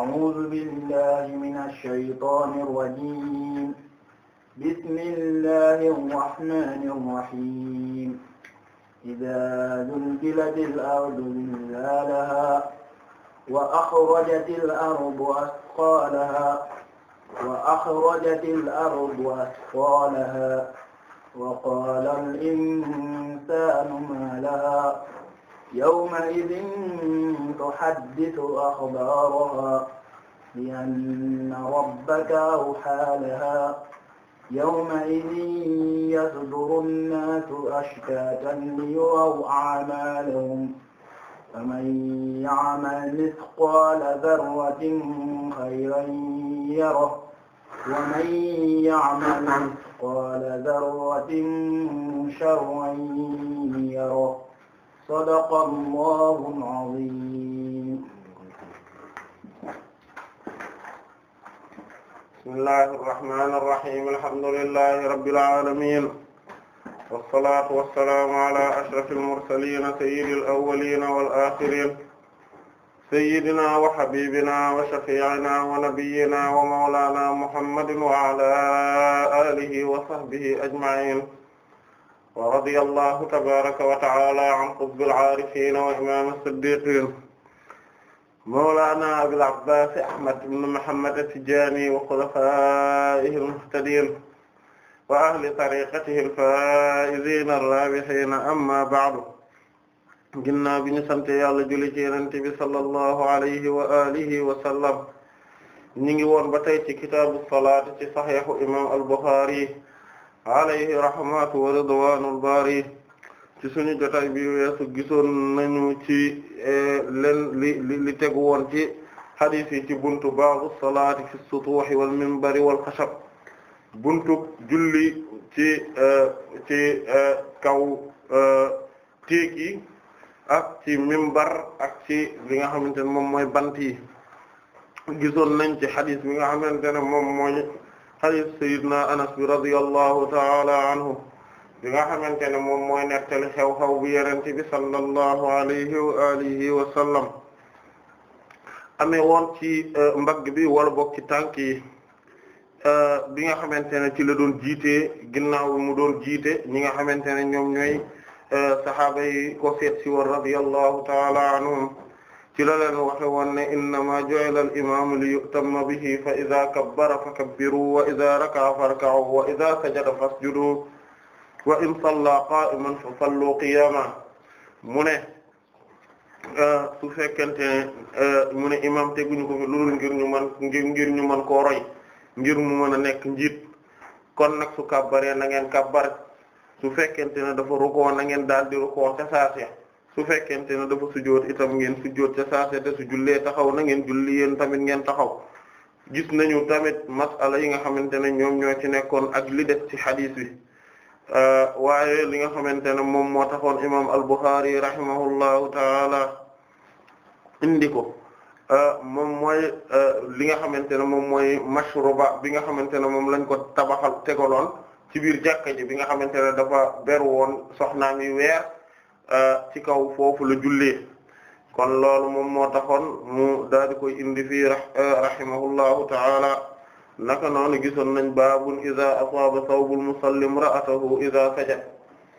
أعوذ بالله من الشيطان الرجيم بسم الله الرحمن الرحيم إذا زلزلت الأرض زلزالها وأخرجت الأرض أثقالها وأخرجت الأرض أثقالها وقال الإنسان ما لها يومئذ تحدث أخبارها بأن ربك أوحى لها يومئذ يصدر الناس أشتاتا ليروا أعمالهم فمن يعمل مثقال ذرة خيرا يره ومن يعمل مثقال ذرة شرا يره sadaqallahul aziim bismillahi irrahmani irrahim alhamdulillahi rabbil aalamiin wassalaatu wassalaamu alaa ashrafil mursaliin sayyidil awwaliin wal aaxiriin sayyidinaa wa habiibinaa wa shafii'inaa wa nabiyyinaa wa mawlaanaa muhammadin wa alaa aalihi wa sahbihi ajma'iin wa radiyallahu tabaraka wa ta'ala an qutbil aarifin wa imam as-siddiqin mawlana abil abbas ahmad ibn muhammad at-tijani wa khulafaa'ihi al-muhtadin wa ahli tariqatihi al-faa'izin ar-raabihin amma ba'du ginnaaw bi ñu sant yàlla julli ci yonent bi sallallahu alayhi wa alihi wa sallam ñu ngi woon ba tey ci kitaabu salaat ci saxiixu imam al-Bukhari alayhi rahmatu wa ridwanul bari ci suñu jotaay bi weesu gisoon nañu ci e, len li li li woon ci hadith yi ci buntu baabu salaati fi sutuhi wal minbari wal xashab buntu julli ci e, ci e, kaw téeg yi ak ci minbar ak ci li nga xamante ne moom mooy bant yi gisoon nañ ci hadith bi nga xamante ne hadis sayidna anas bi radiyallahu taala anhu bi nga xamante ne moom mooy nettali xew-xew bu yerente bi sallallahu alayhi wa alihi amee woon ci euh, mbagg bi wala bokk ci tànk yi euh, bi nga xamante ne ci la doon jiitee ginnaaw mu doon jiite ñi nga xamante ne ñoom ñooy euh, sahaaba yi ko seet si woon taala anhum ci la leen waxe woon ne innama ju'ila al imaamu bihi fa idha kabbara fakabbiru wa idha raka'a farka'u wa idha sajada fasjudu wa in salla qa'iman fa sallu qiyaama mu euh, su fekkente ne euh, mu ne imam ko fi loolu ngir ñu man ngir ñu mu mën a nekk njiit kon nag su kabbaree na ngeen kabbar su fekkente ne dafa rukoo na daal di rukoo ca su fekkente ne dafa sujjóot itam ngeen sujjóot ca saase te su jullee taxaw na ngeen julli yéen tamit ngeen taxaw gis nañu tamit masala yi nga xamante ne ñoom ñoo ci nekkoon ak li des ci xadiis bi euh, waaye li nga xamante ne moom moo taxoon imam al-Bukhari rahimahullahu taala indi ko euh, moom mooy euh, li nga xamante ne moom mooy mashruba bi nga xamante ne moom lañ ko tabaxal tegaloon ci biir jàkka ji bi nga xamante ne dafa ber woon soxnaam weer ci kaw foofu la jullee kon loolu moom moo taxoon mu daal di koy indi fii eh, rahimahullahu ta'ala naka noonu gisoon nañ baabun iza asaaba sawbul musallim ra'atahu iza sajat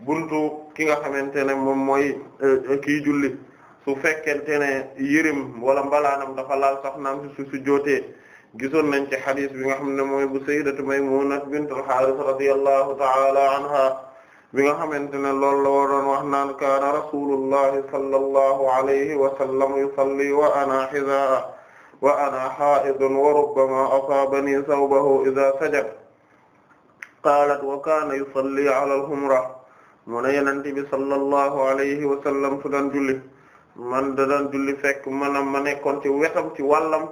buntu ki nga xamante ne moom mooy eh, kii julli su fekkente ne yërim wala mbalaanam dafa laal soxnaam su su jootee gisoon nañ ci xadis bi nga xam ne mooy bu sayyidatu Maymuna bintul Haaris radiyallahu ta'ala anha bi nga xamante ne loolu la waroon wax naan kaana rasulullahi sallallahu alayhi wa sallam yusalli wa ana hizaa wa ana haa'idun wa rubbama asaabani sawbahu idha sajad qaalat wa kaana yusalli ala al-humra mu ne yenente bi sallallahu alayhi wa sallam daan julli man da daan julli fekk maanaam ma nekkoon ci wetam ci wàllam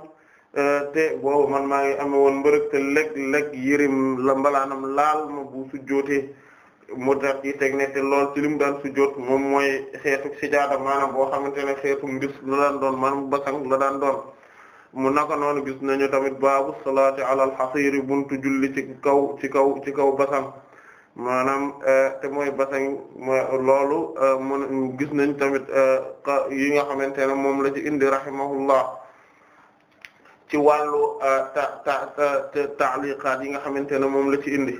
te boobu man maa ngi ame woon mbërëg te léeg-léeg yërim la mbalaanam laal ma bu sujjootee mu daal di teg ne te lool ci li mu daan sujjóot moom mooy xeetu sijaada maanaam boo xamante ne xeetu mbis la daan doon maanaam basang la daan doon mu naka noonu gis nañu tamit baabu salaati alal xasiiri buntu julli ci kaw ci kaw ci kaw basang maanaam eh, te mooy basang mooy loolu eh, mun gis nañ tamit eh, yi nga xamante ne moom la ci indi rahimahullah ci wàllu ta ta ta taaliqaat yi nga xamante ne moom la ci indi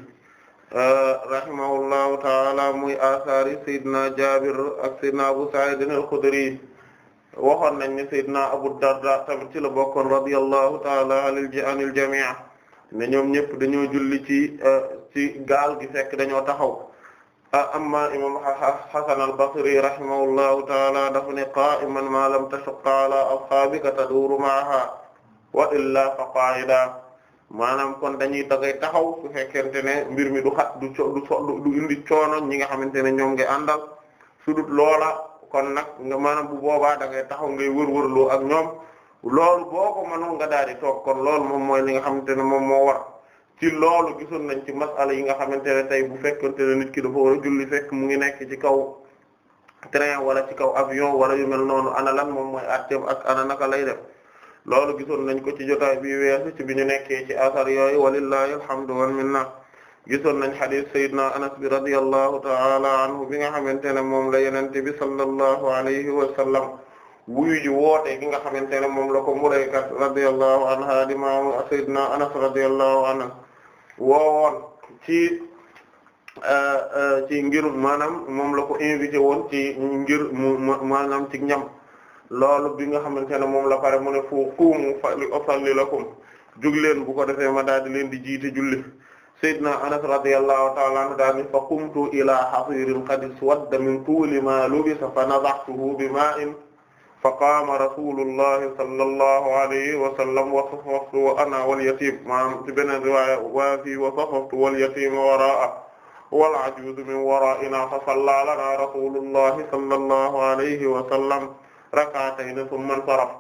Euh, rahimahullahu taala muy asaari Seydina Jaabir ak Abu Sa'id al-Khudri waxoon nañ ne Seydina Abu Darda tamit ci la bokkoon radiyallahu taala anil jamii ne ñoom ñëpp dañoo julli ci euh, ci gaal gi fekk dañoo taxaw ah, amma imam Hasan al-Basri rahimahullahu taala dafa ne ma lam tashuqqa ala ashabika taduru ma'aha wa illa fa qa'ida maanaam kon dañuy dagay taxaw su fekkente ne mbir mi du xat du co du so du indi coono ñi nga xamante ne ñoom ngay àndal su dut loola kon nag nga maanaam bu boobaa da ngay taxaw ngay wërwërloo ak ñoom loolu boo ko mënoon nga daal toog kon loolu moom mooy li nga xamante ne moom moo war ci loolu gisoon nañ ci masala yi nga xamante ne tey bu fekkente ne nit ki dafa war a julli fekk mu ngi nekk ci kaw train wala ci kaw avion wala yu mel noonu ana lan moom mooy àtteem ak ana naka lay def loolu gisoon nañ ko ci jotaay bi weesu ci bi ñu nekkee ci asar yooyu walillahi alhamdu wal minna gisoon nañ xadis sayyidina anas bi radiyallahu ta'ala anhu bi nga xamante ne moom la yenente bi sallallahu alayhi wa sallam wuyu woote gi nga xamante ne moom la ko muraykat radiyallahu anha di maamu sayyidina anas radiyallahu anhu woowoon ci euh, euh, ci ngir maanaam moom la ko invité woon ci ngir mu ci ñam loolu bi nga xamante ne moom la pare mu ne foo xuumu fa li usalli lakum jóg leen bu ko defee ma daal di leen di jiite julli sayyidina anas radiyallahu ta'ala anhu daal ni fa qumtu ila hasirin qad iswadda min tuuli ma lubisa fa nadahtuhu bi ma'in fa qaama rasulullahi sallallahu alayhi wa sallam wa safaftu wa ana wal yatim maanaam ci beneen riwaaya waa fii wa safaftu wal yatim waraa wal ajuuz min waraa'ina fa salla lana rasulullahi sallallahu alayhi wa sallam rak'atayn thumma insaraf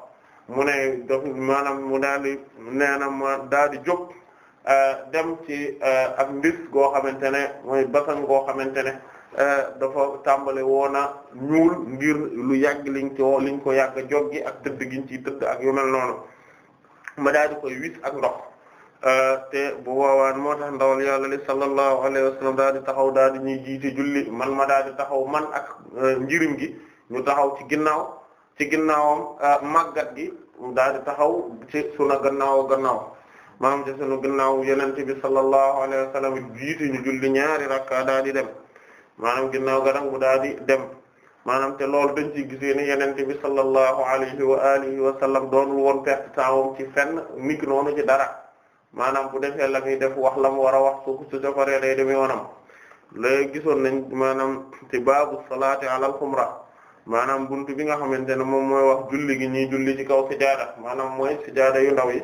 mu ne daf maanaam mu daal di nee na ma daal di jóg euh, dem ci euh, ak mbir goo xamante ne mooy basan goo xamante ne euh, dafa tàmbale woona ñuul ngir lu yàgg liñ ko liñ ko yàgg gi ak tëdd giñ ci tëdd ak yu noonu ma daal di koy wis ak ndox te bu woowaan moo tax ndawal yàlla li sallallahu alayhi wa sallam daal di taxaw daal di ñuy jiite julli man ma daal di taxaw man ak njirim gi ñu taxaw ci ginnaaw ci ginnaawam ah, màggat gi daal di taxaw ci suna gannaaw gannaaw maanaam ci sunu gannaaw yonent bi sallallahu alayhi wa di jiitu ñu julli ñaari rakka daal di dem maanaam ginnaaw ga mu daal di dem maanaam te loolu dañ ciy gisee yenen yonent bi sallallahu alayhi wa alihi wa sallam doonul woon ci fenn mik noonu ci dara maanaam bu defee la muy def wax la mu war a wax su su defaree day demee woonam léegi gisoon nañ maanaam ci baabu salaati alal xumra maanaam buntu bi nga xamante ne moom mooy wax julli gi ñuy julli ci kaw sijaada maanaam mooy sijaada yu ndaw yi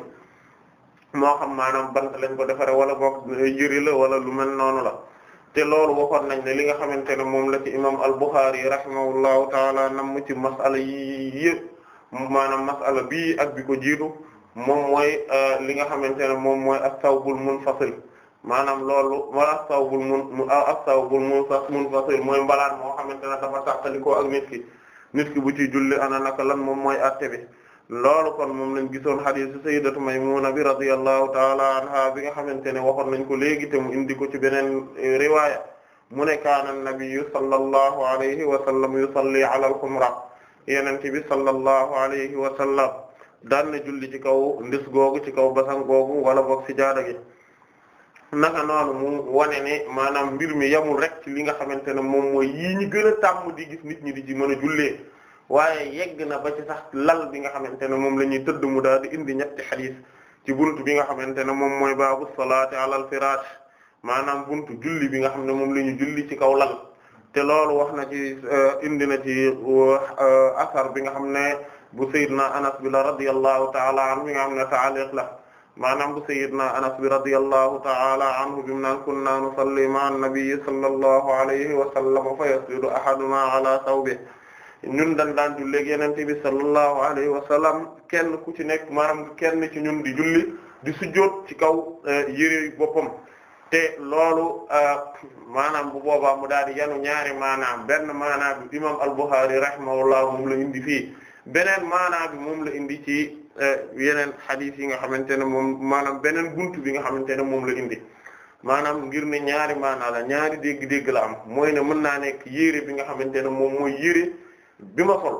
moo xam maanaam bant lañ ko defaree wala boog jëri la wala lu mel noonu la te loolu waxoon nañ ne li nga xamante ne moom la ci imam al-Bukhari rahimahullahu taala nam mu ci masala yi yëpp maanaam masala bii ak bi ko jiitu moom mooy euh, li nga xamante ne moom mooy ak tawbul munfasil maanaam loolu mooy as-sawbul mun as-sawbul munfasil mooy mbalaan moo xamante ne dafa tàqalikoo ak nit ki nit ki bu ci julli ana naka lan moom mooy atte bi loolu kon moom lañ gisoon hadiisu sayyidatu Maymuna bi radiyallahu ta'ala anha bi nga xamante ne waxoon nañ ko léegi te mu indi ko ci beneen eh, riwaaya mu ne kaana nabiyyu sallallahu alayhi wa sallam yusalli ala al-humra yonent bi sallallahu alayhi wa sallam daan na julli ci kaw ndis googu ci kaw basan googu wala boog si jaada gi naka noonu mu wane ne maanaam mbir mi yamul rek ci li nga xamante ne moom mooy yii ñu gën a tàmm di nit ñi di ci mën a jullee waaye yegg na ba ci sax lal bi nga xamante ne moom la ñuy tëdd mu daal di indi ñetti xadis ci buntu bi nga xamante ne moom mooy baabu salaati alal firaash maanaam buntu julli bi nga xam ne moom la ñu julli ci kaw lal te loolu wax na ci eh, indi na ci eh, asar bi nga xam ne bu sayyidna anas bi la radiyallahu taala anhu bi nga xam ne taaliq la maanaam bu sayyidina anas bi radiyallahu ta'ala anhu bi mu naan kunna nusalli ma'a an-nabiyyi sallallahu alayhi wa sallam fa yasjudu ma ala thawbihi ñun dañ daan julli ak yonent bi sallallahu alayhi wa sallam kenn ku ci nekk maanaam kenn ci ñun di julli di sujjóot ci kaw eh, yére boppam te loolu eh, maanaam bu boobaa mu daal di yanu ñaari maanaam benn maanaam bi imam al-Bukhari rahimahullah moom la indi fii beneen maanaam bi moom la indi ci Eh, yeneen xadis yi nga xamante ne moom maanaam beneen buntu bi nga xamante ne moom la indi maanaam ngir ne ñaari maanaa la ñaari dégg-dégg la am mooy ne mën naa nekk yére bi nga xamante ne moom mooy yére bi ma sol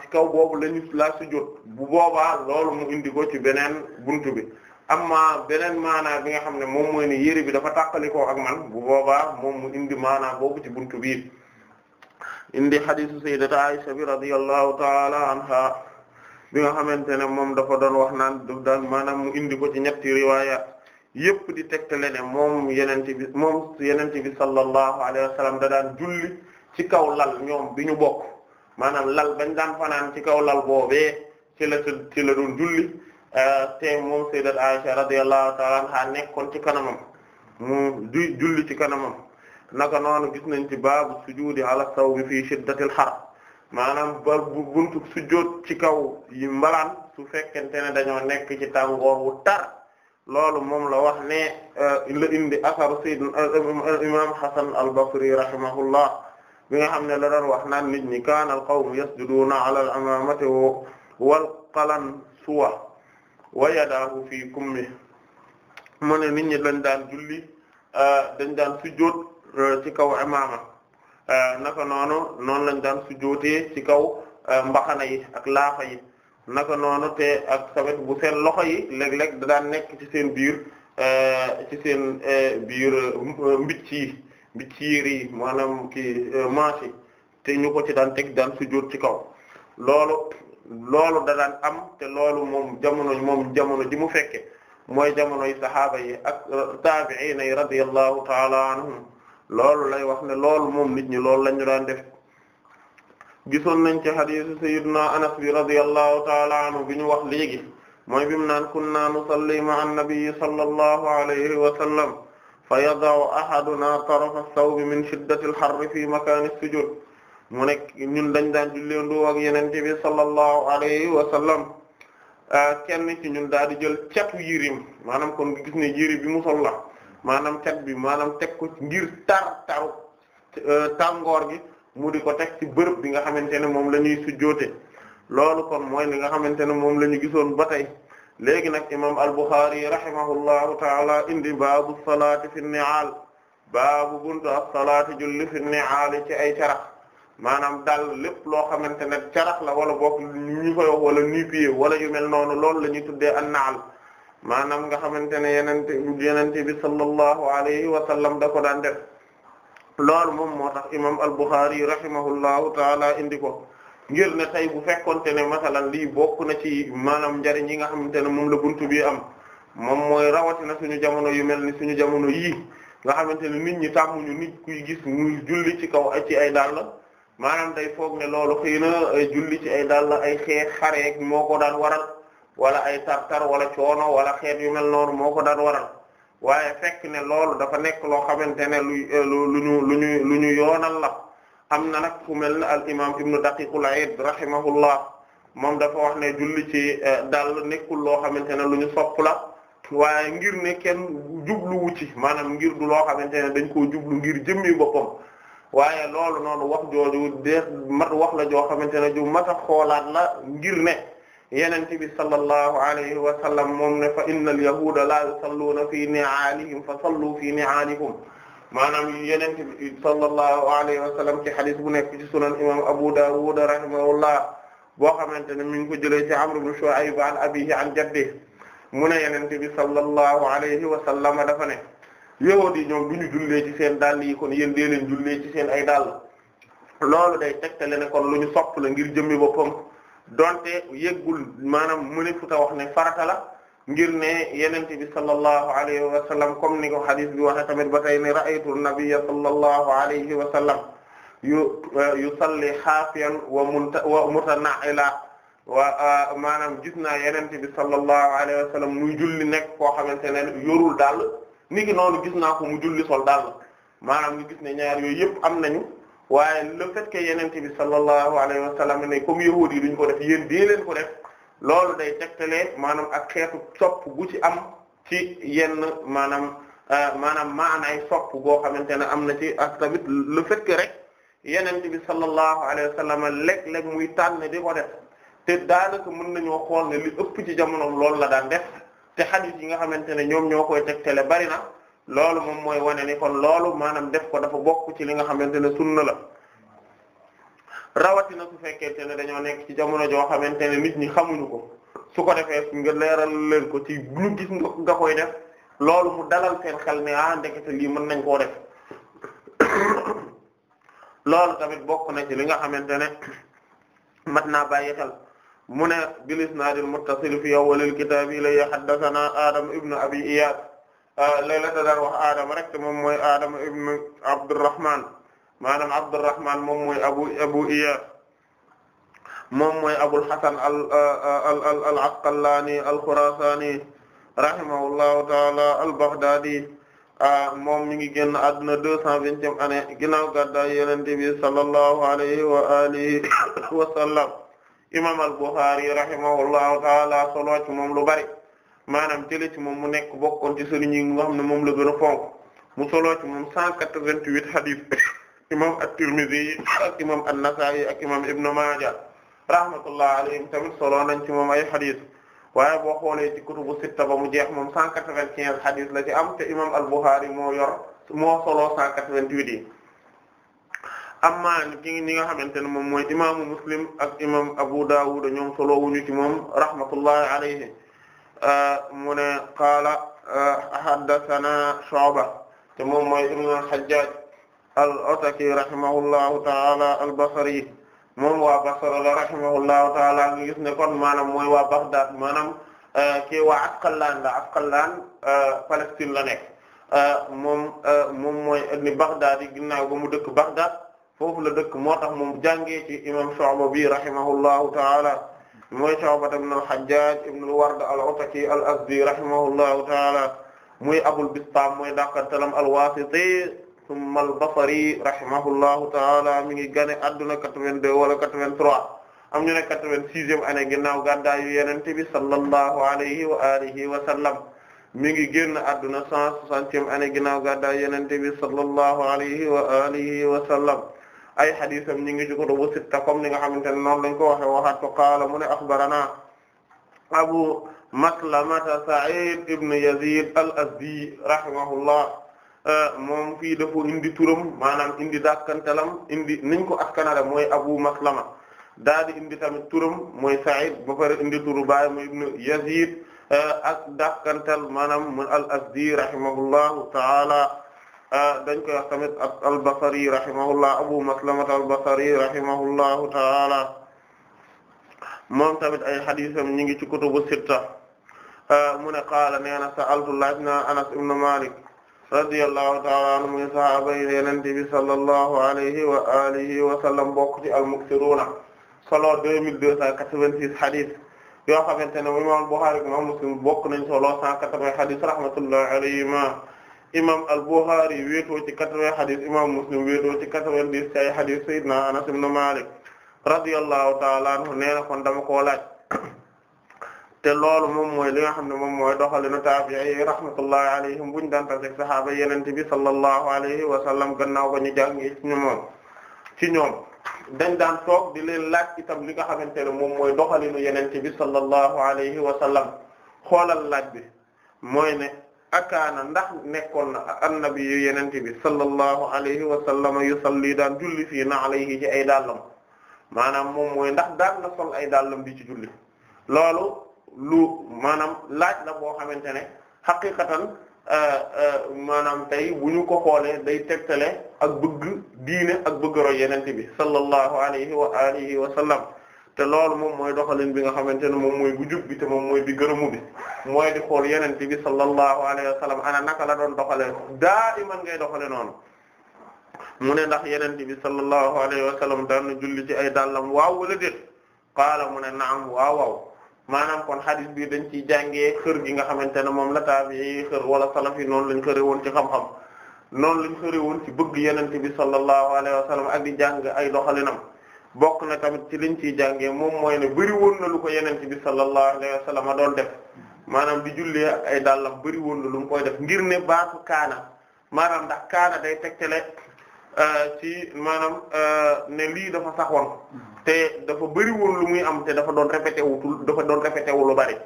ci kaw boobu la ñu la sujjóot bu boobaa loolu mu indi ko ci beneen buntu bi amma beneen maanaa bi nga xam ne moom mooy ne yére bi dafa tàqalikoo ak man bu booba moom mu indi maanaa boobu ci buntu bi indi hadisu sayyidati Aisha bi radiyallahu ta'ala anha bi nga xamante ne moom dafa doon wax naan daf daan maanaam mu indi ko ci ñetti riwaayaat yëpp di tegtale ne moom yenente bi moom yenente bi sallallahu alayhi wa dadaan da julli ci kaw lal ñoom bi ñu bokk maanaam lal bañ daan fanaan ci kaw lal boobee ci la ci la doon julli euh, te moom sayyidat Aisha radiyallahu ta'ala anha nekkoon ci kanamam mu di julli ci kanamam naka noonu gis nañ ci baabu sujudi ala sawbi fii shiddatil har maanaam ba buntu sujjóot ci kaw yi mbalan su fekkente ne dañoo nekk ci tàngoor wu tar loolu moom la wax ne euh, la indi asaru sayyidina euh, imam Hasan al-Basri rahimahullah bi nga xam ne la doon wax naan nit ñi kaana al-qawmu yasjuduuna ala al-imaamati wal qalansuwa wa yadaahu fii kummi mu ne nit ñi dañ daan julli euh, dañ daan sujjóot ci kaw imaama Eh, naka noonu noonu lañ daan sujjóotee ci kaw eh, mbaxana yi ak laafa yi naka noonu te ak tamit bu seen loxo yi léeg-léeg da nekk ci seen biir eh, ci seen biir mbicc yi mbicc yi maanaam kii manche te ñu ko ci daan teg daan sujjóot ci kaw loolu loolu da am te loolu moom jamono moom jamono ji mu fekke mooy jamonoy saxaaba yi ak taabi'iin yi radiyallahu ta'ala anhum loolu lay wax ne loolu moom nit lool loolu lañu daan def gisoon nañ ci hadiisu anas bi radiyallahu taala anhu bi ñu wax léegi mooy bi mu naan kunna nusalli ma'a an-nabiyyi sallallahu alayhi wa sallam fa yada'u ahaduna tarafa as-sawbi min shiddati al-harri fi makaani as-sujud mu nekk ñun dañ daan julleendoo ak yenente bi sallallahu alayhi wa kenn ci ñun daal di jël catu yirim maanaam kon gis ne yiri bi mu sol la maanaam cat bi maanaam teg ko ngir tar taru euh, tàngoor gi mu di ko teg ci bërëb bi nga xamante ne moom la ñuy sujjoote loolu kon mooy li nga xamante ne moom la ñu gisoon ba tey léegi nag imam al-Bukhari rahimahullahu taala indi baabu salaati fi ni'aal baabu buntu as-salaati julli fi ni'aal ci ay carax maanaam dal lépp loo xamante ne carax la wala bokk ñu koy wala nu wala yu mel noonu loolu la ñuy tuddee an-naal maanaam nga xamante ne yenente yenente bi sallallahu alayhi wa sallam da ko daan def loolu moom moo tax imam al-Bukhari rahimahullahu taala indi ko ngir ne tey bu fekkonte ne masalan lii bokk na ci maanaam njariñ yi nga xamante ne moom la buntu bi am moom mooy rawatina suñu jamono yu mel ni suñu jamono yii nga xamante ne nit ñi tàmmuñu nit kuy gis mu julli ci kaw ci ay dàll maanaam day foog ne lool xëy na julli ci ay dàll ay xeex xareeg moo ko waral wala ay tartar wala coono wala xeet yu mel noonu moo ko daan waral waaye fekk ne loolu dafa nekk loo xamante ne lu eh, lu ñu lu ñu lu ñu yoonal la am na nag ku mel ne al imam ibnu daqiqul aid rahimahullah moom dafa wax ne julli ci eh, dal nekkul loo xamante ne lu ñu sopp la waaye ngir ne kenn jubluwu ci maanaam ngir du loo xamante ne dañ koo jublu ngir jëmmi boppam waaye loolu noonu wax jooju de mat wax la joo xamante ne ju mat a xoolaat la ngir ne yenente bi sallallahu alayhi wa sallam moom ne fa inna alyahuda la yusalluuna fi ni'aalihim fa sallu fi ni'aalikum maanaam yenente bi sallallahu alayhi wa sallam xadis bu nekk ci sunan imam Abu Dawud rahimahullah boo xamante ne mi ngi ko jëlee ci Amr ibn Shu'ayb an abihi am jaddihi mu ne yenen bi sallallahu alayhi wa sallam dafa ne yahuud yi ñoom du ñu jullee ci seen dàll yi kon yéen dee leen jullee ci seen ay dàll loolu day tegtale ne kon lu ñu sopp la ngir jëmmi boppam donte yëgul maanaam mu futa wax ne farata la ngir ne yenent bi sallallahu alayhi wa sallam comme ni ko hadith bi waxe tamit ba tey ne ra'aytu nabiyya sallallahu alayhi wa sallam yu uh, yusalli xaafiyan wa munta wa mutana'ila wa uh, maanaam gis naa yenente bi sallallahu alayhi wa sallam muy julli nekk koo xamante ne yorul daal ni ki noonu gis naa ko mu julli sol dàll maanaam ñu gis ne ñaar yooyu yëpp am nañu waaye le fait que yenente bi sallallahu alayhi wa sallam ne comme yahuud yi duñ ko def yéen dee ko def loolu day tegtalee maanaam ak xeetu sopp gu ci am ci yenn maanaam euh, maanaam maanaay sopp goo xamante ne am na ci ak tamit le fait rek yeneen bi sallallahu alayhi wa sallam léeg-léeg muy tànn di ko def te daanaka mën nañoo xool ne li ëpp ci jamonoom loolu la daan def te hadith yi nga xamante ne ñoom ñoo koy tegtale bari na loolu moom mooy wane ni kon loolu maanaam def ko dafa bokk ci li nga xamante ne sunna la rawatina su fekkente ne dañoo nekk ci jamono joo xamante ne nit ñi xamuñu ko su ko defee su nga leeral leen ko ci lu gis nga koy def loolu mu dalal seen xel ne ah ndekete lii mën nañ koo def loolu tamit bokk na ci li nga xamante ne mat naa bàyyi xel mu ne bil isnaadil muttasil fi awwalil kitaabi la haddathana Adam ibnu Abi Iyad Euh, léeg-léeg da daan wax Adama rek te moom mooy Adama ibn Abdurrahman maanaam Abdurrahman moom mooy abu abu Iyas moom mooy Abul Hasan al euh, euh, al al al Asqalani al Khurasani rahimahullahu ta'ala al Baghdadi moom mi ngi génn àdduna deux cent vingtième année ginnaaw gàddaay Yonent bi sallallahu alayhi wa alihi wa sallam imam al Bukhari rahimahullahu ta'ala solo ci moom lu bari. maanaam jëlee ci moom mu nekk bokkoon ci sëriñ yi nga moom la gën a mu soloo ci moom cent quatre-vingt-huit hadith imam at-Tirmidhi ak imam an-Nasa'i ak imam Ibn Maaja rahmatullah alayhim tamit soloo nañ ci moom ay hadith waaye boo xoolee ci kutubu sitta ba mu jeex moom cent quatre-vingt-quinze hadith la ci am te imam al-Bukhari moo yor moo soloo cent quatre-vingt-huit yi amma ñi ñi nga xamante ne moom mooy imaamu Muslim ak imam Abu Dawud ñoom soloo wuñu ci moom rahmatullahi alayhi mu ne qaala haddathana Shu'ba te moom mooy ibn al-Hajjaj al-Ataki rahimahullahu ta'ala al-Basri moom waa Basra la rahimahullahu ta'ala ngi gis ne kon maanaam mooy waa Baghdad maanaam kii waa Asqalaan la Asqalaan Palestine la nekk moom moom mooy ni Baghdad yi ginnaaw ba mu dëkk Baghdad foofu la dëkk moo tax moom jàngee ci imam Shu'ba bi rahimahullahu ta'ala mooy Shu'ba ibn al-Hajjaj ibn al-Ward al-Ataki al-Azdi rahimahullahu ta'ala muy Abul Bistam mooy dàqantalam al-Wasiti thumma al-Basri rahimahullahu ta'ala mi ngi gane adduna 82 wala 83 am ñu ne 86e année ginnaaw gàddaayu Yonent bi sallallahu alayhi wa alihi wa sallam mi ngi génn adduna 160e année ginnaaw gàddaayu Yonent bi sallallahu alayhi wa alihi wa sallam ay xadisam ñi ngi ci kutubu comme ni nga xamante ne noonu lañ ko waxe waxaat ko qaala mu ne axbarana abu maslamata sa'id ibn yazid al azdi rahimahullah euh, moom fii dafa indi turam maanaam indi dakkantalam indi niñ ko askanale mooy abu maslama daal di indi tamit turam mooy Sa'id ba pare indi turu baay mu ibnu Yazid euh, ak dakkantal maanaam mu al-Azdi rahimahullahu ta'ala Ah, dañ koy wax tamit al-Basri rahimahullah Abu Maslama al-Basri rahimahullahu ta'ala moom tamit ay hadisam ñi ngi ci kutubu sitta ah, mu ne qaala nee na sa'altu laaj na Anas ibn Malik radiyallahu ta'ala anhu muy sahaaba yi Yonent bi sallallahu alayhi wa alihi wa sallam bokk ci al-muksiruna solo 2286 hadis yoo xamante ne Imam Bukhari Muslim bokk nañ solo 180 hadis rahmatullahi alayhima imam al-Bukhari wéetoo ci quatre-vingts hadis imam Muslim wéetoo ci quatre-vingt-dix ci ay hadis Seydina Anas ibn Malik radiyallahu ta'ala anhu nee na kon dama koo laaj te loolu moom mooy li nga xam ne moom mooy doxalinu taabi'i yi rahmatullahi alayhim buñu daan tase sahaaba yenente bi sallallahu alayhi wa sallam gannaaw ba ñu jàngee ci ñoom ci ñoom dañ daan toog di leen laaj itam li nga xamante ne moom mooy doxalinu yenente bi sallallahu alayhi wa sallam xoolal laaj bi akaana ndax nekkoon na annabi yu yenente bi sallallahu alayhi wa sallam yusalli daan julli fii na alayhi ci ay dàllam maanaam moom mooy ndax daan na sol ay dàllam bi ci julli loolu lu maanaam laaj la boo xamante ne xaqiqatan euh, euh, maanaam tey bu ñu ko xoolee day tegtale ak bëgg diine ak bëgg roy yenente bi sallallahu alayhi wa alihi wa sallam te loolu moom mooy doxalin bi nga xamante ne moom mooy bu jub bi te moom mooy bi gërëmu bi mooy di xool yenente bi sallallahu alayhi wa sallam ana naka la doon doxale daa iman ngay doxale noonu mu ne ndax yenente bi sallallahu alayhi wa sallam daan na julli ci ay dàllam waaw wala déet qaala mu ne naam waaw waaw maanaam kon hadith bi dañ ciy jàngee xër gi nga xamante ne moom la taabi xër wala salaf yi noonu lañ xëre woon ci xam-xam noonu lañ xëre woon ci bëgg yenente bi sallallahu alayhi wa sallam ak di jàng ay doxalinam bokk na tamit ci liñ ciy jàngee moom mooy ne bëri woon na lu ko yeneen yenente bi sallallahu alayhi wa sallam doon def maanaam di jullee ay dàllam bëri woon na lu mu koy def ngir ne baatu kaana maanaam ndax kaana day tegtale euh, ci maanaam euh, ne lii dafa saxoon te dafa bëri woon lu muy am te dafa doon répété wutul dafa doon répété wu lu bari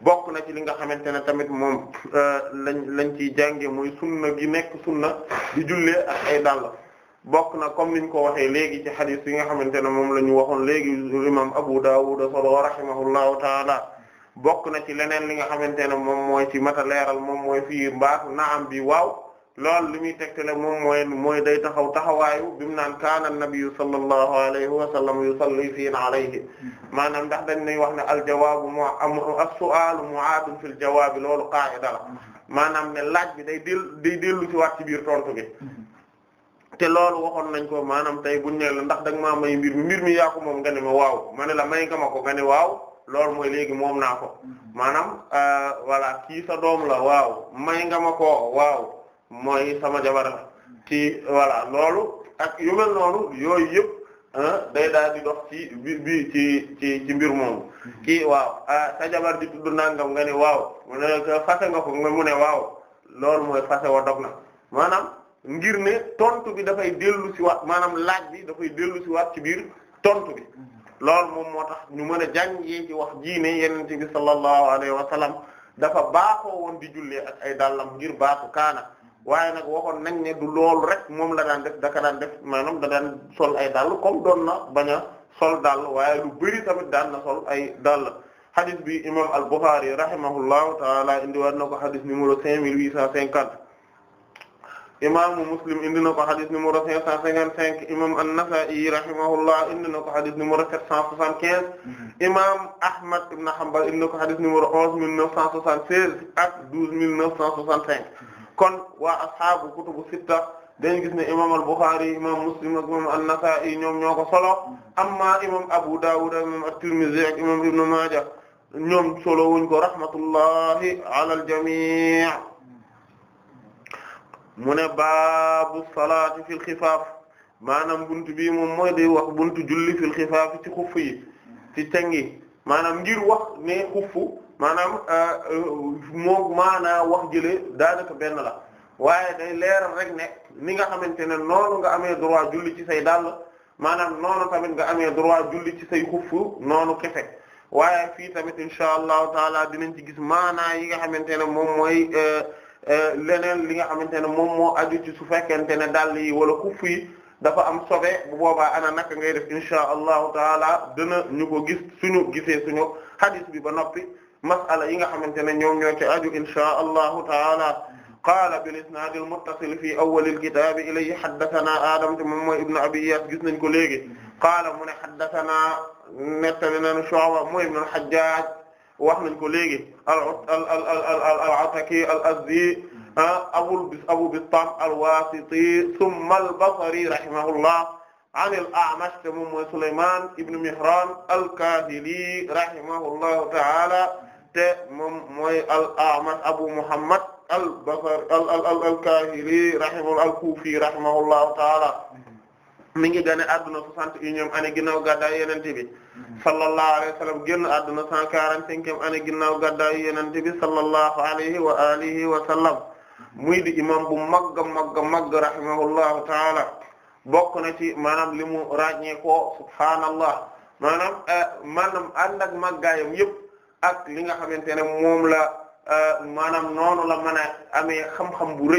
bokk na ci li nga xamante ne tamit moom euh, lañ lañ ciy jànge mooy sunna gi nekk sunna di jullee ak ay dàllam bokk na comme niñ ko waxee léegi ci xadis yi nga xamante ne moom la ñu waxoon léegi imam Abu Dawud solo rahimahullahu taala bokk na ci leneen li nga xamante ne moom mooy ci mata leeral moom mooy fii mbaatu am bi waaw loolu li muy tegtale moom mooy day taxaw taxawaayu bi mu naan kaana nabiyu sallallahu alayhi wa sallam yusalli fiina alayhi maanaam ndax dañ nay wax ne al jawaabu mu am as-su'aalu mu'aadun fil jawaabi loolu qaa'ida la maanaam ne laaj bi day dellu day dellu ci waat ci biir tontu gi te loolu waxoon nañ ko maanaam tey buñ ne la ndax dag maa may mbir mi mbir mi yaa ko moom nga ne ma waaw ma ne la may nga ma ko nga ne waaw loolu mooy léegi moom naa ko maanaam euh, voilà kii sa doom la waaw may nga ma ko waaw mooy sama jabar la ci voilà loolu ak yu mel yooyu yëpp euh, day daal di dox ci bi bi ci ci mbir moomu ki waaw euh, sa jabar di tudd nangam nga ne waaw mu ne fase nga ko mu ne waaw loolu mooy fase wa dog na maanaam ngir ne tontu bi dafay dellu si waat maanaam laaj bi dafay dellu si waat ci biir tontu bi loolu moom moo tax ñu mën a jàngee ci wax ji ne yenente bi sallallahu alayhi wa sallam dafa baaxoo woon di jullee ak ay dàllam ngir baaxu kaana waaye nag waxoon nañ ne du loolu rek moom la daan def daka daan def maanaam da daan sol ay dàll comme doon na bañ a sol dàll waaye lu bari tamit daan na sol ay dàll hadith bi imam al-Bukhari rahimahullahu taala indiwaat na ko hadith numéro cinq mille huit cent cinquante imaamu muslim indi na ko xadis numéro imam an-Nasa'i rahimahullah indi na ko xadis numéro 775 mhm. imam Ahmad ibn Hanbal indi na ko xadis numéro 11976 ak 12965 mhm. kon waa ashaabu kutubu sitta dañu gis ne imam al-Bukhari imam muslim imam an-Nasa'i ñoom ñoo ko solo mhm. amma imam Abu Dawud ak imam at-Tirmidhi ak imam Ibn Maaja ñoom solo wuñ ko rahmatullahi ala al mu ne baabu salaati fil xifaaf maanaam buntu bi moom mooy day wax buntu julli fil xifaaf ci xuff yi ci cangi maanaam ngir wax ne xuffu maanaam euh, moo maanaa wax jële daanaka benn la waaye day leeram rek ne ni nga xamante ne noonu nga amee droit ci say dàll maanaam noonu tamit nga amee droit julli ci say xuff noonu kese waaye fii tamit insha allahu taala dinañ ci gis maanaa yi nga xamante ne moom mooy euh, Euh, leneen li nga xamante ne moom moo aju ci su fekkente ne dàll yi wala kuff dafa am sobe bu boobaa ana naka ngay def insha allahu taala dina ñu ko gis suñu gisee suñu hadis bi ba noppi masala yi nga xamante ne ñoom ñoo ci aju insha allahu taala qaala bil isnaad al muttasil fi awwal al kitaab ilayhi haddathanaa aadam te moom mooy ibnu abi iyaas gis nañ ko léegi qaala mu ne haddathanaa nettali nañu Shu'ba mooy ibnu al hajjaaj wax nañ ko léegi al al al ataki al azdi hmm. abul ah, bis abu bistam al wasiti thumma al basri rahimahullah an al a'mash te moom mooy Sulayman ibn Mihran al kahili rahimahullahu ta'ala te moom mooy al a'mash abu muhammad al basri al al al kahili rahimahullah al kufi rahimahullahu ta'ala hmm. mi ngi gane adduna soixante et unième année ginnaaw gàddaayu yenente bi mm-hmm. sallallahu alayhi wa sallam génn adduna cent quarante année ginnaaw gàddaayu yenente bi sallallahu alayhi wa alihi wa sallam mm-hmm. muy di imam bu magga magga magg rahimahullahu taala bokk na ci maanaam li mu ràññee koo subhaanallah maanaam eh, maanaam ànd ak màggaayam yëpp ak li nga xamante ne moom la eh, maanaam noonu la mën a amee xam-xam bu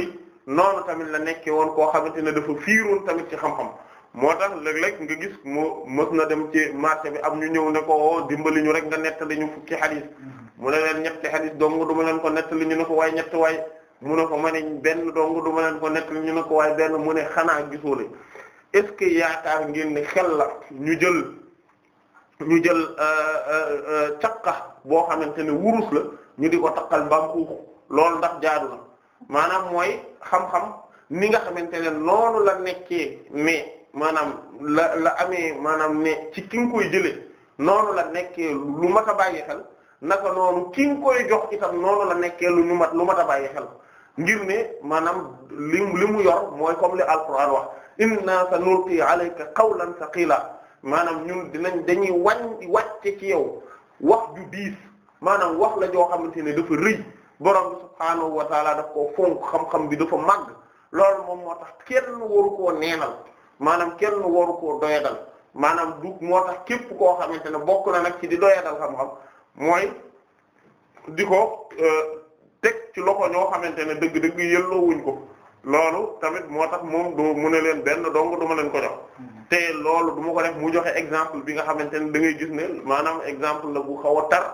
noonu tamit la nekkee woon koo xamante ne dafa fiiroon tamit ci xam-xam moo tax léeg-léeg nga gis mu mës na dem ci marché bi am ñu ñëw ne ko dimbali ñu rek nga nettali ñu fukki xadis mm-hmm. mu ne leen ñetti xadis dong du ma leen ko nettali ñu ne ko waaye ñett waay mu ne ko ma ne benn dong du ma leen ko nettali ñu ne ko waaye benn mu ne xanaa gisoo ne est-ce que yaakaar ngeen ne xel la ñu jël ñu jël euh, euh, euh, caqax boo xamante ne wurus la ñu di ko taqal mbaam xuux loolu ndax jaadu na maanaam mooy xam-xam ni nga xamante ne noonu la nekkee mais. maanaam la la amee maanaam ne ci ki koy jëlee noonu la nekkee lu mat a bàyyi xel naka noonu ki nga koy jox itam noonu la nekkee lu ñu mat lu mat a bàyyi xel ngir ne maanaam li li mu yor mooy comme li alquran wax inna sanulqi alayka qawlan saqila maanaam ñun dinañ dañuy wàñ wàcce ci yow wax ju diis maanaam wax la joo xamante ne dafa rëy borom bi subhaanahu wa ko daf koo fonk xam-xam bi dafa màgg loolu moom moo tax kenn waru koo neenal maanaam kenn waru koo doyadal maanaam du moo tax képp koo xamante ne bokk na nag ci di doyadal xam-xam mooy di ko euh, teg ci loxo ñoo xamante ne dëgg-dëgg yelloo wuñ ko loolu tamit moo tax moom du mu ne leen benn dong du ma leen ko jox mm-hmm. te loolu du ma ko def mu joxe exemple bi nga xamante ne da ngay gis ne maanaam exemple la bu xaw a tar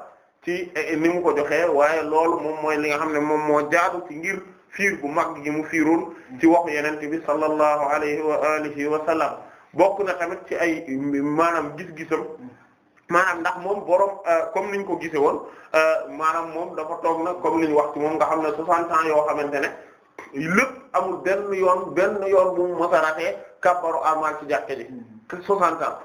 ci eh, ni mu ko joxee waaye loolu moom mooy li nga xam ne moom moo jaadu ci ngir fiir bu mag gi mu fiiroon ci waxu yeneen bi sallallahu alayhi wa alihi wa sallam bokk na tamit ci ay maanaam gis-gisam maanaam ndax moom boroom euh, comme niñ ko gise woon euh, maanaam moom dafa toog na comme niñ wax ci moom nga xam ne 60 ans yoo xamante ne lépp amul benn yoon benn yoon bu mu mos a raté kàbbaru amal ci jàkkee ji 60 mm-hmm. ans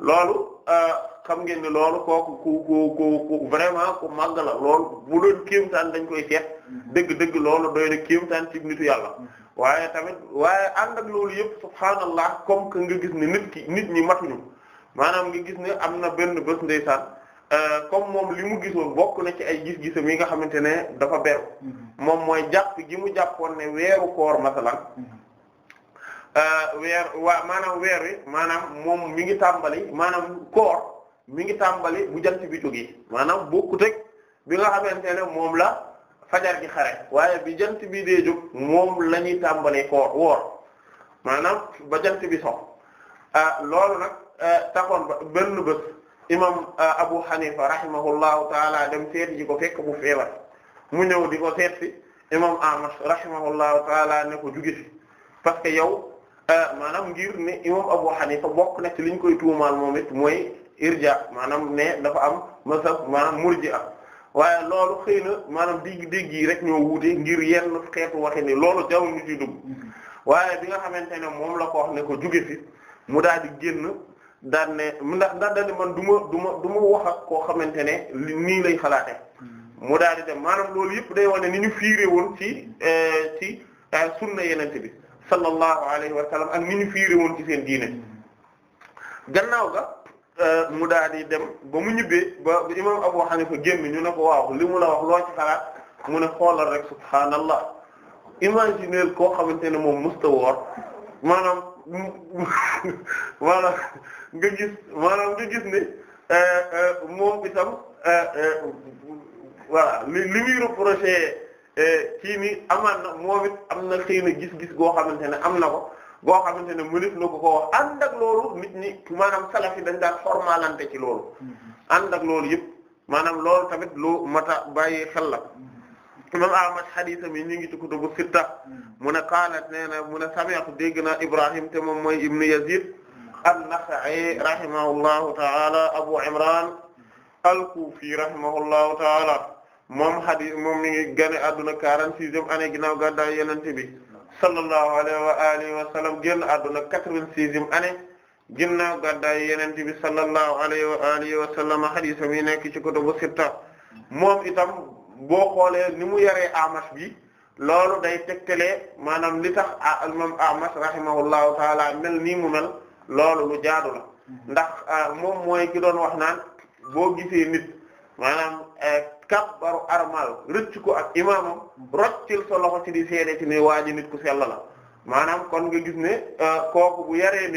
loolu. Euh, xam ngeen ni loolu kooku ku ku ku vraiment ku màgg la loolu bu doon kéemtaan dañ koy seet mm-hmm. dëgg-dëgg loolu doy na kéemtaan ci nitu yàlla mm-hmm. waaye tamit waaye ànd ak loolu yëpp subhaanallah comme que nga gis ni nit ki nit ñi matuñu maanaam nga gis ne am na benn bés ndeysaan euh, comme moom li mu gisoon bokk na ci ay gis-gisam yi nga xamante ne dafa beru mm-hmm. moom mooy jàpp gi mu jàppoon ne weeru koor masalan euh, weer waa maanaam weer wi maanaam moom mi ngi tàmbali maanaam koor mi ngi tàmbali bu jant bi jógee maanaam bokkut ak bi nga xamante ne moom la fajar gi xare waaye bi jant bi dee jóg moom lañuy ñuy tàmbalee koor woor maanaam ba jant bi sox ah, loolu nag ah, taxoon ba benn bés imam ah, Abu Hanifa rahimahullahu taala dem seet ji ko fekk bu feebar mu ñëw di ko seet si imam Amash rahimahullahu taala ne ko juge fi parce que yow maanaam ngir ne imam Abu Hanifa bokk na ci liñ koy tuumaal moom it mooy irja maanaam ne dafa am mazhab maanaam murji'a waaye loolu xëy na maanaam digg-digg yi rek ñoo wuute ngir yenn xeetu waxe ni loolu jaww ñu ciy dugg mm-hmm. waaye bi nga xamante ne moom la ko wax ne ko jóge fi mu daal di génn daan ne ndax ndax daal man du ma du ma du ma wax ak koo xamante ne nii lay xalaate mm-hmm. mu daal di dem maanaam loolu yëpp day wane ni ñu fiire woon ci mm-hmm. eh, ci eh, sunna yenente bi sallallahu alayhi wa sallam ak ni ñu fiire woon ci seen diine gannaaw ga Euh, mu daal di dem ba mu ñibbee ba imam Abu Hanifa génn ñu ne ko waaw li mu la wax loo ci xalaat mu ne xoolal rek subhaanallah imaginer koo xamante ne moom musta woor maanaam maanaam nga gis maanaam nga gis ne euh, euh, moom itam voilà li li muy reproché kii ni amaan na moom it am na xëy na gis-gis goo xamante ne am na ko boo xamante ne mënees na ko ko wax ànd ak loolu nit ñi maanaam salaf yi dañ daan formalante ci loolu mm-hmm. ànd ak loolu yëpp maanaam loolu tamit lu mata bàyyi xel la mm-hmm. imam Ahmad hadisam yi ñu ngi ci kutubu sitta mm-hmm. mu ne qaalat nee na mu ne sami'tu dégg naa Ibrahim te moom mooy ibnu Yazid an-Nakha'i rahimahullahu ta'ala Abu Imran al-Kufi rahimahullahu ta'ala moom hadis moom mi ngi gane adduna 46e année ginnaaw gàddaay Yonent bi sallallahu alayhi wa alihi wa sallam génn àdduna quatre-vingt-sixième année ginnaaw gàddaay Yonent bi sallallahu alayhi wa alihi wa sallam hadith mi nekk ci kutubu sitta moom itam boo xoolee ni mu yaree Amash bi loolu day tegtale maanaam li tax imam Amash rahimahullahu taala mel nii mu mel loolu lu jaadu la ndax euh, moom mooy ki doon wax naan boo gisee nit maanaam euh, kabbaru armal rëcc ko ak imaamam roccil sa loxo ci seede ci ne waa ji nit ku sell maanaam kon nga gis ne euh, kooku bu yaree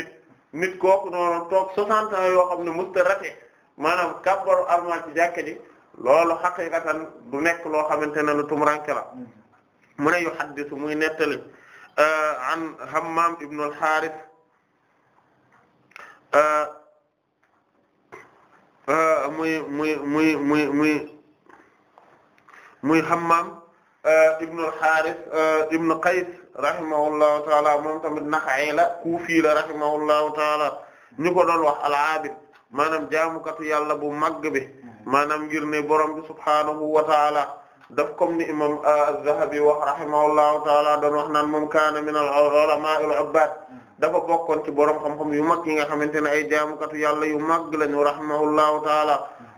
nit kooku noonu toog 60 ans yoo xam ne musta rate maanaam kabbaru armal ci jàkka ji loolu xaqiqatan du nekk loo xamante ne lu tumuranke la mu ne yu haddisu muy nettali euh, an Hammam ibn euh, muy muy muy muy muy muy Hammam euh, ibn al-Harith euh, ibn Qays rahimahullahu taala moom tamit na Naxa'i la Kufi la rahimahullahu taala ñu ko doon wax al-abid maanaam jaamukatu yàlla bu màgg bi maanaam ngir ne borom bi subhaanahu wa taala daf comme ni imam euh, az-Zahabi wax rahimahullahu taala doon wax naan moom kaana min al-ulama al-ubbad dafa bokkoon ci borom xam-xam yu mag yi nga xamante ne ay jaamukatu yàlla yu màgg lañu rahimahullahu taala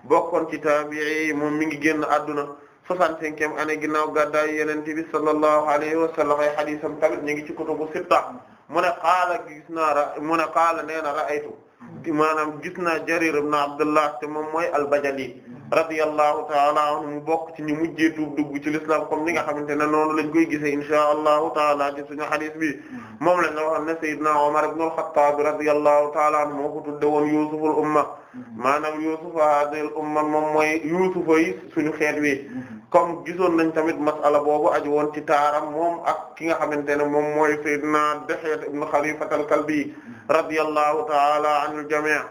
bokkoon ci taabi'i moom mi ngi génn adduna soixante-cinquième année ginnaaw gàddaay Yonent bi sallallahu alayhi wa ay hadiisam tamit ñu ngi ci kutubu sitta mu qaala gis naa ra mu ne qaala nee na ra'aytu maanaam gis naa Jarir ibn Abdullah te moom mooy al-Bajali radiyallahu ta'ala anhu mu bokk ci ñu mujjee tuub dugg ci l'islam comme ni nga xamante ne noonu lañ koy gisee inshaa allahu taala ci suñu hadith bi moom lañ la waxoon ne Seydina Umar ibn al-Khattab radiyallahu ta'ala anhu moo ko tudde woon Yusuful umma Mm-hmm. maanaam yuusufa hadil umma moom mooy yuusufa yi suñu xeet wi mm-hmm. comme gisoon nañ tamit masala boobu aj woon ci taaram moom ak ki nga xamante ne moom mooy sayyidina Dihya ibn Khalifat al-Kalbi mm-hmm. radiyallahu ta'ala anil jami'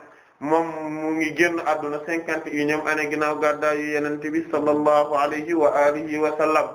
moom mu ngi génn àdduna cinquante et unième année ginnaaw gàddaayu Yonent bi sallallahu alayhi wa alihi wa sallam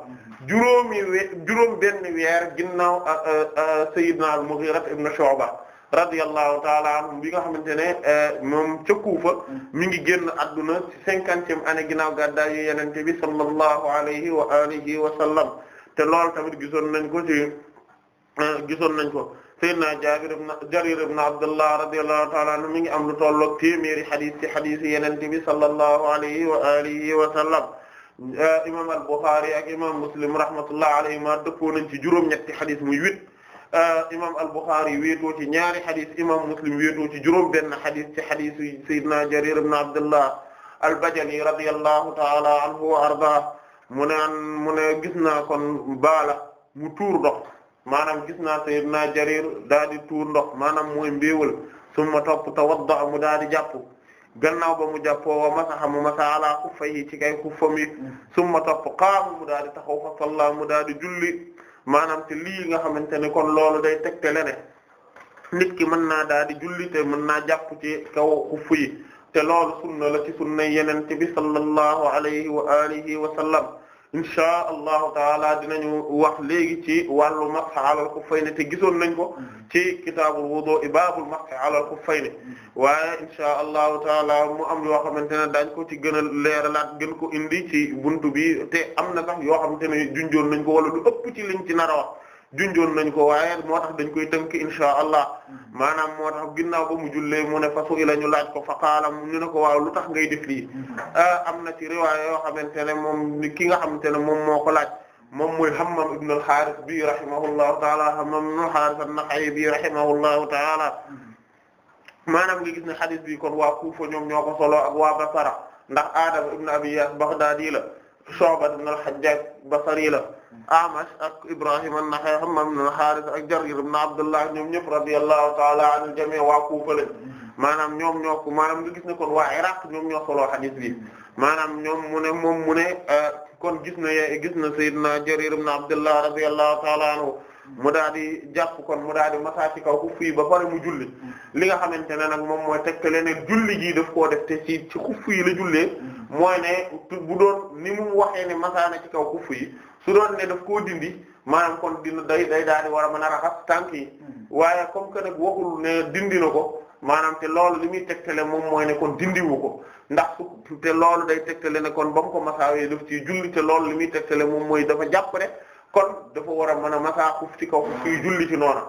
juróomi we juróom ben weer ginnaaw euh, euh, sayyidina al-Mughira ibn Shu'ba radiyallahu taala anhu bi nga xamante ne eh, moom ca Kufa mi ngi génn adduna ci cinquantième année ginnaaw gàddaay yu yenente bi sallallahu alayhi wa alihi wa sallam te lool tamit gisoon nañ ko ci eh, gisoon nañ ko sayyidina Jaabir ibn Jarir ibn Abdullah radiyallahu taala anhu mi gi am lu tolloog téeméeri xadis ci xadis yi sallallahu alayhi wa alihi wa sallam eh, imam al-Bukhari ak imam Muslim rahmatullah alayhima dëppoo nañ ci juróom-ñetti xadis muy huit Euh, imam al-Bukhari wéetoo ci ñaari xadis imam Muslim wéetoo ci juróom benn xadis ci xadisu Seydina Jarir ibn Abdullah al-Bajali radiyallahu ta'ala anhu wa arda mu ne an mu ne gis naa kon baala mu tuur ndox maanaam gis naa Seydina Jarir daa di tuur ndox maanaam mooy mbéewal summa topp tawadda mu daa di jàpp gannaaw ba mu jàppoo wa masaha mu masa ala xuffayhi ci kay xuffam yi summa topp qaama mu daa di taxaw fa salla mu daa di julli maanaam te lii nga xamante ne kon loolu day tegtale ne nit ki mën naa daal di julli te mën naa jàpp ci kaw xuff yi te loolu sunna la ci sunna yenente bi sallallahu alayhi wa alihi wa sallam insha allahu taala dinañu wax léegi ci wàllu masx ala al-xuffayni te gisoon nañ ko ci kitaabul wudu baabul masx ala al-xuffayni waaye insha allahu taala mu am yoo xamante ne daañ ko ci gën a leeralaat gën ko indi ci buntu bi te am na sax yoo xamante ne junjoon nañ ko wala lu ëpp ci liñ ci nar a wax junjoon nañ ko waaye moo tax dañ koy tënk insha allah mm-hmm. maanaam moo tax ginnaaw ba mu jullee mu ne fasu ila ñu laaj ko fa qaala ñu ne ko waaw lu tax ngay def lii mm-hmm. ah, am na ci riwaaya yoo xamante ne moom ki nga xamante ne moom moo ko laaj moom mooy hammam ibn al-Harith bi rahimahullahu taala hammam ibn al-Harith an-Nakha'i bi rahimahullahu taala mm-hmm. maanaam nga gis ne hadith bi kon waa Kufa ñoom ñoo ko solo ak waa Basra ndax Adam ibn Abi Yas Baghdadi la Shu'ba ibn al la Amash ak Ibrahim an-Nakha'i Hammam ibn al-Harith ak Jarir ibn Abdullah ñoom ñëpp radiyallahu ta'ala anil jami' wa Kufa la maanaam ñoom ñoo ko maanaam gis ne kon waa Iraq ñoom ñoo solo hadith bi maanaam ñoom mu ne moom mu ne eh, kon gis na gis na Seydina Jarir ibn Abdullah radiyallahu ta'ala anhu mu daal di jàpp kon mu daal di masaa ci kaw xuf yi ba pare mu julli li nga xamante ne nag moom mooy tegtale ne julli jii def koo def te ci ci xuf yi la jullee mooy ne bu doon ni mu waxee ne masaa ci kaw xuf su doon ne daf koo dindi maanaam kon dina day day daal di war a mën a raxas tànk yi mm-hmm. waaye comme que nag waxul ne dindi na ko maanaam te loolu li muy tegtale moom mooy ne kon dindiwu ko ndax su te loolu day tegtale ne kon ba mu ko masaawee daf ciy julli te loolu li muy tegtale moom mooy dafa jàpp kon dafa war a mën a masaa xuf ci kaw xuf julli ci noona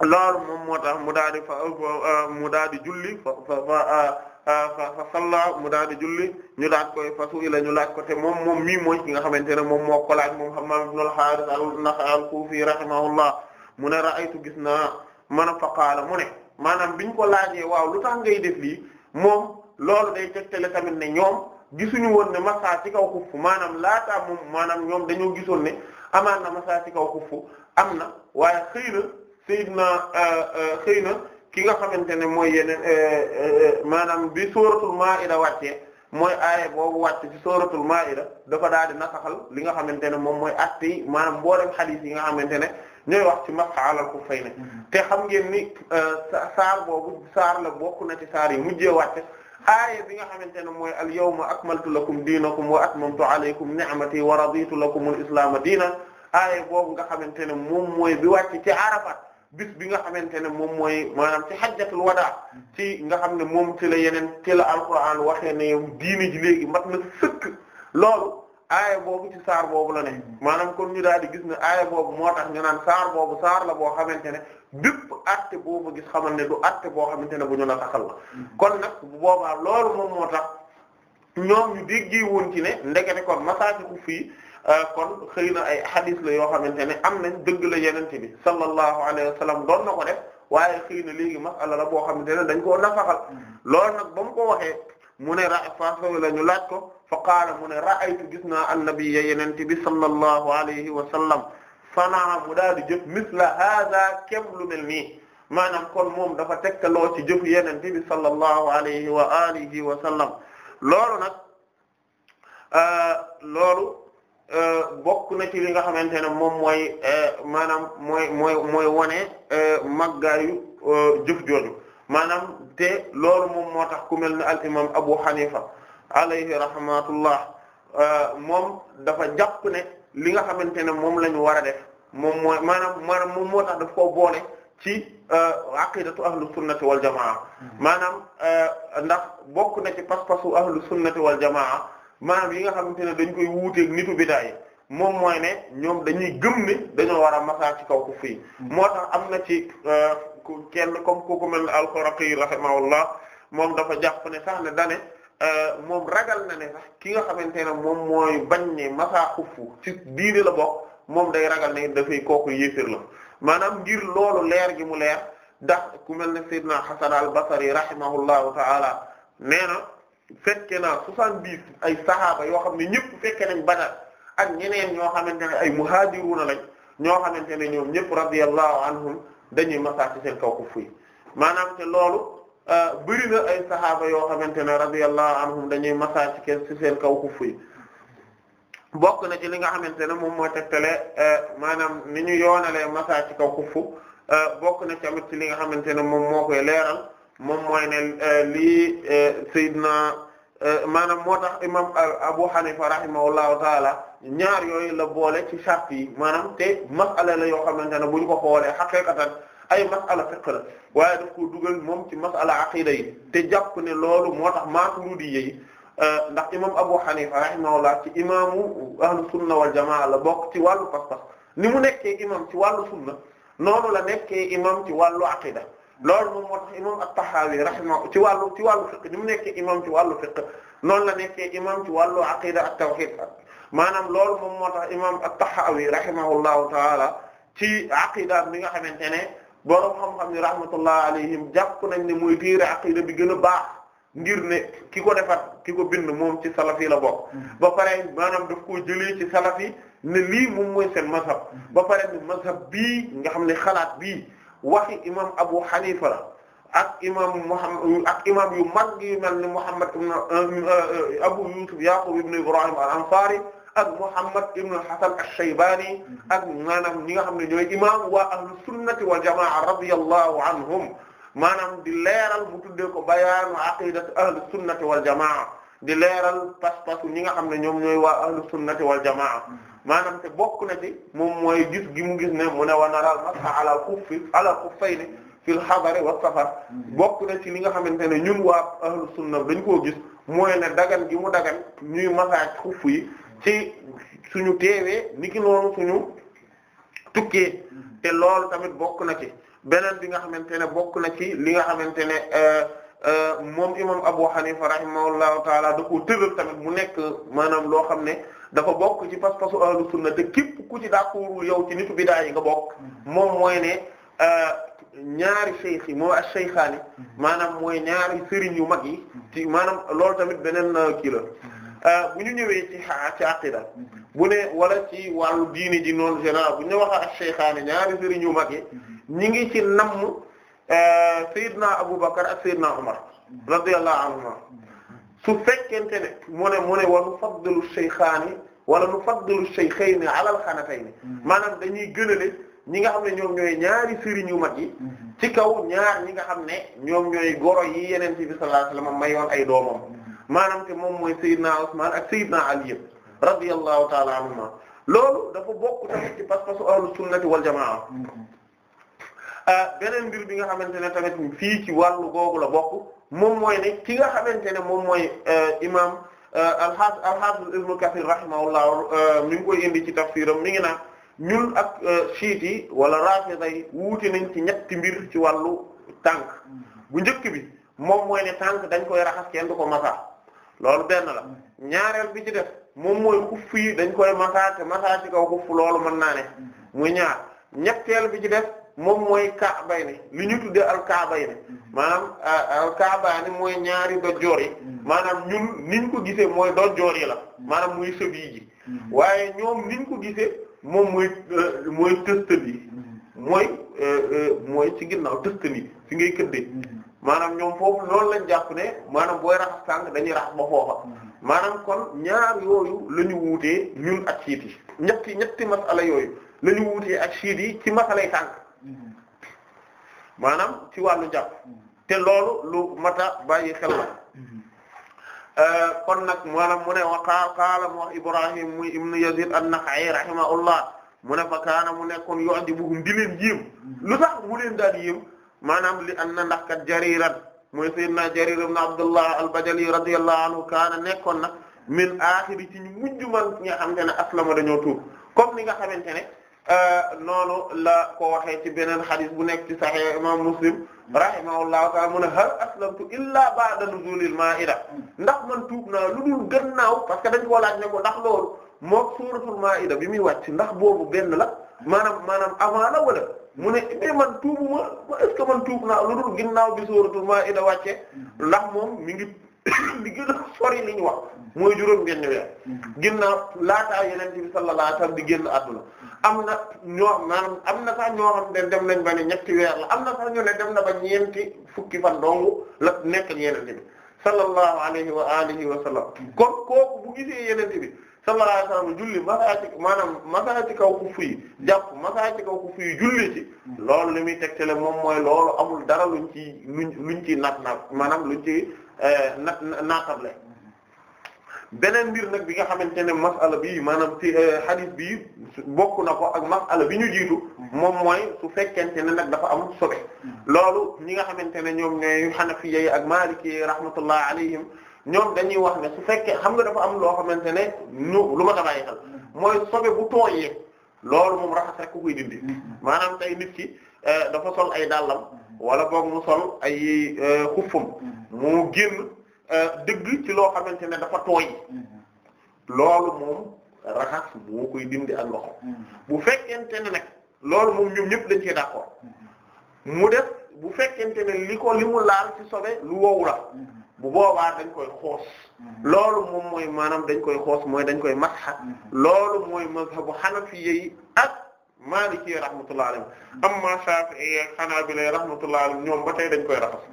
loolu moom moo tax mu daal di fa mu daal di julli fa fa fa salla mu daal di julli ñu laaj koy fasu la ñu laaj ko moom moom mii mooy ki nga xamante ne moom moo ko laaj moom Hammaam ibn al-Haaris an-Nakha'i al-Kufi rahimahullah mu ne ra'aytu gis naa man a faqaala mu ne maanaam biñ ko laajee waaw lu tax ngay def lii moom loolu day tegtale tamit ne ñoom gisuñu woon ne massa ci kaw xuffu maanaam laataa moom maanaam ñoom dañoo gisoon ne amaan na massa ci kaw xuffu am na waaye xëy na sayyidna euh, euh, ki nga xamante ne mooy yeneen eh, eh, eh, maanaam bi suratul maa'ida wàccee mooy aaye boobu wàcc ci suratul maa'ida dafa daal di nasaxal li nga xamante ne moom mooy acte yi maanaam boo dem xadiis nga xamante ne ñooy wax ci masxa alal ku mm-hmm. te xam ngeen ni saar boobu saar la bokk na ci saar yi mujjee wàcce aaye bi nga xamante ne mooy al yawma akmaltu lakum diinakum wa atmamtu alaykum ni'mati wa raditu lakum al islaama diina aaye boobu nga xamante ne moom bi wàcc ci Arafat bis bi nga xamante ne moom mooy maanaam ci hajjatul wadaa ci nga xam ne moom ci la yeneen ci la alquran waxee ne diini ji léegi mat na sëkk loolu aaya boobu ci saar boobu la ne maanaam kon ñu daal di gis ne aaya boobu moo tax ñu naan saar boobu saar la boo xamante ne bépp atte boobu gis xamal ne du atte boo xamante ne bu ñu la taxal la kon nag bu boobaa loolu moom moo tax ñoom ñu déggee woon ci ne ndekete kon masaajiku fii Euh, kon xëy na ay xadis la yoo xamante ne am nañ dëgg la yenente bi sallallahu alayhi wa sallam doon na ko def waaye xëy na léegi masala la boo xamante ne dañ koo nafaxal loolu nag ba mu ko waxee mu ne ra fasawi la ñu laaj ko fa qaala mu ne ra'aytu gis naa annabiyya yenente bi sallallahu alayhi wa sallam fanaa mu daal di jëf misla hada kem lu mel nii maanaam kon moom dafa loo ci jëf yenente bi sallallahu alayhi wa alihi wa sallam loolu nag euh, loolu Euh, bokk na ci li nga xamante ne moom mooy euh, maanaam mooy mooy mooy wane euh, màggaayu jëf jooju maanaam te loolu moom moo tax ku mel ne al imam Abu Hanifa alayhi rahmatullah moom dafa jàpp ne li nga xamante ne moom la ñu war a def moom mooy maanaam maanaam moom moo tax daf koo boole ci aqidatu ahlu sunnati wal jamaa hmm. maanaam ndax bokk na ci pas-pasu ahlu sunnati wal jamaa maam yi nga xamante ne dañ koy wuuteeg nitu bidaa yi moom mooy ne ñoom dañuy gëm ne dañoo war a masaa ci kaw ku fii moo tax am na ci euh, kenn comme ku ko mel ne al-Xuraqi rahimahullah moom dafa jàpp ne sax ne dane euh, moom ragal na ne sax ki nga xamante ne moom mooy bañ ne masaa xuffu ci diine la bokk moom day ragal ne dafay kooku yéefir la maanaam ngir loolu leer gi mu leer ndax ku mel ne Seydina Hasan al-Basri rahimahullahu ta'ala nee na fekke na soixante-dix ay sahaaba yoo xam ne ñëpp fekke nañ Badar ak ñeneen ñoo xamante ne ay muhaajiruuna lañ ñoo xamante ne ñoom ñëpp radiyallahu anhum dañuy masaa ci seen kaw ko maanaam te loolu euh, bëri yoo xamante ne radiyallahu anhum dañuy masaa ci seen kaw ko bokk na ci li nga xamante ne moom moo tegtale euh, maanaam ni ñu yoonalee masaa ci kaw xufu euh, bokk na ci tamit ci li nga xamante ne moom moo koy leeral moom mooy ne eh, lii eh, Seydina eh, maanaam moo tax imam Abu Hanifa rahimahullahu taala ñaar yooyu la boole ci sart yi maanaam te masala la yoo xamante ne bu ñu ko xoolee xaqiqatan ay masala fiqh la waaye daf ko dugal moom ci masala aqida yi te jàpp ne loolu moo tax Maturidi yi ndax imam Abu Hanifa rahimahullah ci imaamu ahlu sunna wal jamaa la bokk ci wàllu pas-pas ni mu nekkee imam ci wàllu sunna noonu la nekkee imam ci wàllu aqida loolu moom moo tax imam at-Tahawi rahima ci wàllu ci wàllu fiqh ni mu nekkee imam ci wàllu fiqh noonu la nekkee imam ci wàllu aqida ak tawhid maanaam loolu moom moo tax imam at-Tahawi rahimahullahu taala ci aqida bi nga xamante ne borom xam-xam ni rahmatullah alayhim jàpp nañ ne mooy téere aqida bi gën a baax ngir ne ki ko defat ki ko bind moom ci salaf yi la bokk mm-hmm. ba pare maanaam daf ko jëlee ci salaf yi ne lii moom moy seen mazhab mm-hmm. ba pare ne mazhab bii nga xam ne xalaat bii waxi imam Abu Hanifa la ak imam Muhammad ak imam yu mag yu mel ni Muhammad ibn euh, Abu Yusuf Yaqub ibn Ibrahim al-Ansari ak Muhammad ibn al-Hasan ash-Shaybani ak maanaam ñi nga xam ne ñooy imam waa ahlu sunnati wal jamaa radiyallahu anhum maanaam di leeral bu tuddee ko bayaanu aqidatu ahlu sunnati wal jamaa di leeral pas-pasu ñi nga xam ne ñoom ñooy waa ahlu sunnati wal jamaa maanaam te bokk na ci moom mooy gis gi mu gis ne mu ne wa naral masha ala xuffi ala xuffayni fil xabari wa safar mm-hmm. bokk na ci li nga xamante ne ñun waa ahlu sunna dañ koo gis mooy ne dagan gi mu dagan ñuy masaaj xuff yi ci suñu teewee niki noonu suñu tukkee mm-hmm. te lool tamit bokk na ci beneen bi nga xamante ne bokk na ci li nga xamante ne euh, euh, moom imam Abu Hanifa rahimahullahu taala da ko tëral tamit mu nekk maanaam loo xam ne dafa bokk ci pas-pasu ahlu sunna te képp ku ci d'accordul yow ci nitu bidaa yi nga bokk mm-hmm. moom mooy ne euh, ñaari cheikh yi moom ak cheikhaani mm-hmm. maanaam mooy ñaari sëriñ yu mag yi mm-hmm. ci maanaam loolu tamit beneen euh, kii euh, bu ñu ñëwee ci ci aqida bu ne wala ci wàllu diine ji noonu général bu ñu waxee ak cheikhaani ñaari sëriñ yu mag yi ñu ngi ci namm Seydina Aboubacar ak Seydina Omar radiyallahu anhuma su fekkente ne mu ne mu ne wa nufaddilu shaykhaani wala nufaddilu shaykhayni ala al-xanatayni mm-hmm. maanaam dañuy gënale ñi nga xam ne ñoom ñooy ñaari sëriñ yu mag yi mm-hmm. ci kaw ñaar ñi nga xam ne ñoom ñooy goro yi yeneen ci bi sallallahu alayhi wasallam mayoon ay doomam mm-hmm. maanaam te moom mooy Seydina Usmaan ak Seydina Ali radiyallahu ta'ala anhuma loolu dafa bokk tamit ci pas-pasu ahlu sunnati wal jamaa ah, beneen mbir bi nga xamante ne tamit fii ci wàllu googu la bokk moom mooy ne ki nga xamante ne moom mooy euh, imaam euh, al-Hafiz al-Hafiz Ibn Kathir rahimahullah euh, mi koy indi ci tafsiram mi ngi naan ñun ak chiites yi wala rafida yi wuute nañ ci ñetti mbir ci wàllu tànk bu njëkk bi moom mooy ne tànk dañ koy raxas kenn du ko masa loolu benn la ñaareel bi ci def moom mooy xuff dañ koy mataa te masa ci kaw xuff loolu mën naa ne muy ñaar ñetteel bi ci def moom mooy kaabayni li ñu tuddee alkaabayni maanaam alkaabaani mooy ñaari dojjoor yi maanaam ñun niñ ko gisee mooy dojjoor yi la maanaam muy sëbii ji waaye ñoom niñ ko gisee moom mooy euh, mooy tëstal yi mooy euh, euh, mooy ci ginnaaw tëstal yi fi ngay këddee maanaam ñoom foofu loolu lañ jàpp ne maanaam booy raxas tànk dañuy rax ba foofa maanaam kon ñaar yooyu la ñu wuutee ñun ak siit yi ñetti ñetti masala yooyu la ñu ak siit yi ci masalay tànk maanaam ci wàllu jàpp te loolu lu mata bàyyi xel la euh, kon nag maanaam mu ne wa qaala mu wax Ibrahim muy ibnu Yazid an-Nakha'i rahimahullah mu ne fa kaana mu nekkoon yu'adibuhum di leen yéem lu tax mu leen daal yéem maanaam li anna ndax kat jariran mooy sayyidina Jarir ibn Abdullah al-Bajali radiyallahu anhu kaana nekkoon na min aaxiri ci ñu mujj man nga xam te ne aslama dañoo tuub comme ni nga xamante ne Euh, noonu la ko waxee ci beneen xadis bu nekk ci Sahih imam Muslim rahimahullahu ta'ala mu ne hal aslamtu illa ba'da nuzulil ma'ida ndax man tuub naa lu dul gannaaw parce que dañ ko laaj ne ko ndax loolu mook suuratul ma'ida bi muy wàcc ndax boobu benn la maanaam maanaam avant la wala mu ne mais eh, man tuubuma est tuub naa lu dul ginnaaw bi suuratul ma'ida wàcce ndax moom mi ngi li gën a sori li ñu wax mooy juróom benn gën mm-hmm. ginnaaw laataa yeneen bi sallallahu alayhi wasallam di génn àdduna am na ñoo maanaam am na sax ñoo xam ne dem nañ ba ni ñetti weer la am na sax ñu ne dem na ba ñeenti fukki fan dong la nekk yeneen bi sallallahu alayhi wa alihi wa sallam kon kooku bu gisee yeneen bi sallallahu alayhi wa sallam julli masaa ci maanaam masaa ci kaw ku fuy jàpp masaa ci kaw ku fuy julli ci loolu li muy teg tegtale moom mooy loolu amul dara luñ ci luñ luñ ci nat naat maanaam luñ ci eh, naat naatable beneen mbir nag bi nga xamante ne masala bi maanaam ti euh, hadith bi bokk na ko ak masala bi ñu jiitu moom mooy su fekkente ne nag dafa am sobe loolu ñi nga xamante ne ñoom ñooy xanafiyey ak maliki rahmatullah alayhim ñoom dañuy wax ne su fekkee xam nga dafa am loo xamante ne ñu lu ma tabayi xel mooy sobe bu tooyee loolu moom raxas rek koy dindi maanaam tey nit ki euh, dafa sol ay dàllam wala boog mu sol ay euh, xuffam mu génn Euh, dëgg ci loo xamante ne dafa tooy mm-hmm. loolu moom raxas moo koy dindi ak loxo mm-hmm. bu fekkente ne nag loolu moom ñoom ñëpp dañ cee d'accord mm-hmm. mu def bu fekkente ne li ko li mu laal ci sobe lu wow la bu boobaa dañ koy xoos loolu moom mooy maanaam dañ koy xoos mooy dañ koy masxa loolu mooy mazhabu hanafiyyi ak maliki rahmatullah alayhi amma shafi'i ak hanabila rahmatullah alayhi ñoom ba tey dañ koy raxas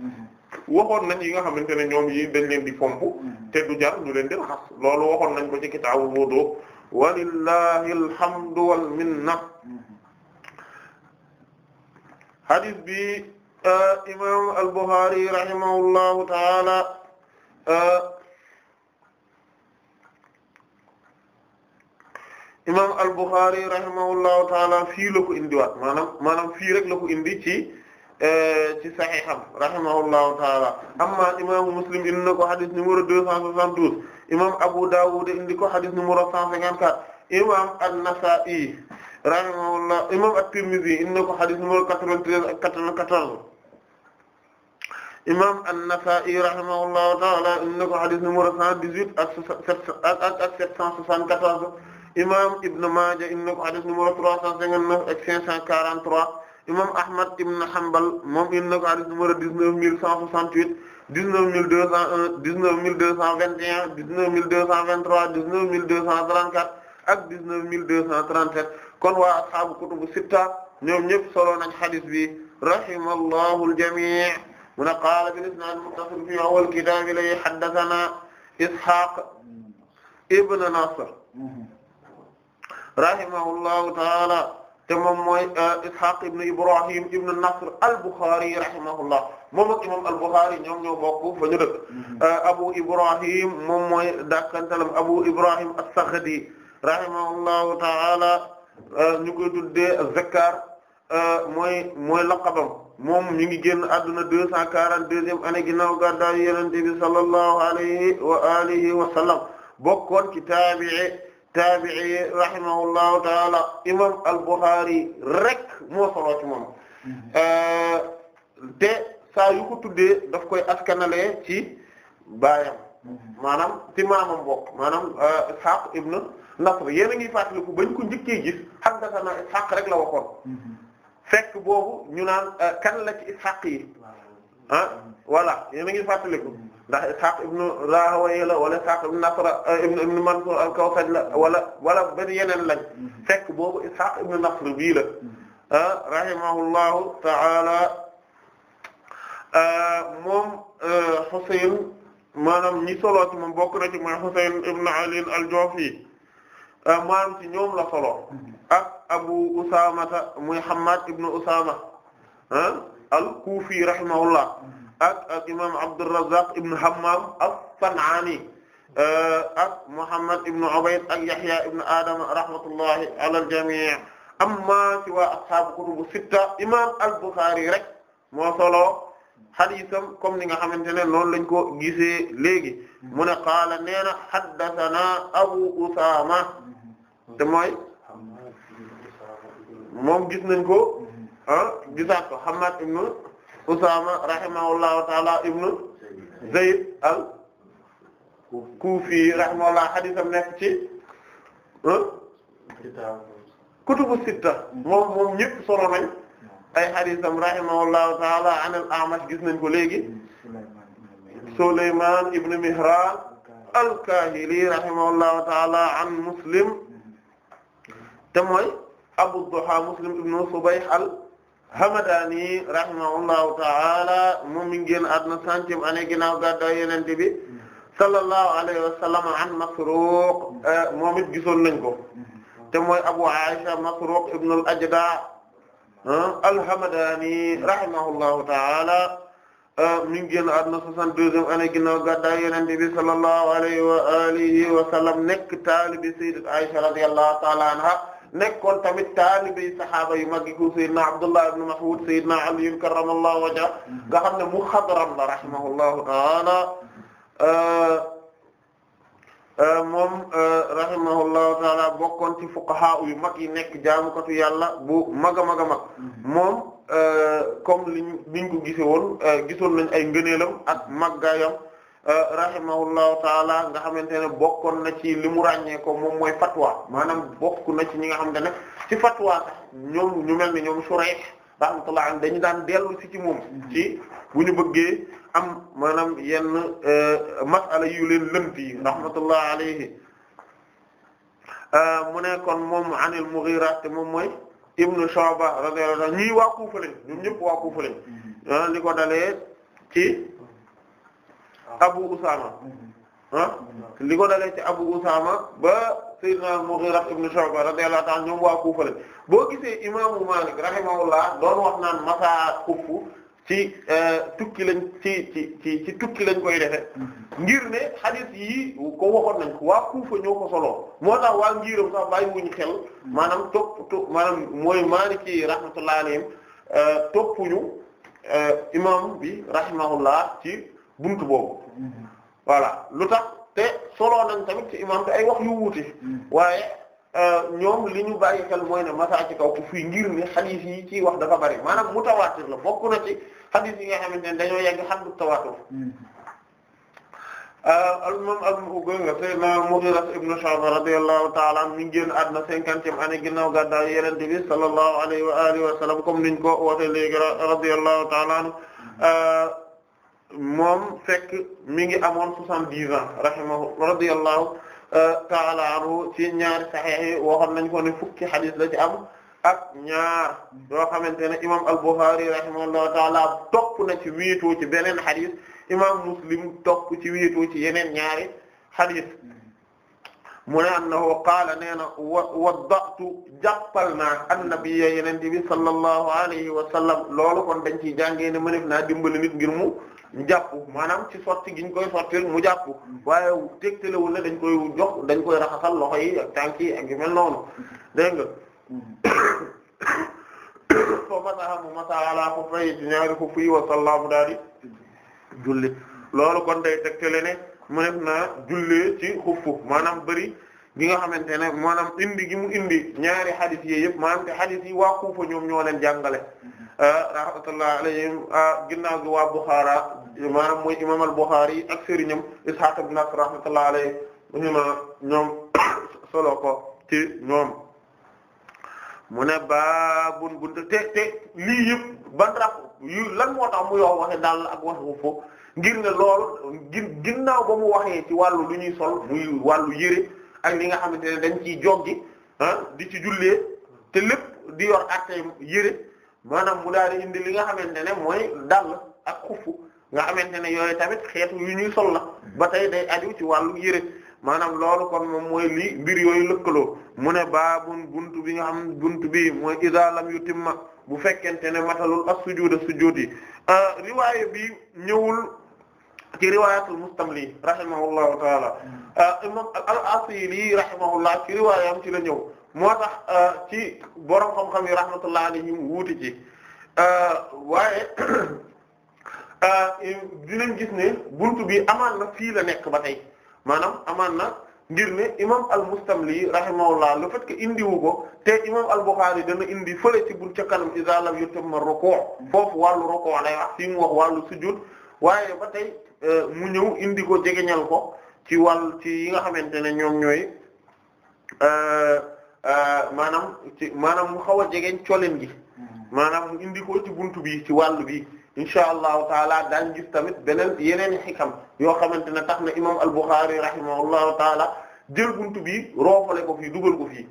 waxoon nañ yi nga xamante ne ñoom yi dañ leen di fomp mm. te du jar du leen di raxas loolu waxoon nañ ko ci kitaabu wudu walillahi alhamdu wal minna mm-hmm. bi uh, imam al-Bukhari rahimahullahu taala uh, imam al-Bukhari rahimahullahu indiwaat maanaam maanaam fii rek la ko indi ci ci saxiixam rahimahullahu taala amma imaamu muslim indi na ko xadis deux cent douze imaam Abu Dawud indi ko xadis cent cinquante-quatre imaam an-Nasa'i rahimahullah imaam at-Tirmidhi indi na ko xadis numéro quatre-vingt-treize quatorze imaam an-Nasa'i rahimahullahu taala indi na ko xadis cent dix-huit ak ak cent soixante-quatorze imaam Ibn Maaja indi na ko xadis trois cent cinquante-neuf ak cinq cent quarante-trois imam Ahmad ibn Hanbal moom in na ko hadith numéro dix-neuf mille cent soixante-huit dix-neuf mille deux cent un dix-neuf mille deux cent vingt et un dix-neuf mille deux cent vingt-trois dix-neuf mille deux cent trente-quatre ak dix-neuf mille deux cent trente-sept kon waa ashaabu kutubu sitta ñoom ñëpp solo nañ hadith bi rahimallahu al-jamii' mu ne qaala bil-isnaad al-muttasil fii awwal kitaab li haddathanaa Ishaaq ibn Nasr mm-hmm. rahimahullahu ta'aala te moom mooy euh, Ishaq ibn Ibrahim ibn Nasr al-Bukhari moom ak imam al-Bukhari ñoom ñoo fa ñu dëkk mm-hmm. euh, Abu Ibrahim moom mooy dakkantalam Abu Ibrahim as-Sakhdi ta'ala euh, ñu koy tuddee Zakkar mooy mooy laqabam moom ñu ngi génn àdduna deux cent quarante-deuxième année ginnaaw gàddaay Yonent bi sallallahu alayhi wa bokkoon ci taabi'i taabi'i rahimahullahu taala imam al-Bukhari rek moo solo ci moom mhm. euh, te saa yu ko tuddee daf koy askanale ci baayam mhm. maanaam ci maamam bokk maanaam euh, Ishaq ibn Nasr yéen a ngi fàttaliku bañ ko njëkkee gis haddathana Ishaq rek la waxoon mhm. fekk boobu ñu naan euh, kan la ci Ishaq yi ah voilà yéen a ngi fàttaliku ndax Ishaq ibn Rahawayh la wala Ishaq ibn Nasr euh, ibn Mansur al-Kawsaj la wala wala benn yeneen lañ fekk boobu Ishaq ibn Nasr bii la euh, rahimahullahu ta'ala euh, moom Husayn maanaam ñi solo ci moom bokk na ci mooy Husayn ibn Ali al-Ju'fi maanaam ci ñoom la solo ak Abu Usaamata muy Hammad ibn Usaama al-Kufi rahimahullah ak ak imaam Abdurrazzaq ibn Hammam as-San'ani euh, ak Muhammad ibn Ubayd ak Yahya ibn Adam rahmatullahi ala al-jami' amma ci waa ashaabu kutubu sitta imaam al-Bukhari rek moo solo hadiisam comme ni nga xamante ne noonu lañ ko gisee léegi mu ne qaala nee na haddathana Abu Usaama te mooy moom gis nañ ko ah gisaat ko Hammad ibn Usaama rahimahullahu taala ibnu Zayd al Kufi rahimahullah hadisam nekk ci ah, kutubu sitta moom moom ñëpp solo nañ ay hadisam rahimahullahu taala an al A'mash gis nañ ko léegi Sulaymaan ibn Mihraan al-Kaahili rahimahullahu taala an Muslim te mooy Abu Duha Muslim ibn Subayh al Hamadani rahimahullahu ta'ala moom mi ngi génn àdduna centième année ginnaaw gàddaay Yonent bi sallallahu alayhi wa an Masruq moom it gisoon nañ ko te mooy Abu Aisha Masruq ibn al-Ajda' al-Hamadani rahimahullahu ta'ala mi ngi génn àdduna soixante-deuxième bi sallallahu alayhi wa alihi taalibi Sayyidat Aisha radiyallahu ta'ala anha nekkoon tamit taalibi saxaaba yu mag yi ko Seydina Abdullah ibn Mas'ud Seydina Ali karramallahu wajha nga xam ne mu xadram la rahimahullahu taala euh, euh, moom euh, rahimahullahu taala bokkoon ci fuqaha yu mag yi nekk jaamukatu yàlla bu mag a mag a mag moom comme liñ liñ ko gise gisoon nañ ay ngëneelam ak màggaayam rahimahullahu taala nga xamante ne bokkoon na ci li mu ràññee ko moom mooy fatwa maanaam bokk na ci ñi nga xamante ne ci fatwa sax ñoom ñu mel ni ñoom Shurayh rahmatullah am dañu daan dellu ci ci moom ci bu ñu bëggee am maanaam yenn euh, masala yu leen lënt yi rahmatullah alayhi euh, mu ne kon moom anil Mughira te moom mooy ibnu Shu'ba radiyallahu anhu waa Kufa lañ ñoom ñëpp waa Kufa lañ mm-hmm. ah, li ko dalee ci Abu Usama ah li ko dalee ci Abu Usama ba Sayyidina Mughira ibn Shu'ba radiyallahu ta'ala ñoom waa Kufa boo gisee imaamu Malik rahimahullah doon wax naan masa kufu ci euh, tukki lañ ci ci ci ci tukki lañ koy defe ngir ne hadith yi ko waxoon nañ ko waa Kufa ñëw ko solo moo tax waa ngiram sax bàyyi wuñ xel maanaam topp to maanaam mooy Maliki rahmatullahi alayhim euh, toppuñu euh, imam bi rahimahullah ci bunt boobu voilà lu tax te soloo nañ tamit ci imam te ay wax yu wuute waaye euh, ñoom li ñu ba bàyyi xel mooy ne masa ci kaw ku fii ngir ni xadiis yi ciy wax dafa bari maanaam mutawaatir la bokk na ci xadiis yi nga xamante ne dañoo yegg xam du tawaatur euh, almam almugënga sayyidina Mughira ibn Shu'ba radiyallahu ta'ala anhu mi ngi génn àdduna cinquantième année ginnaaw gàddaay Yonent yeneen sallallahu alayhi wa alihi wa sallam comme niñ ko woote léegi radiyallahu ta'ala anhu euh, moom fekk mi ngi amoon soixante-dix ans rahimahu radiyallahu euh, ta'ala anhu ci ñaari sahih yi waxoon nañ ko ne fukki xadis la ci am ak ñaar yoo xamante ne imam al-Bukhari rahimahullahu ta'ala topp na ci wiitoo ci beneen xadis imam Muslim topp ci wiitoo ci yeneen ñaari xadis mu ne annahu qaala nee na wa waddatu jàppal naa annabiyya yeneen bi sallallahu alayhi wa sallam loolu kon dañ ciy jàngee ne mënef naa dimbali ngir mu mu jàpp maanaam ci sotti gi ñu koy sottil mu jàpp waaye tegtalewul ne dañ koy jox dañ koy raxasal loxo yi ak tànk yi ak yu mel noonu dégg nga foo masaha mu masaala ko fay ñaari ko yi wa sallaamu daal di julli loolu kon day tegtale ne mu def naa jullee ci xuffu maanaam bëri gi nga xamante ne maanaam indi gi mu indi ñaari hadith yi yëpp maanaam te hadith yi waa Kufa ñoom ñoo leen jàngale rahmatullah alayhim ah, ginnaaw gi waa Bukhara maanaam mooy imam al-Bukhari ak sëriñam Ishaq ibn Nasr rahmatullah alayhima ñoom solo ko ci ñoom mu ne baabun bunte te te lii yëpp ban raf yu lan moo tax mu waxe daal ak wax wu ngir ne loolu ginnaaw ba mu waxee ci wàllu lu ñuy sol muy wàllu yére ak li nga xamante ne dañ ciy joggi ah di ci jullee te lépp di yor àtte yére maanaam mu daal di indi li nga xamante ne mooy dàll ak xufu nga xamante ne yooyu tamit xeetu yu ñuy sol la ba tey day aju ci wàllu yére maanaam loolu kon moom mooy li mbir yooyu lëkkaloo mu ne baabun bunt bi nga xam bunt bi mooy iza lam yu timma bu fekkente ne matalul as-sujud as-sujud yi euh, riwaaya bi ñëwul ci riwaayatul mustamli rahimahullahu taala hmm. euh, imam al-asili rahimahullah ci riwaayam ci la ñëw moo tax euh, ci borom xam-xam yi rahmatullah alayhim wuute ci euh, waaye euh, dinañ gis ne buntu bi amaan na fii la nekk ba tey maanaam amaan na ngir ne imam al-Mustamli rahimahullah le fait que indiwu ko te imam al-Bukhari dana indi fële ci buntu ca kanam yu lam yutamma ruku' foofu wàllu a lay wax fi mu wax wàllu sujud waaye ba tey mu ñëw indi ko jegeñal ko ci wàll ci yi nga xamante ne ñoom ñooy. Euh, maanaam ci maanaam mu xaw a jegeñ colin gi hmm. maanaam mu indi ci bunt bi ci wàll bi insha allahu taala daal gis tamit beneen yeneen xikam yoo xamante ne tax na imam al-Bukhari rahimahullahu taala jël buntu bi roofale ko fii dugal ko fii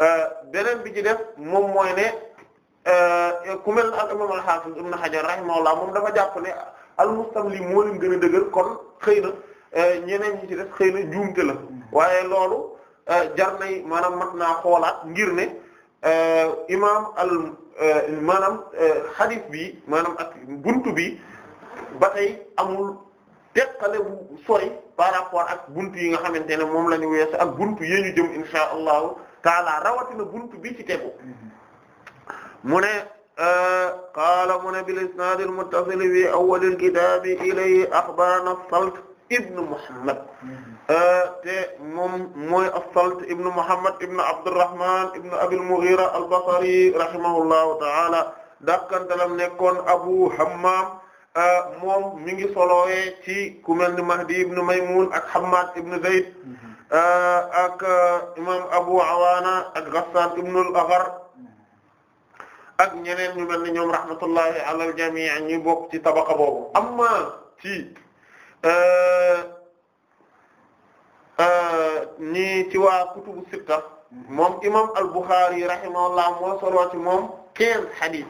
euh, beneen bi ci def moom mooy ne euh, ku mel ak imam al-Hafiz ibn Hajar rahimahullah moom dafa jàpp ne al-mustamli moo leen gën a dëgër kon xëy na ñeneen ñi ci def xëy na juumte la hmm. waaye loolu Euh, jar nay maanaam mat naa xoolaat ngir ne euh, imaam al euh, maanaam xadis bi maanaam ak buntu bi ba tey amul teqale bu sori par rapport ak buntu yi nga xamante ne moom la ñu weesu ak buntu yi ñu jëm insha allahu taala rawatina buntu bi ci tegu mu ne qaala mu ne bil isnaad al muttasil fi awwal al kitaab ilayhi axbarana salt ibn muhammad te moom mooy as-Salt ibn Muhammad ibn Abdurrahman Abil Mughira al-Basri rahimahullahu ta'ala dakkantalam nekkoon Abu Hammam euh, moom mi ngi solowee ci ku mel ni Mahdi ibn Maymun ak Hammad ibn Zayd mm-hmm. euh, ak euh, Abu Awaana ak Ghassan ibn al-Aghar ak ñeneen ñu mel ni ñoom rahmatullahi ala al-jami' ñi bokk ci tabaqa boobu amma ci ñi ci waa kutubu sitta moom imam al-Bukhari rahimahullah moo solo ci moom quinze hadith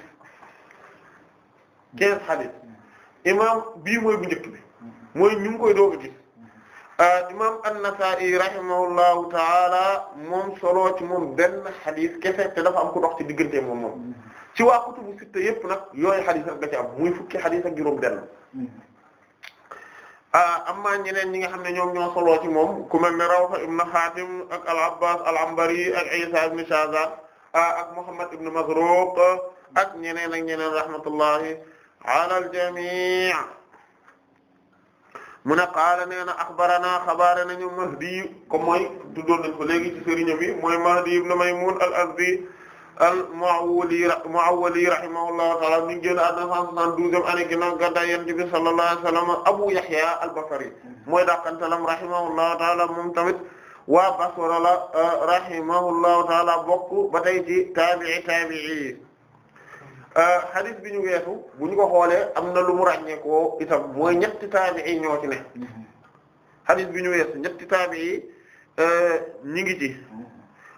quinze hadith imam bii mooy bu njëkk bi mooy ñu ngi koy doog a gis euh, imam an-Nasa'i rahimahullahu taala moom solo ci moom benn hadith kese te dafa am ko dox ci diggante moom moom mm-hmm. ci waa kutubu sitta yépp nag yooyu hadith rek da ci am muy fukki hadith benn Ah, amma ñeneen ñi nga xam ne ñoom ñoo soloo ci moom ku mel ne Rawh ibn Hatim ak al-Abbas al-Anbari ak Isa ibn Shaza ah, ak Muhammad ibn Mazruq ak ñeneen ak ñeneen rahmatullahi ala al-jami' mu ne qaala nee na axbarana xabaare nañu Mahdi comme mooy tuddoon nañ ko léegi ci sëriñ bi mooy Mahdi ibn Maymun al-Azdi al-Mu'awwali Mu'awwali rahimahullahu ta'ala mi ngi génn àdduna 172 ani ginnaaw gàddaay Yonent bi sallallahu alayhi wa sallam Abu Yahya al-Bakri mooy dàqantalam rahimahullahu ta'ala moom tamit waa Basra la euh, rahimahullahu ta'ala bokk ba tey ci taabi'i taabi'i yi euh, hadith bi ñu weesu bu ñu ko xoolee am na lu mu ràññeekoo itam mooy ñetti taabi'i ñoo ci ne hadith bi ñu weesu ñetti taabi'i euh, ñi ngi ci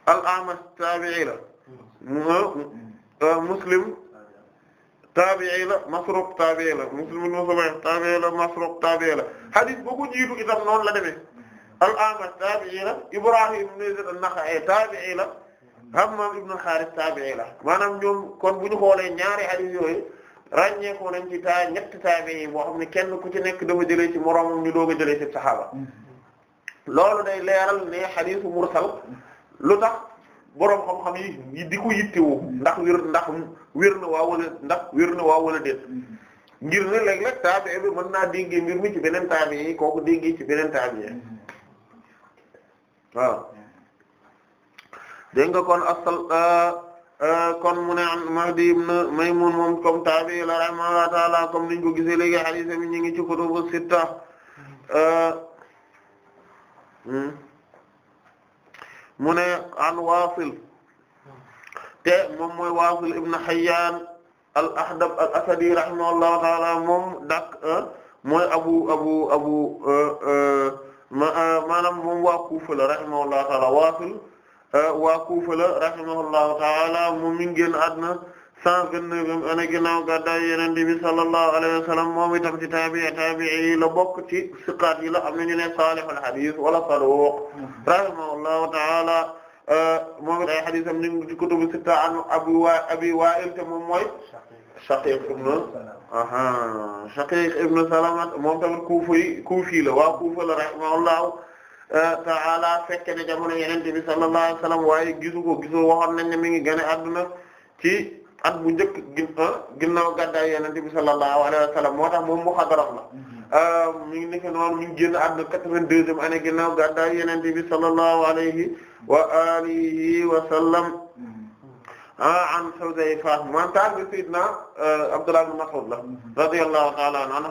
al-A'mash taabi'i la. Ah, ah, muslim taabi'i la Masruq taabi'i la Muslim ibn la Masruq taabi'i la hadith boo ko jiitu itam noonu la demee al-A'mash taabi'i la Ibrahim ibn Yazid an-Nakha'i taabi'i la Hammam ibn al-Harith taabi'i la maanaam ñoom kon bu ñu xoolee ñaari hadith yooyu ràññeekoo nañ ci taa ñetti taabi'i boo xam ne kenn ku ci nekk dafa jëlee ci moroomam ñu doog a jëlee ci saxaaba mm-hmm. loolu day leeral ne hadith mursal lu tax. boroom xam-xam yi di ko ndax wér ndax wér na waa ndax wér na waa wala déet ngir ne léeg-léeg taabi bi mën naa déggee mbir mi ci beneen taabi yi kooku déggee ci beneen taabi yi waaw dégg nga kon asal euh, euh, kon mu ne an Mahdi ibn Maymun moom comme taabi la rahimahullahu ta'ala comme niñ ko gisee léegi hadith mi ñu ngi ci kutubu sitta euh, hmm. mu ne an Waasil te moom mooy Waasil ibn Hayyan al-Ahdab al-Asadi rahimahullahu ta'ala moom dak euh, mooy abu abu abu euh, euh, maanaam moom waa Kufa la rahimahullahu ta'ala Waasil waa Kufa la rahimahullahu ta'ala moom mi ngi génn àdduna cent vingt-neuvième année ginnaaw gàddaay Yonent bi sallallahu alayhi wa moom itam ci taabi'i taabi'i yi la bokk ci siqaat yi la am nañu ne saalihul hadiis wala saduuq rahimahullahu ta'ala uh, moom it ay hadiisam ñu ngi ci kutubu sitta an Abi Wa Abi Wa'il te moom mooy Shaqiq ibn aha Shaqiq ibn Salama moom tamit Kufi Kufi la waa Kufa la rahimahullahu uh, ta'ala fekk na jamono Yonent bi sallallahu alayhi wa waaye gisu ko gisoo waxoon nañ ne mi ngi gën a adduna ci at bu njëkk ah, ginnaaw gàddaay yonent bi sallallahu alayhi wa moo tax moom mu xadaram la mhm. ah, mi ngi nekk noonu mi ngi génn àdduna bi sallallahu alayhi wa alihi mhm. ah, an Hudhayfa man taal bi sayyidina Abdullah ibn Mas'ud la mhm. ta'ala an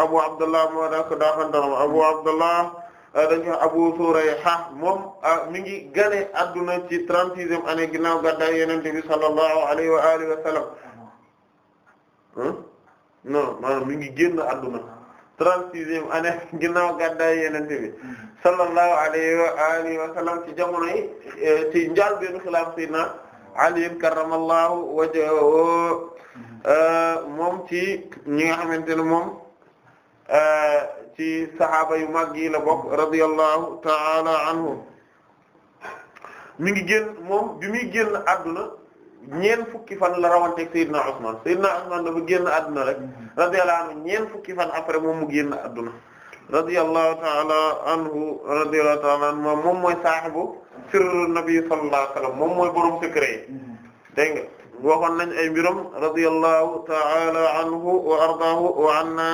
Abu Abdullah moo dak daafantaram Abu Abdullah Euh, dañ ko Abu Surayha moom euh, mi ngi gane adduna ci trente-sixième année ginnaaw gàddaay Yonent bi sallallahu alayhi wa alihi wa hmm? ngi génn adduna trente-sixième année ginnaaw gàddaay Yonent bi sallallahu alayhi wa alihi ci jamono yi euh, ci njaal benn xilaaf Sayyidina Ali karramallahu wajhahu hmm. moom ci ñi nga xamante ne moom ci saxaaba yu mag yi la bokk radiyallahu ta'ala anhum mu ngi génn moom bi muy génn adduna ñeent fukki fan la rawanteeg Seydina Usman Seydina Usman dafa génn adduna rek radiyallahu anhu ñeent fukki fan après moom mu génn adduna radiyallahu ta'ala anhu radiyallahu ta'ala anhu moom mooy saahibu sirru nabi moom mooy borom secret yi waxoon nañ ay mbiram radiyallahu ta'ala anhu wa ardaahu wa anna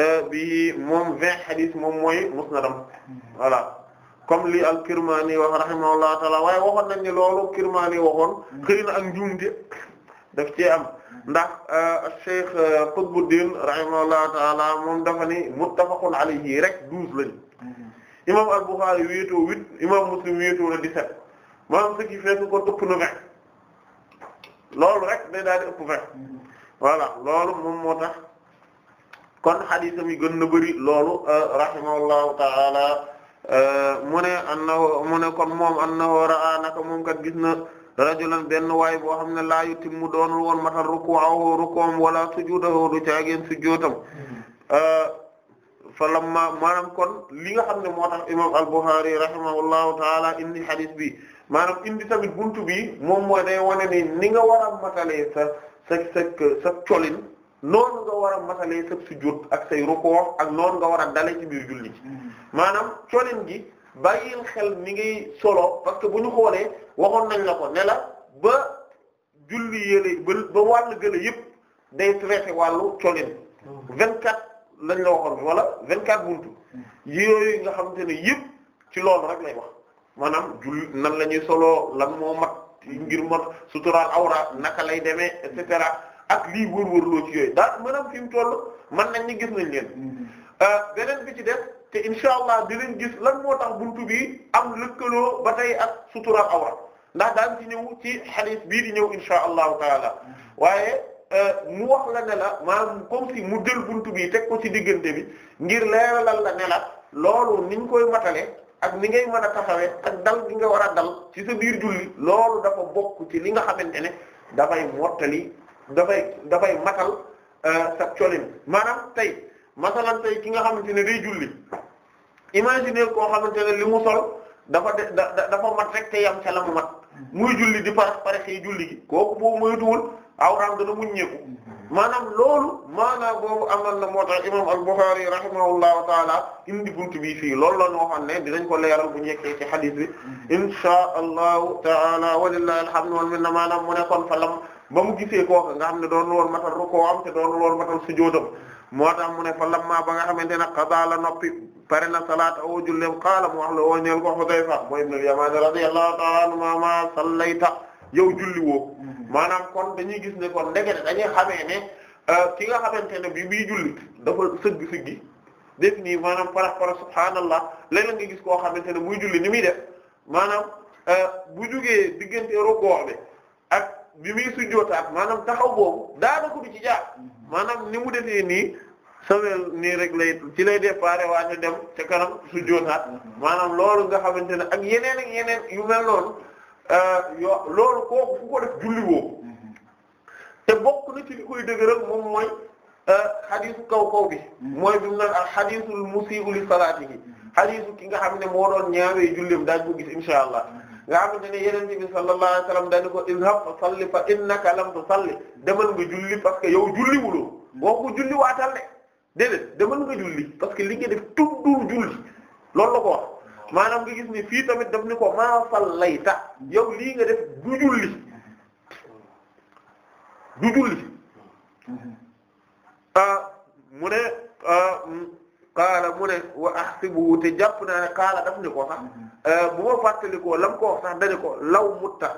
Euh, bi moom vingt hadith moom mooy musnadam voilà comme li al-Kirmani wax rahimahullahu taala waaye waxoon nañ ne loolu Kirmani waxoon xëy na ak njuumte daf cee am ndax euh, Cheikh euh, Qutbuddin rahimahullahu taala moom dafa ni muttafaqun rek douze lañ imam al-Bukhari wéetoo huit imam Muslim wéetoo na dix-sept maanaam ce qui fait ëpp na vingt loolu rek day daal ëpp vingt voilà loolu moom moo tax kon xadisam yi gën na bëri loolu euh, rahimahullahu taala euh, mu ne annahu kon moom annahu ra'a naka moom kat gis na rajulan benn waay boo xam ne laa yutimmu doonul woon matal ruku'ahu ruku'am wala sujudahu du caageen sujudam hmm. euh, fa lamma maanaam kon li nga xam ne moo tax imam al-Bukhari rahimahullahu indi hadith bi maanaam indi tamit buntu bi moom mooy day wane ni nga war matalee sa sa colin noonu nga war a matalee sëb si jot ak say rukkoo ak noonu nga war a dalee ci biir julli mm-hmm. maanaam colin gi bàyyil xel ni ngay solo parce que bu ñu xoolee waxoon nañ la ko ne la ba julli yële ba ba wàll gële yëpp day traité wàllu colin mm-hmm. lañ la waxoon wala 24 buntu mm-hmm. yooyu nga xamante ne yëpp ci loolu rek lay wax maanaam julli nan la ñuy solo lan moo mat ngir mat suturaal awra naka lay demee et ak lii wër-wërloo ci yooyu daal maanaam fi mu toll man nañ ni gis nañ leen mhm. euh, beneen bi ci def te incha allah di leen gis lan moo tax buntu bi am lëkkaloo ba tey ak sutura awra ndax daan ci ñëw ci hadith bii di ñëw incha allahu taala mhm. waaye euh, mu wax la nela la maanaam si mu jël buntu bi teg ko ci diggante bi ngir leeralal la ne la loolu niñ koy matale ak ni ngay mën a taxawee ak dal gi nga war a dal ci sa biir julli loolu dafa bokk ci li nga xamante ne dafay mottali dafay dafay matal euh, sa colin maanaam tey masalan tey ki nga xamante ne day julli imaginer koo xamante ne li mu dafa de dafa mat rek te yam ca mu mat muy julli di pare pare xëy julli gi kooku boobu moytuwul awraam dana muññeeku maanaam loolu maanaam boobu amal na moo tax imam al-Bukhari rahimahullahu taala indi bunt bi fii lool la noo xam ne dinañ ko leeral bu ñekkee ci hadith bi mm-hmm. insha allahu taala walillahi alhamdu wal minna maanaam mu ne kon fa lam ba mu gisee kooka nga xam ne doon woon matal rukoo am te doon woon matal sujjóotam moo tax mu ne fa lamma ba nga xamante ne qada la noppi pare na salaata o jullem qaala mu wax la woo ñeel ko Hudayfa mooy ibn al-Yaman radiyallahu ta'ala ma sallayta yow julli woo mm-hmm. maanaam kon dañuy gis ne kon ndegete dañuy euh, ki nga xamante ne bi bii julli dafa sëgg siggi def nii maanaam parax parax subhaanallah léeg-léeg gis koo xamante ne muy julli ni muy def maanaam euh, bu jugee diggante rukoo bi ak bi muy sujjootaat maanaam taxaw boobu daanaka du ci jaar maanaam ni mu defee nii sawel nii rek lay ci lay déparé waaye dem ca kanam sujjootaat maanaam loolu nga xamante ne ak yeneen ak yeneen yu mel noonu euh, yo loolu kooku fu ko def julli boobu te bokk na ci li koy dëgëral moom mooy euh, xadiisu kaw kaw bi mooy bi mu naan ak xadiisul musii'u li salaatihi xadiisu ki nga xam ne moo doon ñaawee julleem daañ ko gis insha allah nga xamante yeneen yenente bi sallallahu alayhi wasallam dañu ko izhab fa salli fa innaka lam tusalli demal nga julli parce que yow julli wuloo boo ko julli waatal ne déedéet demal nga julli parce que li nga def tuddul julli loolu la ko wax maanaam nga gis ni fii tamit daf ni ko maa ta yow lii nga def du julli du julli mm-hmm. ah mu ne ah, qaala mu wa ahsibuhu te jàpp na ne qaala daf ni ko sax mhm. euh, bu ma fàttalikoo lam ko wax sax dañu ko law mutta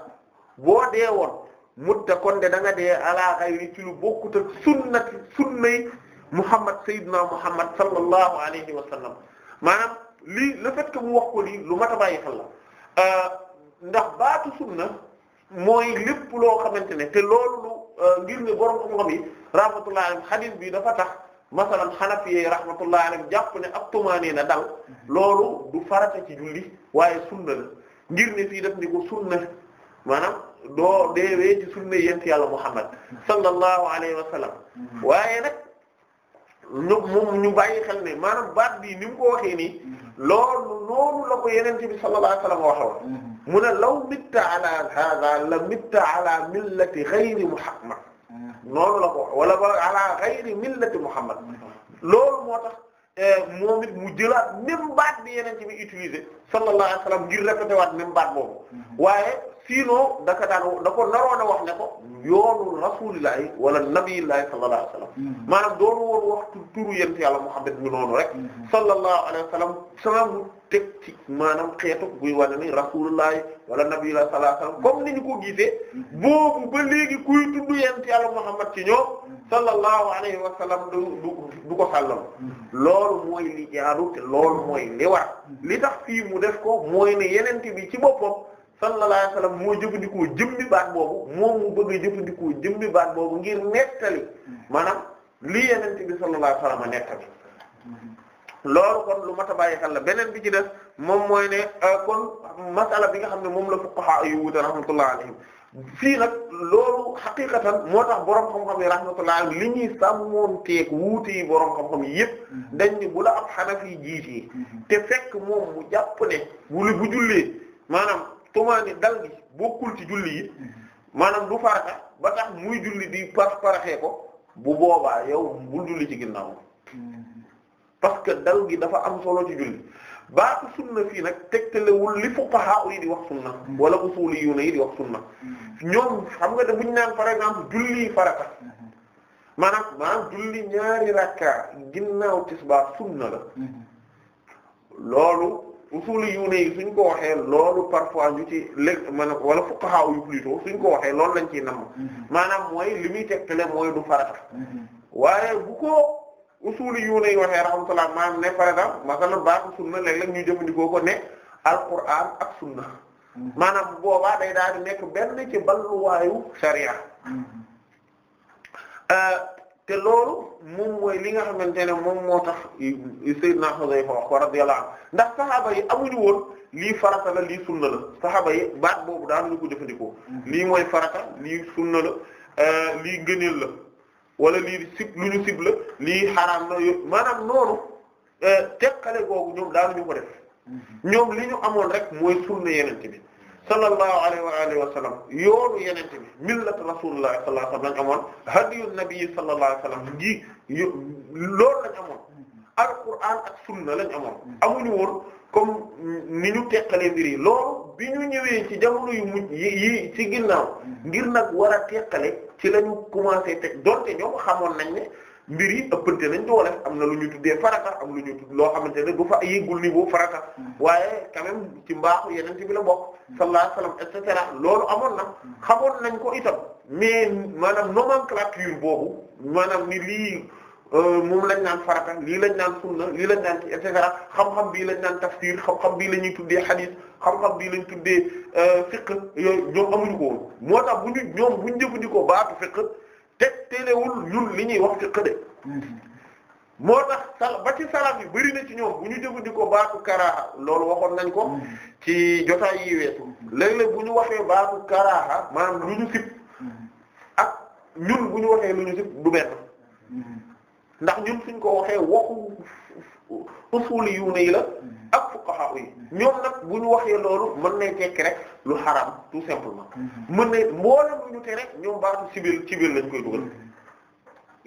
boo dee woon mutta kon de da nga dee ala xayri ci lu bokkut ak sunnati sunnay Muhammad sayyidina Muhammad sallallahu alayhi wa sallam maanaam lii le fait mu wax ko lii lu mat a euh, ndax baatu sunna mooy lépp loo xamante ne te loolu euh, ngir ne borom xam-xam yi rahmatullahi alayhi hadith bi dafa tax masalan Hanafi yi rahmatullahi alayhim jàpp ne ab tumaaniina dal loolu du farata ci julli waaye sunna la ngir ne fii def ni ko sunna maanaam doo deewee sunna yent yàlla Muhammad sallallahu alayhi wa mhm. waaye nag ñu moom ñu bàyyi xel ne maanaam baat bii ni mu ko mhm. loolu noonu la ko yenente bi sallallahu alayhi wa sallam mhm. mu law mitta ala hada la mitta ala millati ghayri Muhammad noonu la ko wala ba ala ghayri millati Muhammad loolu moo tax eh, moom it mu jëlaat même baat bi yeneen ci bi utilisé sallallahu alayhi wa sallam ngir répété waat même baat boobu mm-hmm. waaye. sinon daka daan da ko naroon a wax ne ko yoonu rasulillahi wala nabiyillahi sallallahu alayhi wa sallam hmm. maanaam doonu woon wax turu yent yàlla Muhammad bi noonu rek hmm. sallallahu alayhi wa sallam saamu teg maanaam xeetu buy wane ni rasulillahi wala nabiyillahi sallallahu alayhi wa sallam comme ni ñu ko gisee hmm. boobu ba léegi kuy tudd yent yàlla Muhammad ci ñoom sallallahu alayhi wa sallam du du du ko sàllam loolu mooy li jaaru loolu mooy li war li tax fii mu def ko mooy ne yenente bi ci boppam sallallahu alayhi wasallam moo jëfandikoo jëmmi baat boobu moom mu bëgg a jëfandikoo jëmmi baat boobu ngir nettali maanaam lii yeneen bi sallallahu alayhi a nettali loolu kon lu mat a bàyyi xel la beneen bi ci des moom mooy ne euh, kon masala bi nga xam ne moom la fuqaha yu wuute rahmatullah alayhim fii nag loolu xaqiqatan moo tax borom xam-xam yi rahmatullah li ñuy sàmmoonteeg wuute yi borom xam-xam yi yëpp mm-hmm. dañ ni bu la ab xanafi yi mm-hmm. te fekk moom mu jàpp ne wuli bu maanaam tumaani dal gi bokkul ci julli yi maanaam du farata ba tax muy julli di par paraxee ko bu boobaa yow bul julli ci ginnaaw parce que dal gi dafa am solo ci julli baatu sunna fii nag tegtalewul li fuqaha yi di wax sunna wala usuliyyu yi di wax sunna ñoom xam nga da buñ naan par exemple julli farata maanaam maanaam julli ñaari rakka ginnaaw tisbaar sunna la mm-hmm. loolu usuliyuune yi suñ ko waxee loolu parfois ñu ci léeg man wala fuqaha yu plutôt suñ ko waxee loolu lañ ciy namm mhm. maanaam mooy li muy tegtale mooy du farata mhm. waaye bu ko usuliyuune yi waxee rahmatullah maanaam ne par exemple baax baatu sunna léeg-léeg ñu jëfandikoo ko ne alquran ak sunna mhm. maanaam boobaa day daal di nekk benn ci balluwaayu sharia euh, te loolu moom mooy li nga xamante ne moom moo tax Seydina Xudayfa wax ko radiyallahu anhu ndax saxaaba yi amuñu woon lii farata la lii sunna la saxaaba yi baat boobu daanuñu ko jëfandikoo mm-hmm. lii mooy farata lii sunna la euh, lii ngëneel la lii sib lu ñu sib la lii xaraam la yo maanaam noonu euh, tekkale googu ñoom daanuñu ko def mm-hmm. ñoom li ñu amoon rek mooy sunna yeneen bi sallallahu alayhi wa alihi wa sallam yoonu yenente bi millat rasulullah sallallahu alayhi wa sallam lañ amoon hadiyu nabi sallallahu alayhi wa sallam gi loolu lañ amoon alquran ak sunna lañ amoon amuñu woon comme ni ñu teqalee mbir yi loolu bi ñu ñëwee ci jamono yu mujj yi ci ginnaaw ngir nag war a teqale ci la ñu commencé teg donte ñoom xamoon nañ ne mbir yi ëppante nañ doole am na lu ñu tuddee farata am lu ñu tudd loo xamante ne du fa yëggul niveau farata mm. waaye quand ci mbaaxu yeneen ci bi la bokk mm. sallallahu alayhi wasallam et cetera loolu amoon na mm. xamoon nañ ko itam mais maanaam nomenclature boobu maanaam ni lii euh, moom lañ naan farata lii lañ naan sunna lii lañ naan et cetera xam-xam bii lañ naan tafsir xam-xam bii la ñuy tuddee hadith xam-xam bii lañ tuddee euh, fiqh yooyu ñoom amuñu ko woon moo tax bu ñu ñoom bu ñu jëfandikoo baatu fiqh teg téléwul ñun li ñuy wax ci xëde moo tax sal ba ci salaf yi bëri na ci ñoom bu ñu jëfandikoo baatu karaaha loolu waxoon nañ ko mm. ci jotaay yi weesu mm. léeg-léeg bu ñu waxee baatu karaaha maanaam lu ñu sib mm. ak ñun bu ñu waxee lu ñu sib du benn ndax ñun suñ ko waxee waxu usuli yu ne yi la ak fuqaha yi ñoom nag bu ñu waxee loolu mën nañ tekki rek lu xaraam tout simplement mhm. mën na mboolem lu ñu tere ñoom baatu ci biir ci lañ koy dugal mhm.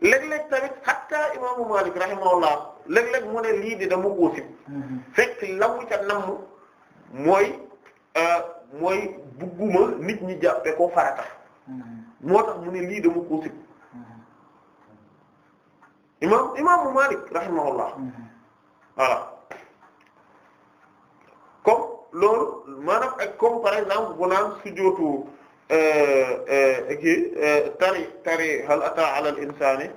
léeg-léeg tamit hatta imaamu Maalik rahimahullah léeg-léeg mu ne lii di dama ko sib mhm. fekk la mu ca namm mooy euh, mooy bugguma nit ñi jàppe ko farata moo tax mu ne lii dama ko sib imaamu Maalik rahimahullah voilà comme loolu maanaam ak comme par exemple bu naan sujjóotu euh, euh, euh, tari tari hal ata ala al insani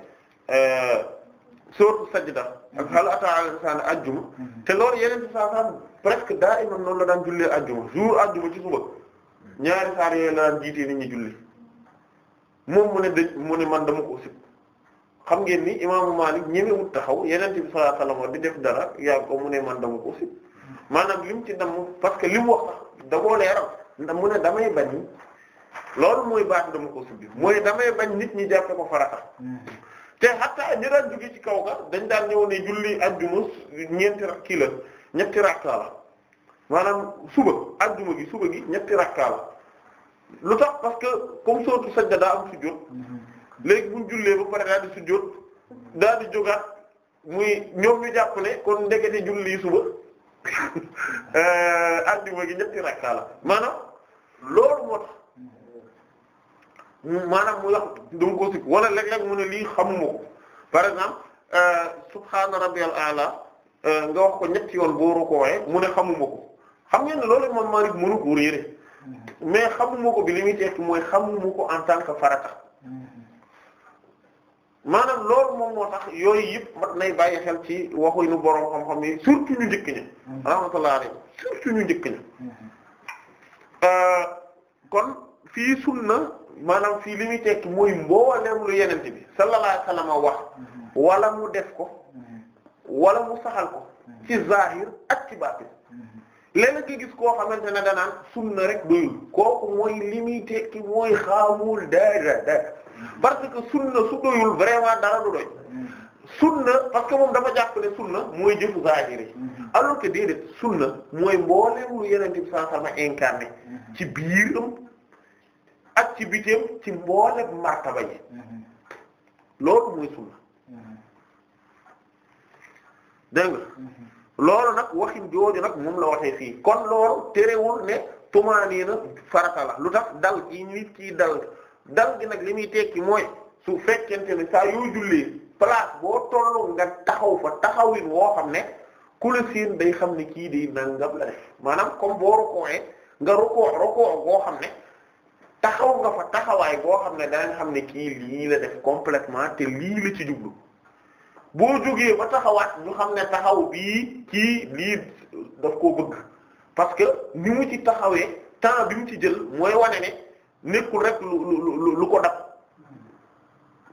sourate sajda ak mhm. hal ata ala al insani ajjuma mhm. te loolu yeneen ci saa presque daa iman noonu la daan jullee ajjuma jour ajjuma ci suba mhm. ñaari saar yooyu la daan jiitee nit ñi julli mu ne dañ mu ne man dama xam ngeen ni imaamu Maalik ñemewut taxaw yeneen bi sallallahu di def dara yaa ko mu ne man dama ko si maanaam lim ci dam parce que li mu wax da koo leeral mu ne damay bañ loolu mooy baat dama ko sibbi mooy damay bañ nit ñi jàppe ko farata te hatta ñu daan jóge ci kaw ga dañ daan ñëw ne julli ajjuma ñeenti rak kii la ñetti rakkaa la maanaam suba ajjuma gi suba gi ñetti rakkaa la lu tax parce que comme sootu sajda am sujjóot mhm. léegi buñ jullee ba pare daal di sujjóot daal di jógaat muy ñoom ñu jàpp ne kon ndekete julli suba eh, àjjuma gi ñetti rakka la maanaam loolu moo tax maanaam mu wax dama ko sik wala léeg-léeg mu ne lii xamuma ko par exemple eh, subhaana rabbiyal aala eh, nga wax ko ñetti yoon boo rukkooyee mu ne xamuma ko xam ngeen ne loolu moom Maalik mënu ko mm-hmm. mais xamuma ko bi li muy tekki mooy xamuma ko en tant que farata mm-hmm. maanaam loolu moom moo tax yooyu yëpp mat nay bàyyi xel ci waxu nu boroom xam-xam yi surtout ñu njëkk ña mm-hmm. rahmatullah alayhi surtout ñu njëkk ña mm-hmm. euh, kon fii sunna maanaam fii li muy tekki mooy mboolem lu yeneen bi sallallahu alayhi wasallam wax mm-hmm. wala mu def ko wala mu saxal ko ci zahir ak ci baatin léeg-léeg gis koo xamante ne danaan na rek doyul kooku mooy li muy tekki mooy xaamul dara dara parce que sunna su doyul vraiment dara du doy sunna parce que moom dafa jàppale ne sunna mooy jëfu zahiri mhm. alors que déedéet sunna mooy mbooleem mhm. ci biiram ak ci bitim ci mbooleem martaba ji mhm. loolu mooy sunna dégg nga loolu nag waxin jooju nag moom la waxee fii kon loolu terewul ne tumaaniina farata la lu tax dal yi nit kii dal dal gi nag li muy tekki mooy su fekkente ne saa yoo jullee place boo toll nga taxaw fa taxawin woo xam ne ku la seen day xam ne kii day nangam la def maanaam comme boo rokkooee nga rokkoo rokkoo boo xam ne taxaw nga fa taxawaay boo xam ne danañ xam ne kii lii la def complètement te lii la ci jublu boo jógee ba taxawaat ñu xam ne taxaw bii kii lii daf koo bëgg parce que ni mu ci taxawee temps bi mu ci jël mooy wane ne. nekkul rek lu lu lu ko dab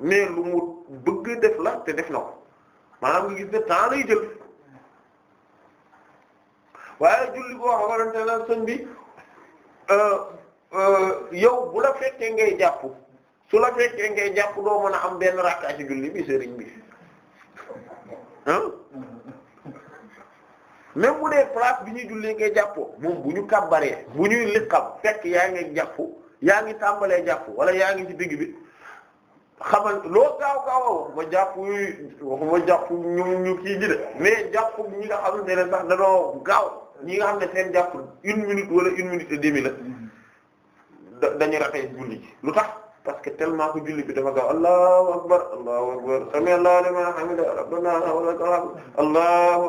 mais lu mu bëgg def la te def na ko maanaam nga gis ne temps lay jël waaye julli boo xamante ne sëñ bi euh, euh, yow bu la fekkee ngay jàpp su la fekkee ngay jàpp doo mën a am benn rakkaa ci julli bi sëriñ bi ah même dee place bi ñuy jullee ngay jàpp moom bu ñu kàbbaree bu ñuy liqam fekk yaa ngay jàpp yaa ngi tàmbalee jàpp wala yaa ngi ci digg bi xamal loo gaaw gaaw waxuma jàpp waxuma jàpp ñu ñu kii ji de mais jàpp ñi nga xam ne sax danoo gaaw ñi nga xam ne seen jàpp une minute wala une minute et la da dañuy julli lu tax parce que tellement que julli bi dafa gaaw allahu akbar allahu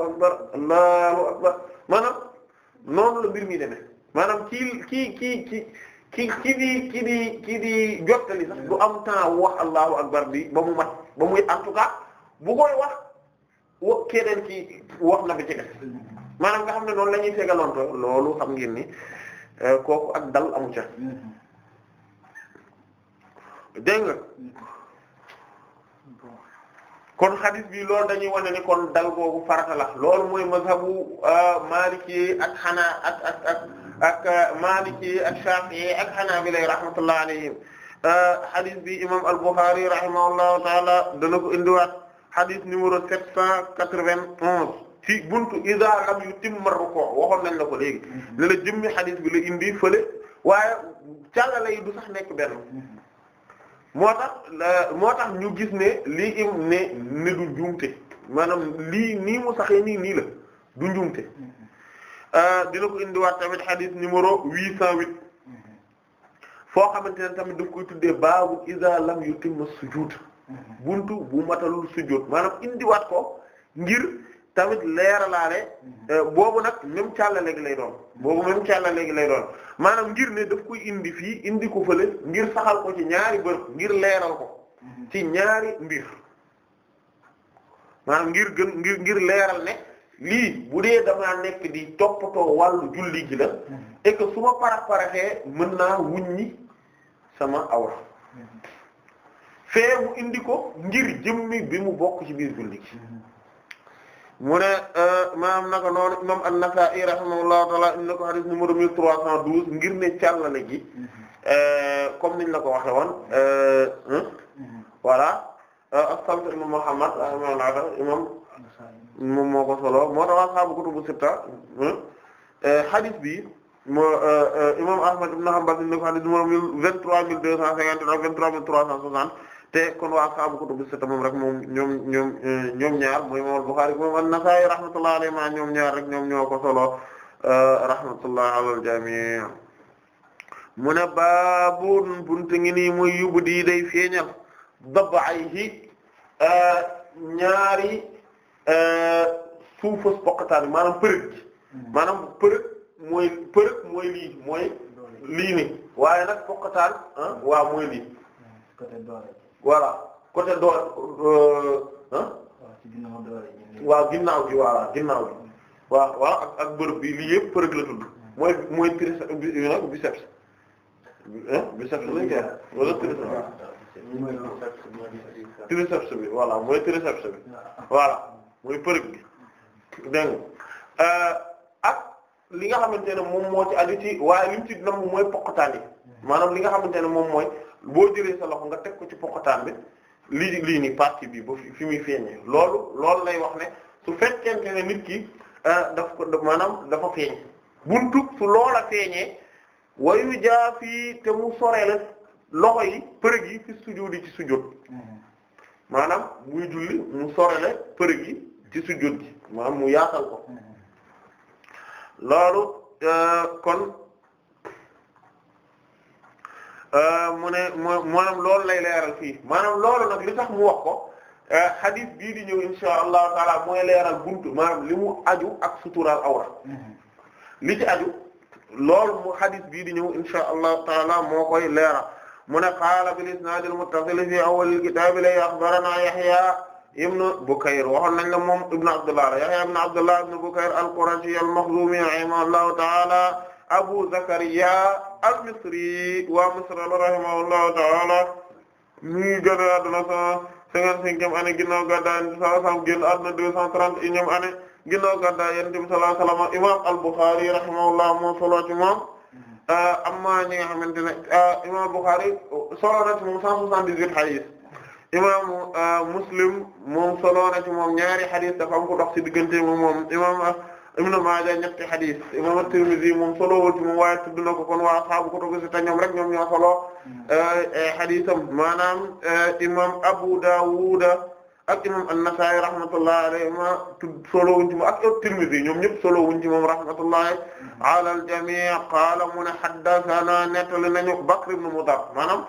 akbar maanaam noonu la mbir mi maanaam kii kii kii ki ki di ki di ki di jottali sax du am temps wax allahu akbar bi ba mu mat ba muy en tout bu koy wax wa keneen ci wax na bi ci def maanaam nga xam ne noonu la ñuy tegalantoo loolu xam ngeen ni euh, kooku ak dal amu ca mm-hmm. dégg kon xadis bi lool dañuy wane ni kon dal googu farata la loolu mooy mazhabu euh, maliki ak xanaa ak ak ak ak euh, maliki ak shafi'i ak hanabila rahmatullah alayhim euh, xadis bi imam al-Bukhari rahimahullahu taala dana ko indiwaat xadis numéro 791 ci buntu iza lam yutimma ruku' waxoon nañ la ko léegi mm-hmm. ne la jëmmi xadis bi la indi fële waaye càlla lay du sax nekk benn mm-hmm. moo tax euh, moo tax ñu gis ne lii im ne ne du njuumte maanaam lii nii mu saxee nii nii la du njuumte mm-hmm. euh, dina ko indiwaat tamit hadith numéro huit cent huit mm-hmm. foo xamante ne tamit daf koy tuddee baabu iza lam yutimma sujud mm-hmm. buntu bu matalul sujud maanaam indiwaat ko ngir tamit leeralaale mm-hmm. euh, boobu nag même càlla léegi lay doon boobu même càlla léegi lay doon maanaam ngir ne daf koy indi fii indi ko fële ngir saxal ko ci ñaari bër ngir leeral ko mm-hmm. ci ñaari mbir maanaam ngir gën ngir ngir leeral ne lii bu dee dama nekk di toppatoo wàllu julli gi la mm-hmm. et que su ma parax paraxee mën naa wuññi sama awra fee mu indi ko ngir jëmmi bi mu bokk ci biir julli gi mu ne euh, na naka noonu imam an-Nasa'i rahimahullahu taala indi na ko hadith numéro 1312 ngir ne càllale gi euh, comme niñ la ko waxe woon euh, voilà as-Sabt ibn Muhammad rahimahullahu taala imam moom moo ko solo moo tax ashaabu kutubu sitta hadith bi mo imam Ahmad ibn Hanbal indi na ko hadith numéro 23250 ak 23360 te kon waa saabu kutubu sitta moom rek moom ñoom ñoom eh, ñoom ñaar mooy imam Bukhari moom an-Nasa'i rahmatullahi ma ñoom ñaar rek ñoom ñoo ko solo eh, rahmatullahi alal jami' mu ne baabun buntu ngi nii muy yubu di day feeñal dab'ayhi eh, ñaari suufas poqataan maanaam përëg hmm. maanaam përëg mooy përëg mooy lii mooy lii ni waaye nag poqataan ah mooy lii hmm. voilà côté door ah. Euh, waaw ginnaaw gi gi waaw waaw ak bërëb bi lii yëpp përëg la tudd mooy mooy triceps biceps biceps lañ koy wala triceps triceps bi voilà mooy triceps bi voilà mooy përëg bi dégg nga euh, ak li nga xamante ne moom moo ci aju ci waaye li mu ci nam mooy poqataan yi maanaam li nga xamante ne moom mooy boo jëlee sa loxo nga teg ko ci poqotaan bi lii lii ni partie bi ba fi muy feeñee loolu loolu lay wax ne su fekkente ne nit ki euh, daf ko maanaam dafa feeñ buntu su loola feeñee wayu jaa fii te mu sore loxo yi përëg yi fi sujjóot yi ci sujjóot mm-hmm. maanaam muy julli mu sore la përëg yi ci sujjóot ji maanaam mu yaatal ko mm-hmm. loolu euh, kon Euh, mu ne maanaam loolu lay leeral fii maanaam loolu nag li tax mu wax ko euh, hadith bii di ñëw insha allahu taala mooy leeral buntu maanaam li mu aju ak suturaal awra mm-hmm. li ci aju loolu mu hadith bii di ñëw insha allahu taala moo koy leeral mu ne qaala bil isnaad al muttasil fi awwal al kitaab lay akhbarana Yahya ibn Bukayr waxoon nañ la moom ibn Abdullah Yahya ibn Abdullah ibn Bukayr al-Qurashi al-Makhzumi rahimahullahu taala Abu Zakariya al-Misri wa Misr rahimahullahu ta'ala muy gën a adduna cent cinquante-cinquième année ginnaaw gàddaay Yonent bi sallallahu alayhi wa sallam génn adduna deux cent trente-et-unième année ginnaaw gàddaay Yonent al-Bukhari rahimahullah moo solo ci moom euh, ñi nga xamante ne euh, imam Bukhari solo na ci moom cent soixante-dix-huit hadith imam euh, Muslim moom solo na ci ñaari hadith dafa am ko dox ci diggante moom Ibnu Maaja ñetti xadis imam At-Tirmidhi moom ko kon waa ashaabu kutubu sitta ñoom rek ñoom ñoo solo eh, eh, maanaam eh, imam Abu Dawud ak imam An-Nasaa'i rahmatullahi alayhi ma tudd solowuñ ci moom ñoom ñëpp solowuñ ci moom rahmatullahi ala al-jamii' qaala mu ne haddathana nettali nañu Bakr ibn Mudar maanaam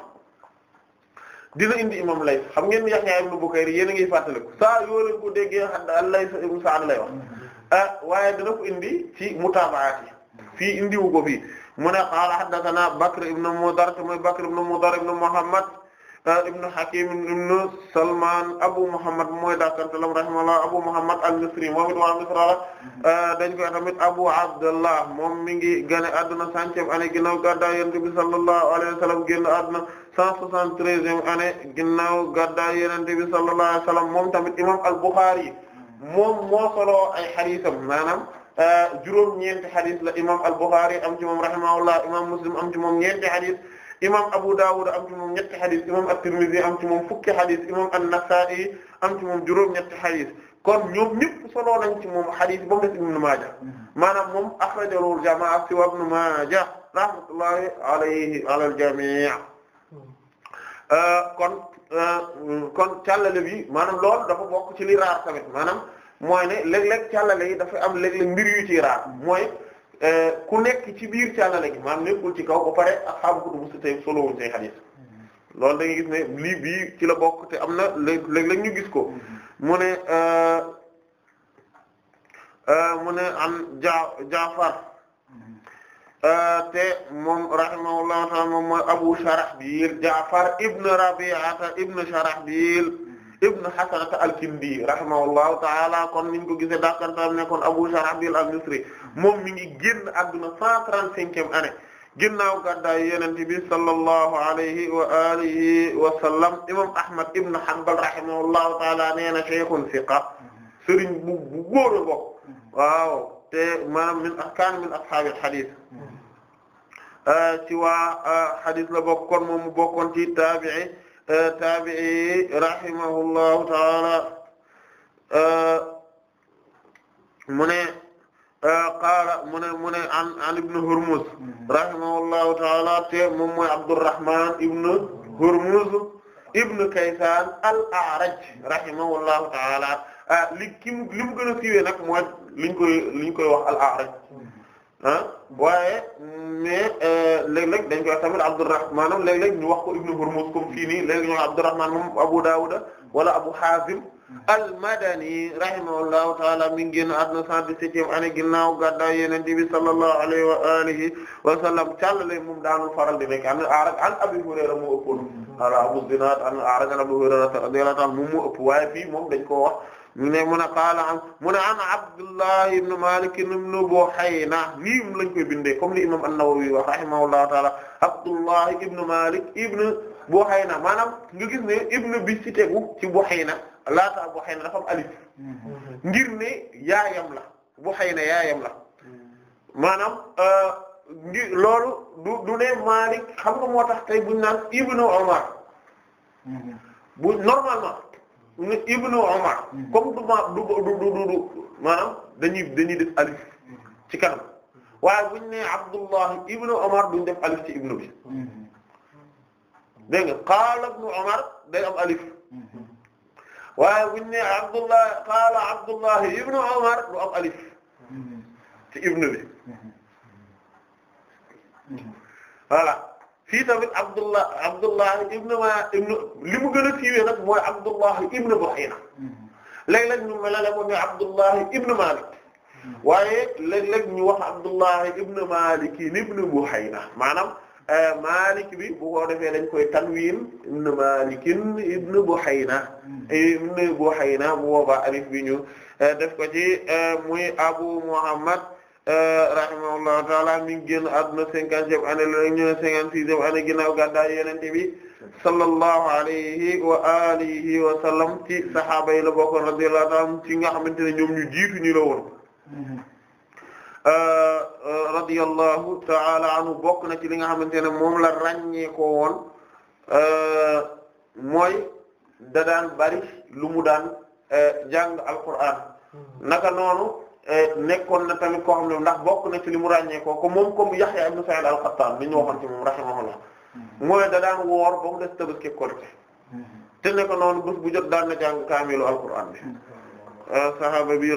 dina indi imam Layth xam ngeen Yahya ibn Bukayr yéen a ngi fàttaliku saa yoo leen ko déggee hadda Layth lay wax Ah, waaye dina ko indi ci mutaabaat yi fii indiwu ko fii mu ne qaala haddathana Bakr ibn Mudar mooy Bakr ibn Mudar ibn Muhammad ah, ibn Hakim ibn Salman Abu Muhammad mooy dakantalam rahimahullah Abu Muhammad al-Misri moom it waa Misra la ah, dañ koy tamit Abu Abdullah moom mi ngi gane adduna centième année ginnaaw gàddaay Yonent bi sallallahu alayhi wa sallam génn àdduna cent soixante-treizième année ginnaaw gàddaay Yonent bi sallallahu alayhi wa moom tamit imam al-Bukhari moom moo soloo ay xadiisam maanaam euh, juróom ñeenti xadiis la imam al-Bukhari am ci moom rahimahullah imam Muslim am ci moom ñeenti xadiis imam Abu Dawud am ci moom ñetti xadiis imam at-Tirmidhi am ci moom fukki xadiis imam an-Nasa'i am ci moom juróom ñetti xadiis kon ñoom ñëpp soloo nañ ci moom xadiis ba mu des Ibn Maaja maanaam moom axrajahu al-jamaa siwa Ibn Maaja rahmatullahi alayhi al-jamii' hmm. euh, kon Euh, kon càllale bi maanam loolu dafa bokk ci li raar tamit maanaam mooy ne léeg-léeg càllale yi dafa am léeg-léeg mbir yu ci raar mooy euh, ku nekk ci biir càllale gi maanaam nekkul ci kaw ba pare ak xam ko bu tey solo wuñ say xadiis mm-hmm. gis ne lii bii ci la bokk te am na léeg-léeg ñu gis ko mm-hmm. mu ne euh, mu ne am ja Jaafar Euh, te moom rahimahullahu ta'ala moom mooy Abu Sharahbil Ja'far ibn Rabi'ata ibn Sharahbil ibn Hasanata al-Kindi rahimahullahu ta'ala kon niñ ko gisee dàqantaam ne kon Abu Sharahbil al-Misri moom mi ngi génn adduna 135e année ginnaaw gàddaay Yonent bi sallallahu alayhi wa alihi wa sallam imam Ahmad ibn Hanbal rahimahullahu ta'ala nee na shaykhun thiqa sëriñ bu a waaw. te maanaam min kaana min ashaabil xadis mm-hmm. euh, ci waa euh, xadis la bokk kon moom mu bokkoon ci taabi'i euh, taabi'i rahimahullahu taala mu ne qaala mu ne mu ne an an ibn Hurmuz mm-hmm. rahimahullahu taala te moom mooy Abdurrahman ibn Hurmuz ibn Kaysan al-A'raj rahimahullahu taala Ah, li ki mu li mu gën a siiwee nag mooy liñ koy liñ koy wax al-A'raj ah, eh, dañ koy wax tamit Abdurrahman maanaam léeg ñu wax ko Ibn Hurmuz comme fii nii léeg-léeg ñu wax Abdurrahman moom Abu Dawud wala Abu Hazim al-Madani rahimahullahu ta'ala mi ngi génn àdduna 117e année ginnaaw gàddaay Yonent bi sallallahu alayhi wa alihi wa moom daanu faral di nekk an A'raj an Abi Abu Zinad an ëpp waaye fii moom dañ koo wax ñu ne mun a qaala am mu ne an Abdullah ibn Malik ibn Buhayna lii moom lañ koy bindee comme li imam an-Nawawi wax rahimahullahu taala Abdullah ibn Malik ibn Buhayna maanaam nga gis ne ibn bi ci tegu ci Buhayna laataa Buhayna dafa am alif ngir ne yaayam la Buhayna yaayam la maanaam euh, ngi loolu du du ne Malik xam nga moo tax tey buñ naan ibn Umar mm-hmm. bu normalement ibnu Umar comme du ma du du du du maanaam dañuy dañuy def alif ci kanam waaye buñ ne Abdullah ibnu Umar duñ def alif ci ibnu bi dégg nga qaala ibnu Umar day am alif waaye buñ ne Abdullah qaala Abdullah ibnu Umar du am alif ci ibnu bi voilà fii tamit Abdullah Abdullah ibn ma ibn li mu gën a siiwee nag mooy Abdullah ibn Buhayna mm-hmm. léeg-léeg ñu mel ne moom Abdullah ibn Malik waaye léeg-léeg ñu wax Abdullah ibn Malik ibn Buhayna maanaam euh, Malik bi bu ko defee dañ koy tanwiin ibn Malik ibn Buhayna mm-hmm. ibn Buhayna bu boobaa alif bi ñu euh, def ko ci euh, muy Abu Muhammad Euh, rahimahullahu taala mi ngi génn àdduna cinquantième année la ñu ne cinquante-sixième année ginnaaw gàddaay yonent bi sallallahu alayhi wa alihi wa sallam ci sahaaba yi la bokkoon radiyallahu taala ci nga xamante ne ñoom ñu jiitu ñu la woon euh, radiyallahu taala anhu bokk na ci li nga xamante ne moom la ràññeekoo ko woon euh, mooy da daan bari lu mu daan jàng alquran naka noonu nekkoon na tamit koo xam ne ndax bokk na ci li mu ràññee ko ko moom comme Yahya ibn Sa'id al-Qattan li ñu waxoon ci moom mm-hmm. ba mu des tabaski korite mm-hmm. te ne ko noonu bés bu jot daan na bi mm-hmm. euh, sahaba bi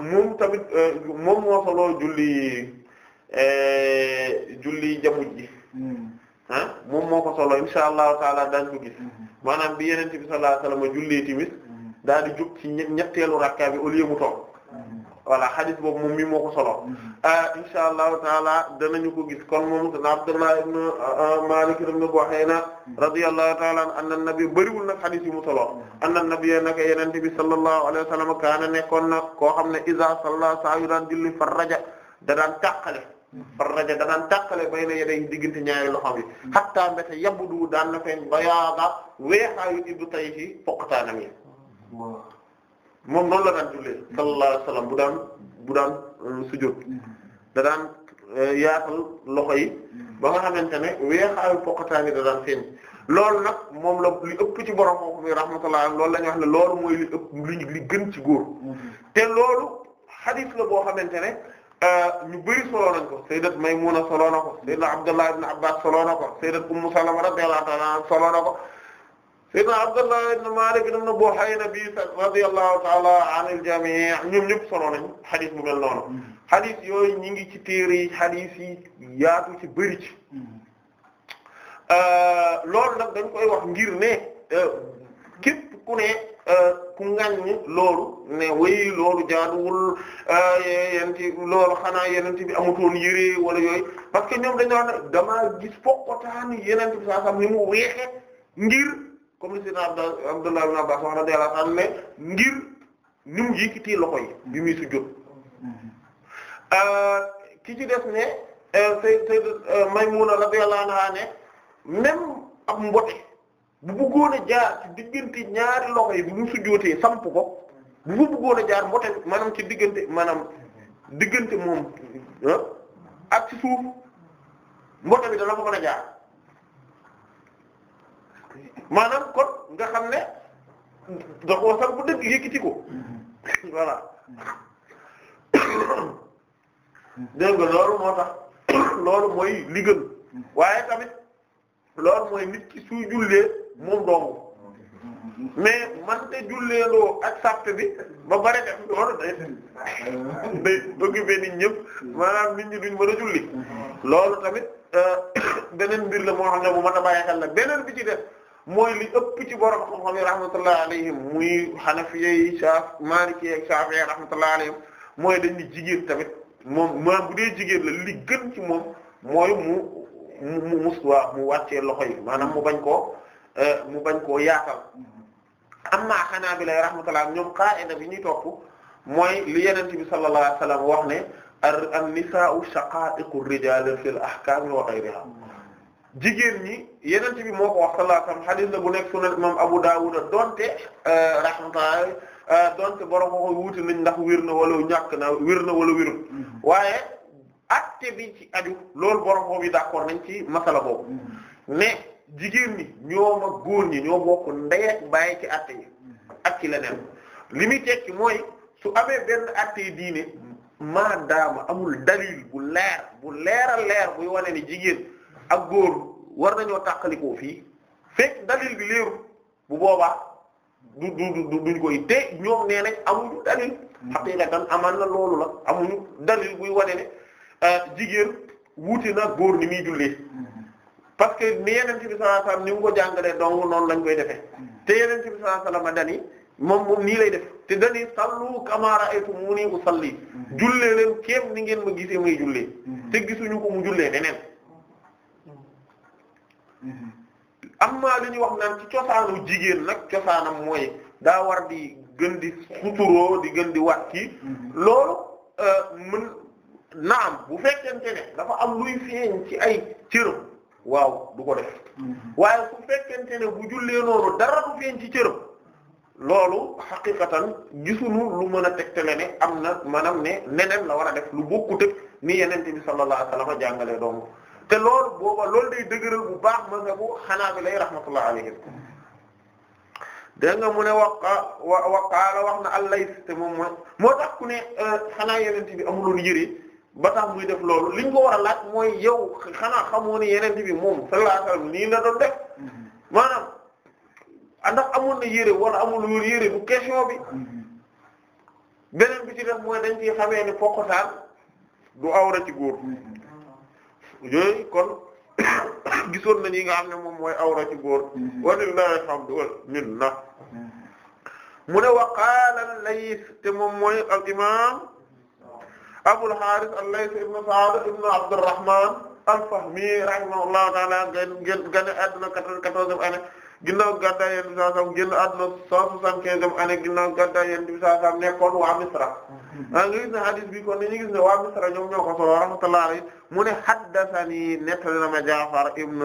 moom tamit euh, moom moo soloo julli euh, jamuj ji moom moo ko solo insha allahu taala daan ko maanaam bi yenente bi sallallahu alayhi wasallam julli timis daal di jóg ci ñetteelu rakka bi au lieu toog voilà xadis boobu moom mii moo ko solo mhm. euh, insha allahu taala ñu ko gis kon moom dana Abdullah ibn euh, euh, Malik ibn Buhayna mhm. radiyallahu taala an anna nabi bëriwul na xadis yi mu mhm. anna nabi nag yonent bi sallallahu alayhi wa sallam kaana nekkoon na ko xam ne iza salla saa yu daan julli farraja da daan tàqale farraja da daan tàqale bayna yaday diggante ñaari loxo bi hatta mbéte yabdu daan na fay bayaada weexaayu ibdu tayyi ci foqataanam yi moom loolu la daan jullee sallallahu alayhi wasallam bu daan bu daan euh, sujjóot da daan euh, yaatal loxo yi ba nga xamante ne weexaayu poqataan yi da daan feeñ loolu nag moom la li ëpp ci borom moom mi rahmatullah loolu la ñu wax ne loolu mooy li ëpp li li gën ci góor te loolu hadith la boo xamante ne euh, ñu bëri solo nañ ko sayyidat Maymuna solo na ko sayyidna Abdullah ibn Abbas solo na ko sayyidat Ummu Salama radiyallahu ta'ala solo ko sayyidina Abdullah ibn Malik ibn Buhayna bi radiyallahu ta'ala anil jami' ñoom ñëpp solo nañ xadis noonu mm-hmm. xadis yooyu ñi ngi ci téere yi xadis yi yaatu ci bëri ci mm-hmm. euh, loolu nag dañ koy wax ngir ne euh, képp ku ne euh, ku ŋàññ loolu ne wéy loolu jaaduwul yéen ci loolu xanaa yeneen bi amutoon yére wala yooyu parce que ñoom dañoo gis fokkotaani yeneen bi saa ni mu weexe ngir comme li Seydina Abdullah ibn Abbas radiyallahu anhu ne ngir ni mu yëkkati loxo yi bi muy sujjóot euh, ki ci def ne euh, Sayyid euh, Maymuna radiyallahu anha ne même ab mbote bu bëggoon a jaar ci diggante ñaari loxo yi bu mu sujjóotee samp ko bu fa bëggoon a jaar mbote maanaam ci diggante maanaam diggante moom ah, ak ci suuf mbote bi dana ko mën a jaar. maanaam kon nga xam ne da koo sax bu dëgg yëkkati ko voilà dégg nga loolu moo tax loolu mooy li gën waaye tamit loolu mooy nit ci suy jullee moom doomu mais man te julleeloo ak sàpp bi ba pare def loolu day nit ñëpp maanaam nit ñi duñ mën a julli mhm. loolu tamit euh, beneen mbir la moo xam ne bu mën a bàyyi xel la beneen bi ci def mooy li ëpp ci borom xam-xam yi rahmatullah muy xanafiye yi saaf maaliki ak saafiye rahmatullah alayhim mooy dañ ni jigéen tamit moom maanaam bu dee jigéen la li gën ci moom mooy mu mu muswa mu wàccee loxo yi maanaam mu bañ koo euh, mu bañ koo yaatal amma xanaa bi lay rahmatullah ñoom qaa'ida bi ñuy topp mooy li yenente bi sallallahu alayhi wasallam wax ne an nisaa'u shaqaa'iqu rijaal fil ahkaam wa ghayriha jigéen ñi yenent bi moo ko wax sallallahu alayhi wasallam hadith la bu nekk sunan imam Abu Dawud donte euh, rahmatullahi euh, donte borom ko wuute nañ ndax wér na wala ñàkk na wir na wala wérul mm-hmm. waaye acte bi ci aju loolu borom ko bi d'accord nañ ci masala boobu mais mm-hmm. jigéen ñi ñoom ak góor ñi ñoo bokk ndey ak ci acte yi mm-hmm. ak ci leneen li muy tekki mooy su amee benn acte yi diine maadaama amul dalil bu leer bu leer leer buy wane ni jigéen ak góor war nañoo tàqalikoo fii fekk dalil bi leeru bu boobaa du du du duñ koy te ñoom nee nañ amuñu dalil hmm. xaqiiqatan amaan na loolu la amuñu dalil buy wane ne euh, jigéen wuute na góor ni muy jullee hmm. parce que ni yeneen bi sallallahu ni mu ko jàngalee dong noonu lañ koy defee hmm. te yeneen bi sallallahu alayhi wasallam moom moom nii lay def te dani sallu kamaa ra'aytumuunii usalli jullee leen kéem ni ngeen ma gisee may jullee te gisuñu ko mu jullee neneen am maa lu ñu wax naan ci cosaanu jigéen nag cosaanam mooy daa war di gën di suturoo di gën di wat mm-hmm. loolu euh, mën naam bu fekkente ne dafa am luy feeñ ci ay cërëm waaw du ko def mm-hmm. waaye bu fekkente ne bu jullee noonu dara du feeñ ci cërëm loolu xaqiqatan gisuñu lu mën a teg tegtale ne am na maanaam ne neneen la war a def lu bokkut ak ni yenente bi sallallahu alayhi wasallam jàngalee doomu te loolu booba loolu day dëgëral bu baax ma nga bu xanaa Hanaabila rahmatullah alayhim dégg nga mu ne waqa waqaala wax na al-Layth te moom mooy moo tax ku ne euh, xanaa yeneen bi amuloon yére ba tax muy def loolu liñ ko war a laaj mooy yow xanaa xamoon yeneen bi moom sallallahu alayhi wasallam nii la doon def maanaam ndax amoon na yëre wala amul yére yëre bu question bi beneen bi ci def mooy dañ ciy xamee ne fokk du awra ci góor. yooyu kon gisoon nañu nga xam ne moom mooy awra ci góor mm-hmm. walillahi alhamdu wal minna mm-hmm. mu ne wa qaala al-Layth te moom mooy al imaam Abul Haaris al-Layth ibn Sa'd ibn Abdurrahman al-Fahmi rahimahullahu ta'ala gane àdduna 94 ane ginnaaw gàddaay yonent bi sallallahu alayhi wasallam génn àdduna 175e année ginnaaw gàddaay yonent bi sallallahu alayhi wasallam nekkoon waa Misra. maa ah, ngi gis ne hadith bi kon ni ñu gis ne waa Misra ñoom ñoo ko solo rahmatullahi mu ne haddathani nettali na ma Jaafar ibn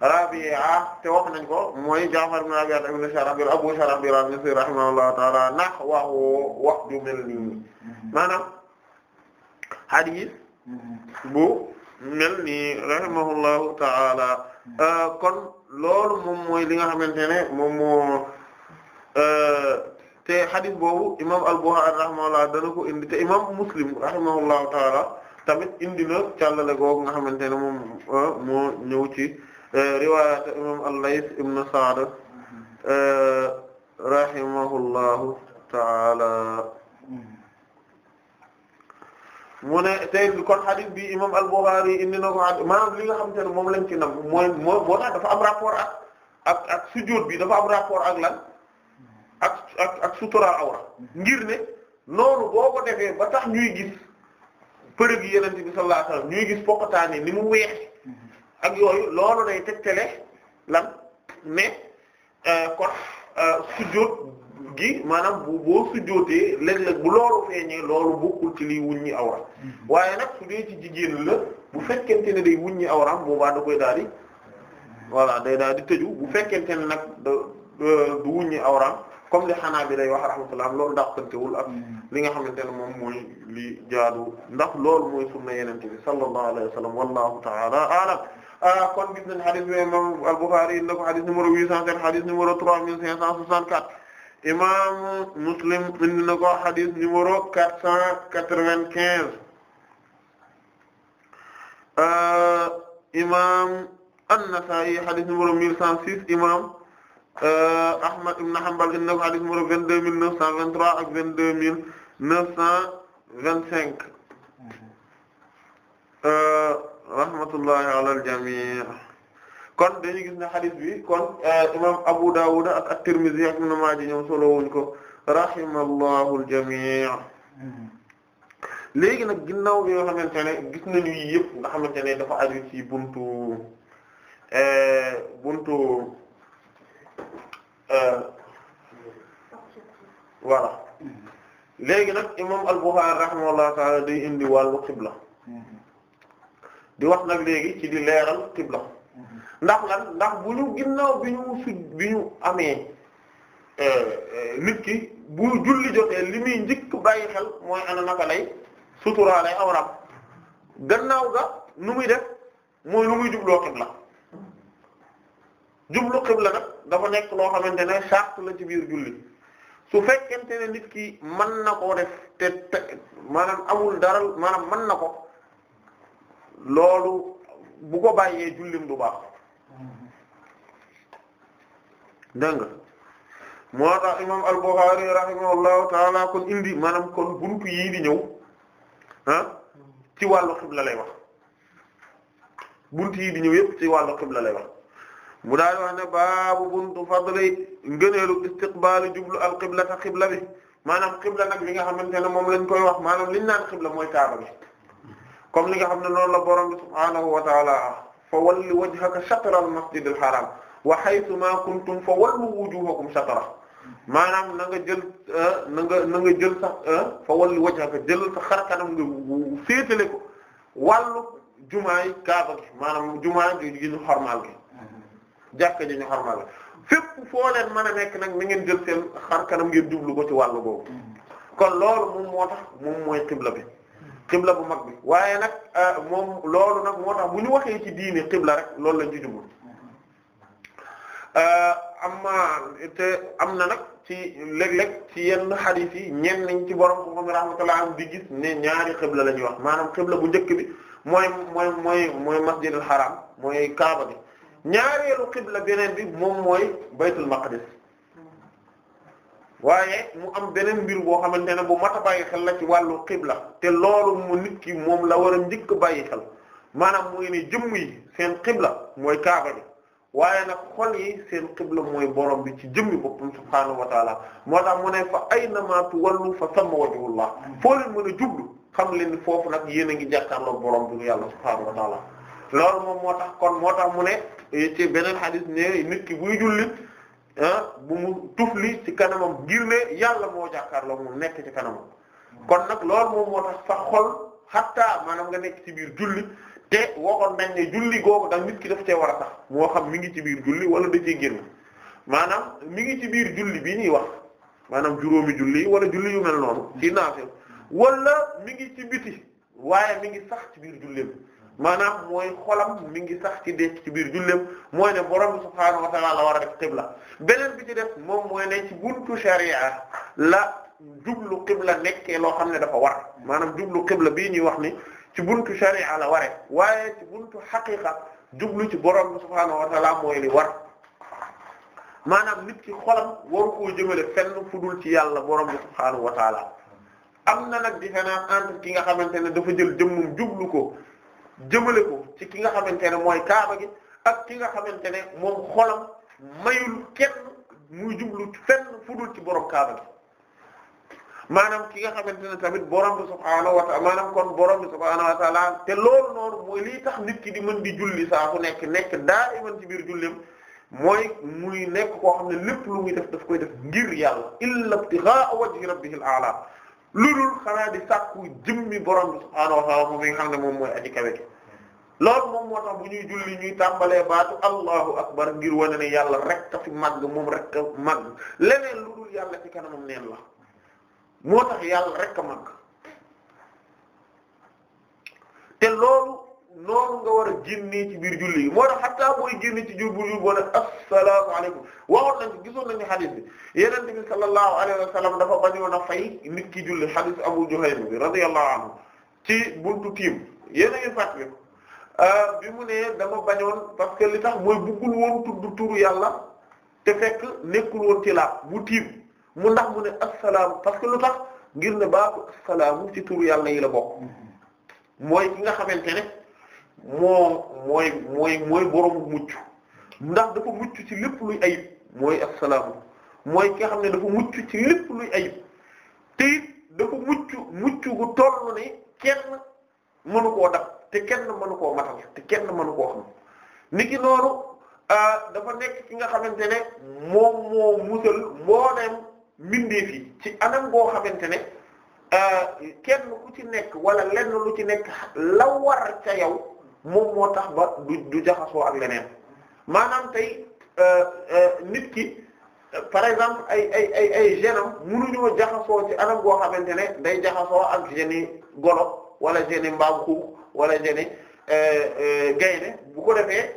Rabi'a te wax nañ ko mooy Jaafar ibn Rabi'a ibn Sharabil Abu Sharabil al-Misri rahimahullahu ta'ala nahwahu wax ju mel nii maanaam hadith bu mel nii rahimahullahu ta'ala ah, kon. loolu moom mooy li nga xamante ne moom moo euh, te xadis boobu imam al-Bukhari rahimahullah dana ko indi te imam Muslim rahimahullahu taala tamit indi na càllale googu nga xamante ne moom euh, moo ñëw ci euh, riwayat imam al-Layth ibn Sa'd rahimahullahu taala mu ne te kon hadith bi imam al-Bukhari indi na ko maanaam li nga xamante ne moom lañ ci nam moo moo tax dafa am rapport ak ak ak sujjóot bi dafa am rapport ak lan ak ak ak ngir ne noonu boo ko defee ba tax ñuy gis përëg yenente bi sallallahu alayhi wasallam ñuy gis poqataani ni mu weex ak yooyu loolu day tegtale lan mais euh, kon euh, sujjóot gi maanaam bu boo sujjóotee léeg-léeg bu loolu feeñee loolu bokkul ci liy wuññi awra mhm. waaye nag su dee ci jigéen la bu fekkente ne day wuññi awraam boobaa da koy daal di voilà day daal di tëju bu fekkente ne nag du wuññi awraam comme li xanaa bi lay wax rahmatullah loolu dàqantewul ak mhm. li nga xamante ne moom mooy li jaadu ndax loolu mooy sunna yenente bi sallallahu alayhi wa sallam wallahu ta'ala a'lam ah, kon gis nañ hadith na ko hadith numéro 807 hadith imaamu Muslim indi na ko xadis numéro quatre cent quatre-vingt-quinze euh, imaam An-Nasa'i xadis numéro mille cent six imaam euh, Ahmad ibn Hanbal indi na ko xadis numéro vingt-deux mille neuf cent vingt-trois ak vingt-deux mille neuf cent vingt-cinq euh, rahmatullahi ala al-jami' kon dañuy gis ne xadis bi kon euh, imam Abu Dawud ak at-Tirmidhi ak Ibn Maaja ñoom solo wuñ ko rahimallahu al-jamii léegi nag ginnaaw bi nga xamante ne gis nañu yi yëpp nga xamante ne dafa aju ci buntu euh, buntu euh, léegi nag imam al-Bukhari rahimahullahu ta'ala day indi wàllu xibla mm-hmm. di wax nag léegi ci di leeral xibla ndax lan ndax bu ñu ginnaaw bi ñu su bi ñu amee euh, euh, nit ki bu julli jotee li muy njëkk bàyyi xel mooy ana naka lay suturaale awram gannaaw ga nu muy def mooy nu muy jubloo xibla jublu xibla nag dafa nekk loo xamante ne sart la ci biir julli su fekkente ne nit ki mën na koo def te te maanaam amul dara maanaam mën na ko loolu bu ko bàyyee jullim du baax dégg nga moo tax imam al-Bukhari rahimahullahu taala kon indi maanaam kon buntu yii di ñëw ah ci wàllu xibla lay wax buntu yii di ñëw yépp ci wàllu xibla lay wax mu daal wax ne baabu buntu fadli ngëneelu istiqbaalu jublu al-qibla ta xibla bi maanaam xibla nag li nga xamante ne moom lañ koy wax maanaam liñ naan xibla mooy kaaba bi comme li nga xam ne noonu la borom bi subhaanahu wa taala fa walli wajhaka shatra al masjid al haram wa haythu ma kuntum fa wallu wujuhakum shatra maanaam na nga jël euh, na nga na nga jël sax euh, fa walli wajhaka jël sa xar kanam nga féetale ko wàllu jumaay kaaba gi maanaam jumaa ji ñu xormaal gi jàkka ji ñu xormaal gi fépp foo leen mën a nekk nag na ngeen jël seen xar kanam ngeen jublu ko ci wàllu boobu mm-hmm. kon loolu moom moo tax moom mooy xibla bi xibla bu mag bi waaye nag euh, moom loolu nag moo tax bu ñu waxee ci diine xibla rek loolu la ci jublu euh, amma te am na nag ci lek léeg ci yenn hadith yi ñenn ñi ci borom ko moom rahmatullah am di gis ni ñaari xibla la ñuy wax maanaam xibla bu njëkk bi mooy mooy mooy mooy masjidul haram mooy kaaba bi ñaareelu xibla beneen bi moom mooy baytul maqdis waaye mu am beneen mbir boo xamante ne bu mat a bàyyi xel la ci wàllu xibla te loolu mu nit ki moom la war a njëkk bàyyi xel maanaam mooy ne jëmm yi seen xibla mooy kaaba bi waaye nag xol yi seen xibla mooy borom bi ci jëmmi boppam subhaanahu wa moo tax mu ne fa aynama tuwallu fa samma wajhullah foo leen mën a jublu xam leen ni foofu nag yéen a ngi jàkkaarloo borom bi yàlla subhaanahu wa taala loolu moom moo tax kon moo tax mu ne ci beneen nit ki buy jullit Ah, bu mu tufli ci kanamam ngir ne yàlla moo jàkkaarloo mu nekk ci kanamam kon nag loolu moom moo tax sa xol xattaa maanaam nga nekk ci biir julli te waxoon nañ ne julli googu da nit ki daf cee war a sax moo xam mi ngi ci biir julli wala da cee génn maanaam mi ngi ci biir julli bi ñuy wax maanaam juróomi julli wala julli yu mel noonu ci naafil wala mi ngi ci biti waaye mi ngi sax ci biir julli bi maanaam mooy xolam mi ngi sax ci dekk ci biir julleem mooy ne borom subhaanahu wa ta'ala la war a def qibla beneen bi ci def moom mooy ne ci buntu sharia la jublu qibla nekkee loo xam ne dafa war maanaam jublu qibla bii ñuy wax ni ci buntu sharia la waree waaye ci buntu xaqiqa jublu ci borom subhaanahu wa ta'ala mooy li war maanaam nit ci xolam waru koo jëmale fenn fu dul ci yàlla borom subhaanahu wa ta'ala am na nag différence entre ki nga xamante ne dafa jël jëmmum jublu ko jëmale ko ci ki nga xamante ne mooy kaaba gi ak ki nga xamante ne moom xolam mayul kenn muy jublu fenn fudul ci borom kaaba gi maanaam ki nga xamante ne tamit borom bi subhaanahu wa ta'ala maanaam kon te loolu noonu mooy tax nit ki di mën di julli saa ku nekk nekk daa iman ci biir jullim mooy muy nekk koo xam ne lépp lu def daf koy def ngir yàlla illa ibtigha'a wajhi rabbihil a'la lu dul xanaa di sàkku jëmmi borom bi subhaanahu wa ta'aala moom mi nga xam ne moom mooy aji kawe gi loolu moom moo tax bu ñuy julli ñuy tàmbalee baatu allahu akbar ngir wane ne yàlla rek fi màgg moom rek ka leneen lu dul yàlla ci kanamam neen la moo tax yàlla rek ka màgg loolu noonu nga war a génnee ci biir julli gi moo tax xataa booy génne ci jur bu jur boo ne asalaamaaleykum waxoon nañ gisoon nañu xadis bi yonent bi sallallahu alayhi wa sallam dafa bañoon fay nit ki julli xadis Abu Juhaym bi radiyallahu anhu ci buntu euh, bi mu ne dama bañoon parce que li tax mooy buggul woon tudd turu yàlla te fekk nekkul woon ci laab bu tiim mu ndax mu ne asalaam parce que lu tax ngir ne baa baatu asalaamu ci turu yàlla yi la bokk mm-hmm. mooy ki nga xamante ne. moo mooy mooy mooy borom mucc ndax dafa mucc ci lépp luy ayib mooy assalaamu mooy ki nga xam ne dafa mucc ci lépp luy ayib te it dafa mucc mucc gu toll ne kenn mënu koo dab te kenn mënu koo matal te kenn mënu koo xam niki noonu euh, dafa nekk ki nga xamante ne moom moo musal moo dem mbindeef yi ci anam goo xamante ne euh, kenn ku ci nekk wala lenn lu ci nekk la war ca yow. moom moo tax ba du du jaxasoo ak leneen maanaam tey euh, euh, nit ki par exemple ay ay ay ay gènam mënuñoo jaxasoo ci anam goo xamante ne day jaxasoo ak geni golo wala geni mbaam xuux wala geni euh, gaynde bu ko defee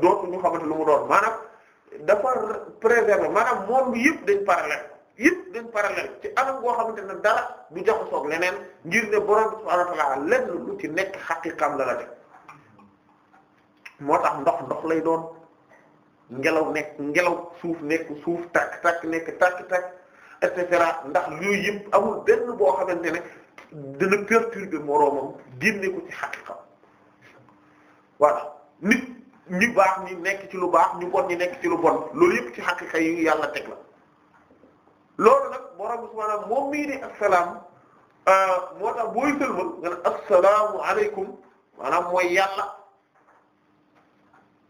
dootuñu xamante lu mu doon maanaam dafa préserver maanaam moom yëpp dañ parallèle yëpp dañ parallèle ci anam goo xamante ne dara du jaxasoo ak leneen ngir ne borom subhaanahu wa ta'aala lenn lu ci nekk xaqiqam la moo tax ndox ndox lay doon ngelaw nekk ngelaw suuf nekk suuf takk takk nekk takk takk et cetera ndax yooyu yëpp amul benn boo xamante ne dana perturber moroomam génne ko ci xaqiqa voilà nit ñi baax ñi nekk ci lu baax ñu bon ñi nekk ci lu bon loolu yëpp ci xaqiqa yi yàlla teg la loolu nag borom subhaanahu moom mii di assalaam euh, moo tax booy sëlmal nga ne assalaamu alaykum maanaam mooy yàlla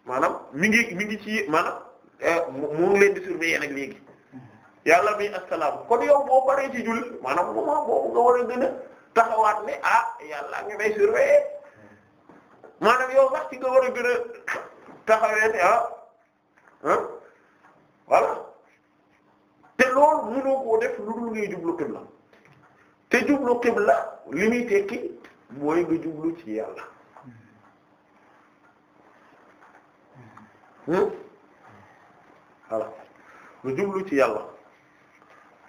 maanaam mi ngi mi ngi ci maanaam euh, mu ngi leen di surveiller nag léegi yàlla mi asalaam kon yow boo paree ci julli maanaam moment boobu nga war a gën taxawaat ne ah yàlla ngi may surveiller maanaam yow sax ci nga war a gën a taxawee ne ah ah voilà te loolu mënoo koo def lu dul ngay jublu qibla te jublu qibla li muy tekki mooy nga jublu ci yàlla. voilà lu jublu ci yàlla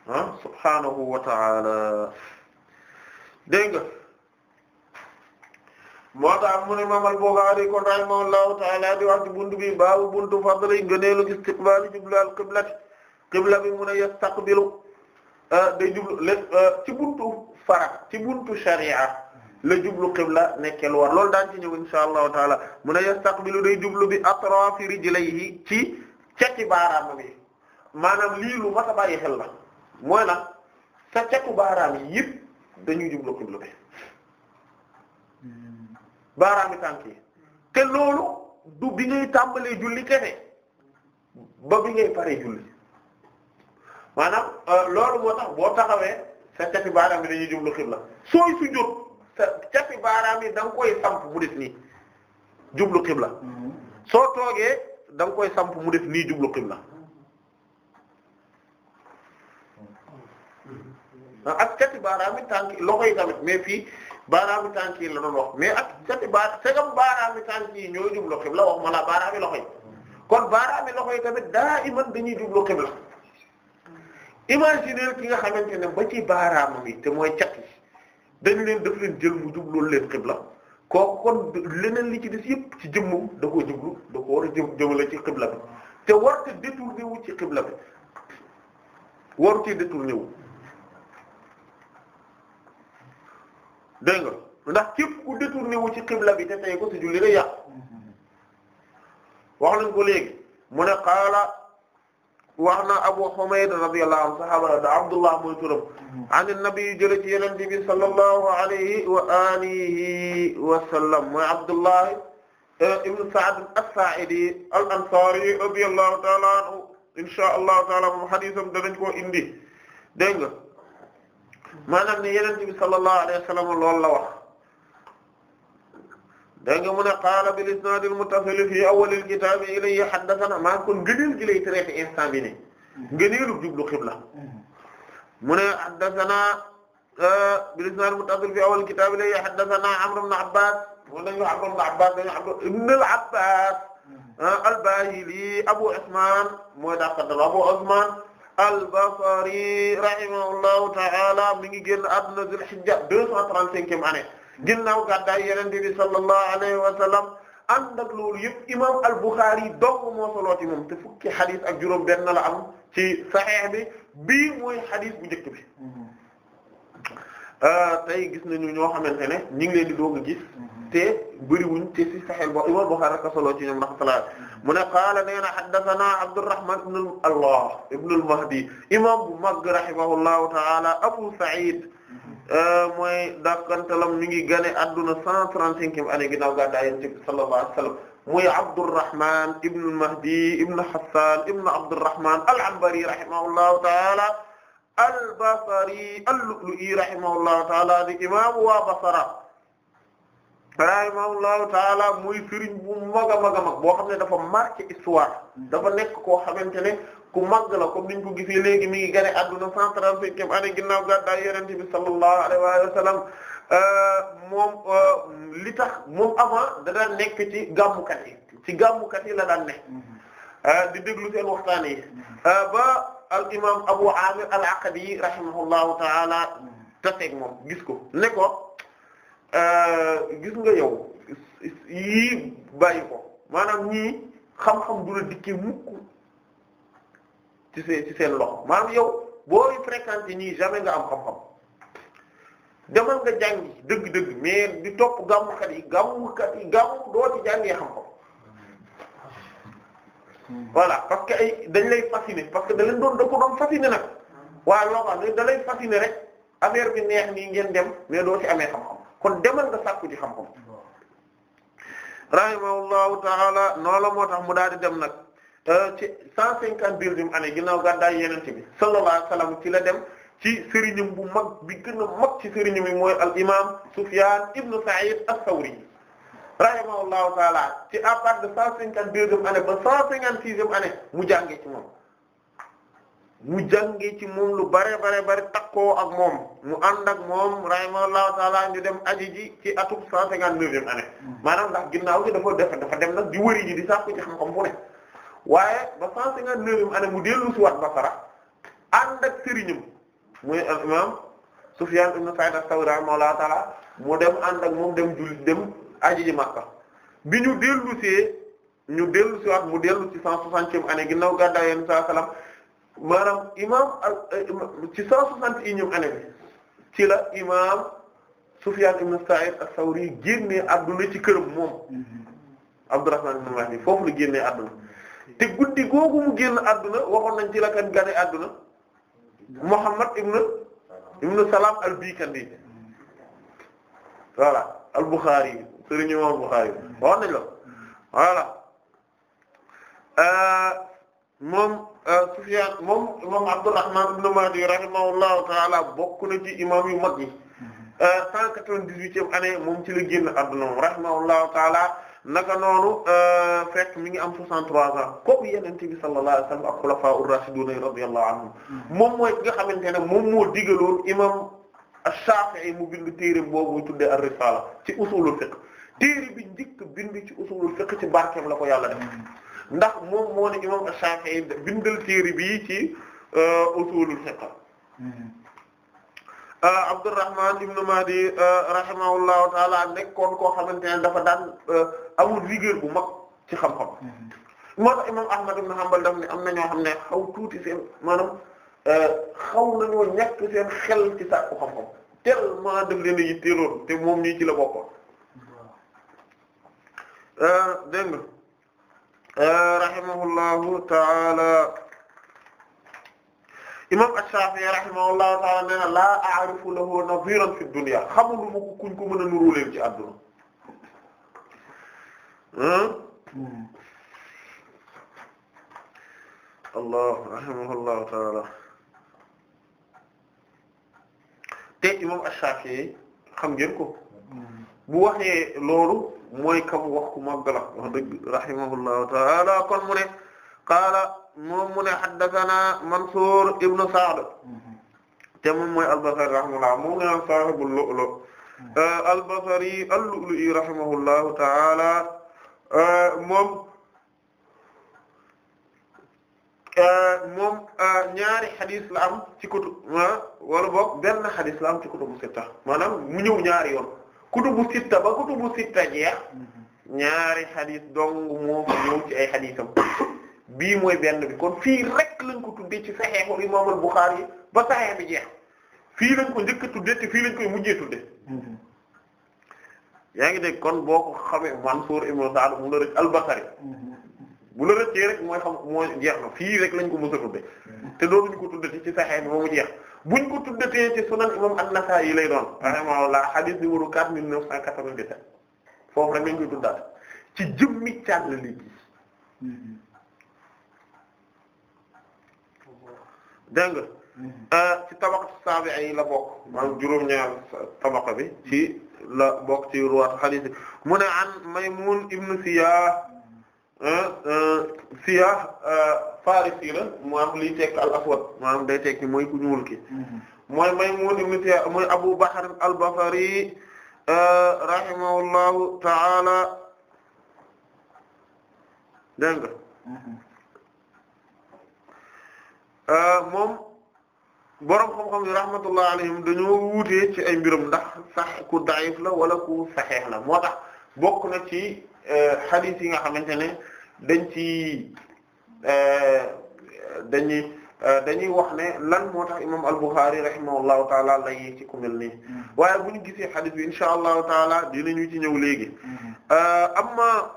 ah subhaanahu wa ta'ala dégg nga moo tax mu ne imaam al-Bukhari kon rahimahullahu ta'ala di wax ci buntu bi baabu buntu fadli ngëneelu istiqbaal jublu al-qibla qibla bi mu ne yastaqbilu ah, day jublu lépp ah, ci buntu fara ci buntu sharia la jublu qibla nekke lu war loolu daan ci ñëw insha allahu taala mu ne yastaqbilu day jublu bi atrafi rijlayhi ci cati baaraam bi maanaam lii lu mat a bàyyi xel la mooy nag sa catu baaraam yi yëpp dañuy jublu qibla bi tànk yi te loolu du bi ngay tàmbalee julli kese ba bi ngay paree julli maanaam euh, loolu moo tax boo taxawee sa cati baaraam bi dañuy jublu qibla sooy sujjóot sa capi baaraam yi da nga koy samp mu def nii jublu xibla soo toogee da koy samp mu def nii jublu xibla ah, ak cati baaraam yi tànk loxo yi tamit mais fii baaraam yi tànk la doon wax mais ak cati baar yi tànk yi jublu xibla wax ma la yi loxo yi kon baaraam yi loxo yi tamit daa iman dañuy jublu xibla imaginer ki nga xamante ne ba ci baaraamam yi te mooy cat dañ leen daf leen jël mu jublu leen xibla kooku kon leneen li ci des yépp ci jëmmum da koo jublu da ko war a jëm jëmale ci xibla bi te warta détourné wu ci xibla bi waru ci détourné wu dégg nga ndax képp ku détourné wu ci xibla bi te tey ko su julli rek yàqu mm-hmm. wax ko léegi mu ne qaala wax na Abu Humayd radiyallahu anhu sahaba da Abdullah mooy turam an an-nabi jële ci yonent bi sallallahu alayhi wa alihi wa sallam mooy Abdullah ibn Sa'd as-Sa'idi al-Ansari radiyallahu ta'ala anhu insha allahu taala moom hadisam danañ koo indi dégg nga maanaam ne yonent bi sallallahu alayhi wa sallam loolu la wax dégg nga mu ne qaala bil isnaad al muttasil fii awwal al kitaab ilayhi haddathana maa kon ngëneel gi lay traité instant bi nii ngëneelu jublu xibla mu ne haddathana euh, bil isnaad al muttasil fii awwal al kitaab ilayhi haddathana Amr ibn Abbas moom la ñu wax Amr ibn Abbas dañu Amr ibn al Abbas euh, al Bahili Abu Usman mooy daa ko dal Abu Usman al Basri rahimahullahu ta'ala mi ngi génn àdduna Dhul Hijja 235e année. ginnaaw gàddaay yonent bi sallallahu alayhi wa sallam ànd ak loolu yëpp imam al-Bukhari dong moo solo ci moom fukki xadis ak juróom benn la am ci Sahih bi bii mooy xadis bu njëkk bi euh, tey gis nañu ñoo xamante ne ñu ngi leen di doog a gis te bëriwuñ te ci Sahih ba imam Bukhari rek a solo ci ñoom mu ne qaala nee na haddathana Abdurrahman ibn Allah bu mag rahimahullahu Abu Sa'id Euh, mooy dàqantalam mi ngi gane adduna cent trente-cinquième année ginnaaw gàddaay Yonent bi sallallahu alayhi wa sallam muy Abdurrahman ibn Mahdi ibn Hassan ibn Abdurrahman al-Anbari rahimahullahu ta'ala al-Basri al-Lu'lu'i rahimahullahu ta'ala di imaamu waa Basra rahimahullahu taala muy sëriñ bu mag a mag a mag boo xam ne dafa marqué histoire dafa nekk koo xamante ne ku mag la comme niñ ko gisee léegi mi ngi gane adduna cent trente-cinquième année ginnaaw gàddaay yonent bi sallallahu alayhi wa sallam euh, moom euh, li moom avant da nekk ci gàmmukat yi ci gàmmukat yi la daan nekk mhm. euh, di déglu seen waxtaan yi ba al imam Abu Amir al-Aqadi rahimahullahu taala mhm. taseeg moom gis ko ne ko Euh, gis nga yow yii bàyyi ko maanaam ñii xam-xam du la dikkee mukk ci seen ci seen loxo maanaam yow booy fréquenté nii jamais nga am xam-xam demal nga jàngi dëgg-dëgg mais di topp gàmmukat yi gàmmukat yi gàmmu doo ci jàngee xam-xam voilà parce que ay dañ lay fasciné parce que da leen doon da ko doon fasciné nag waaw loo xam ne rek affaire bi neex nii ngeen dem mais doo ci amee xam-xam kon demal nga sàkku ji xam-xam rahimahullahu taala noonu la moo tax mu daal di dem nag euh, ci cent cinquante deuxième année ginnaaw gàddaay yenente bi sallallahu alayhi wa sallam ci la dem ci sëriñam bu mag bi gën a mag ci sëriñam bi mooy al imam Sufyan ibn Sa'id as-Sawri rahimahullahu taala ci à part de cent cinquante deuxième année ba cent cinquante sixième année mu jàngee ci moom mu jàngee ci moom lu bare bare bare takkoo ak moom mu ànd ak moom rahimahullahu taala ñu dem aji ji ci atum cent cinquante-neuvième année hmm. maanaam ndax ginnaaw gi dafa def dafa dem nag di wëri ji di sàkku ci xam-xam fu ne waaye ba cent cinquante-neuvième année mu dellu si waat Basra ànd ak sëriñam muy imam Sufyan ibn Sa'id as-Sawri mu dem ànd ak moom dem julli dem aji ji Makka bi ñu dellu ñu dellu si waat mu dellu ci cent soixantième année ginnaaw gàddaay yeen saa salaam maanaam imaam eh, ci cent soixante et unième année ci la imaam Sufyan ibn Sa'id as-Sawri génnee àdduna ci këram moom mm-hmm. Abdurrahman ibn Mahdi foofu génn àdduna waxoon nañ ci la kan gane àdduna Muhammad ibn ibn Salam al-Bikandi voilà al-Bukhari yi sëriñ imam Bukhari waxoon nañ la voilà euh, moom Sufyan euh, moom imam Abdurrahman ibn Mahdi rahimahullahu ta'ala bokk na ci imam yu mag yi mhm. euh, cent quatre-vingt-dix-huitième année moom ci la génn adduna moom rahimahullahu ta'ala naka noonu euh, fekk mi ngi am 63 ans kooku yenente bi sallallahu alayhi wasallam ak xulafaa ur-rashidun mhm. moom mooy nga xamante ne moom moo digaloon imam Shafi'i mu bind téere boobu tuddee ar-Risala ci usulul fiqh téere bi njëkk bind ci usulul fiqh ci barkeem la ko yàlla def mhm. ndax moom moo ne imam Shafi'i bindal téere bii ci euh, usulul fiqh mm-hmm. euh, Abdurrahman ibn Mahdi euh, rahimahullahu taala nekkoon koo xamante ne dafa daan amul rigueur bu mag ci xam-xam mm-hmm. moo tax imam Ahmad ibn Hanbal daf ne am na ñoo xam ne xaw tuuti seen maanaam xaw nañoo ñàkk seen xel ci sàkku xam-xam tellement daf leen a yitteeloon te moom ñii ci la bokkoon rahimahullahu taala imam Ash-Shafi'i rahimahullahu taala nee na laa a'rifu lahu nadhiran fi dunya xamulu ma ko kuñ ko mën a nuru leen ci àdduna hmm? allah rahimahullahu taala te imam Ash-Shafi'i xam ngeen ko bu waxee loolu mooy kam wax ku màgg la wax dëgg taala kon mu ne qaala moom mu ne haddathana Mansuur ibnu Sa'd te moom mooy al-Basri rahimahullah moom nga naan saahibul lu'lu' euh, al-Basri taala euh, moom euh, ñaari xadis la am ci kutub ah, wala boog benn xadis la am ci kutubu sitta maanaam mu ñëw ñaari yoon kutubu sitta ba kutubu sitta jeex ñaari xadis dong moo fi ci ay xadisam bii mooy benn bi kon fii rek lañ ko tuddee ci saxeexu imaam al-Bukhari ba saxeex bi jeex fii lañ ko njëkk a te fii lañ koy mujjee tuddee mhm. yaa ngi dégg kon boo ko xamee Mansuur ibn Sa'd mu la rëcc al-Basri mhm. bu la rëccee rek mooy xam mooy jeex na fii rek lañ ko mës a tuddee mhm. te ñu ko tuddee ci saxeex bi ba jeex buñ ko tuddatee ci sunan imam an-Nasa'i lay doon rahimahullah hadith numéro quatre mille neuf cent quatre-vingt-dix-sept foofu rek lañ koy tuddaat ci jëmmi càll li gis dégg nga euh, ci tabaqatu saabi'a yi la bokk maanaam juróom-ñaar tabaqa bi ci la bokk ci ruwaat hadith mu ne an Maymun ibn Siyah Euh, euh, siyaah euh, farisi la maanaam liy tekk al aswad maanaam day tekki mooy ku ñuul ki mm-hmm. mooy Maymun ibn Siyaah mooy Abu Bakr al-Basri rahimahullahu ta'ala dégg mm-hmm. moom borom xam-xam yi rahmatullahi alayhim dañoo wuute ci ay mbirum ndax sax ku da'if la wala ku saxeex la moo tax bokk na ci Euh, hadith yi nga xamante ne dañ ci euh, dañuy euh, dañuy wax ne lan moo tax imam al-Bukhari rahimahullahu taala la yi ci ku mel nii mm-hmm. waaye bu ñu gisee hadith bi insha allahu taala ñu ci ñëw léegi mm-hmm. amma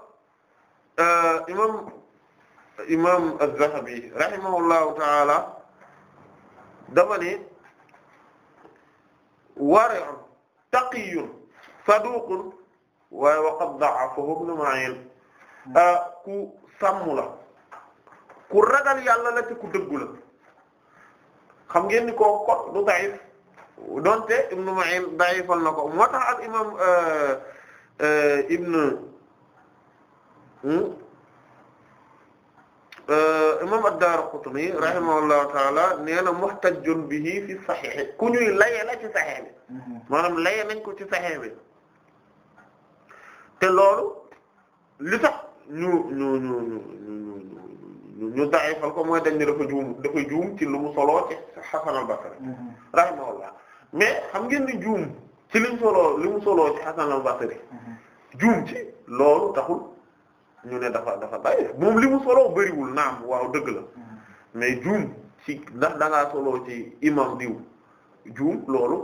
imam imam az-Zahabi rahimahullahu taala dama ne wari'un taqiyyun saduqun waaye wa qad da'afahu Ibn Ma'in hmm. euh, ku sàmm la ku ragal yàlla la te ku dëggu la xam ngeen ni ko kot du da'if donte Ibn Ma'in da'ifal na ko moo tax al imam euh, euh, Ibn hmm? imam ad-Daraqutni rahimahullahu taala nee na muhtajjun bihi fi sahih ku ñuy laye la ci sahih bi hmm. maanaam laye nañ ko ci sahih bi te loolu li tax ñu ñu ñu ñu ñu ñu dayifal ko mooy dañ ne dafa juum dafa juum ci lu mu soloo ci Hasan al-Basri mm-hmm. rahimahullah mais xam ngeen ni juum ci li mu soloo li mu soloo ci Hasan al-Basri mm-hmm. juum ci loolu taxul ñu ne dafa dafa day moom li mu soloo bëriwul naam waaw dëgg la mm-hmm. mais juum ci ndax da ngaa soloo ci imam diw juum loolu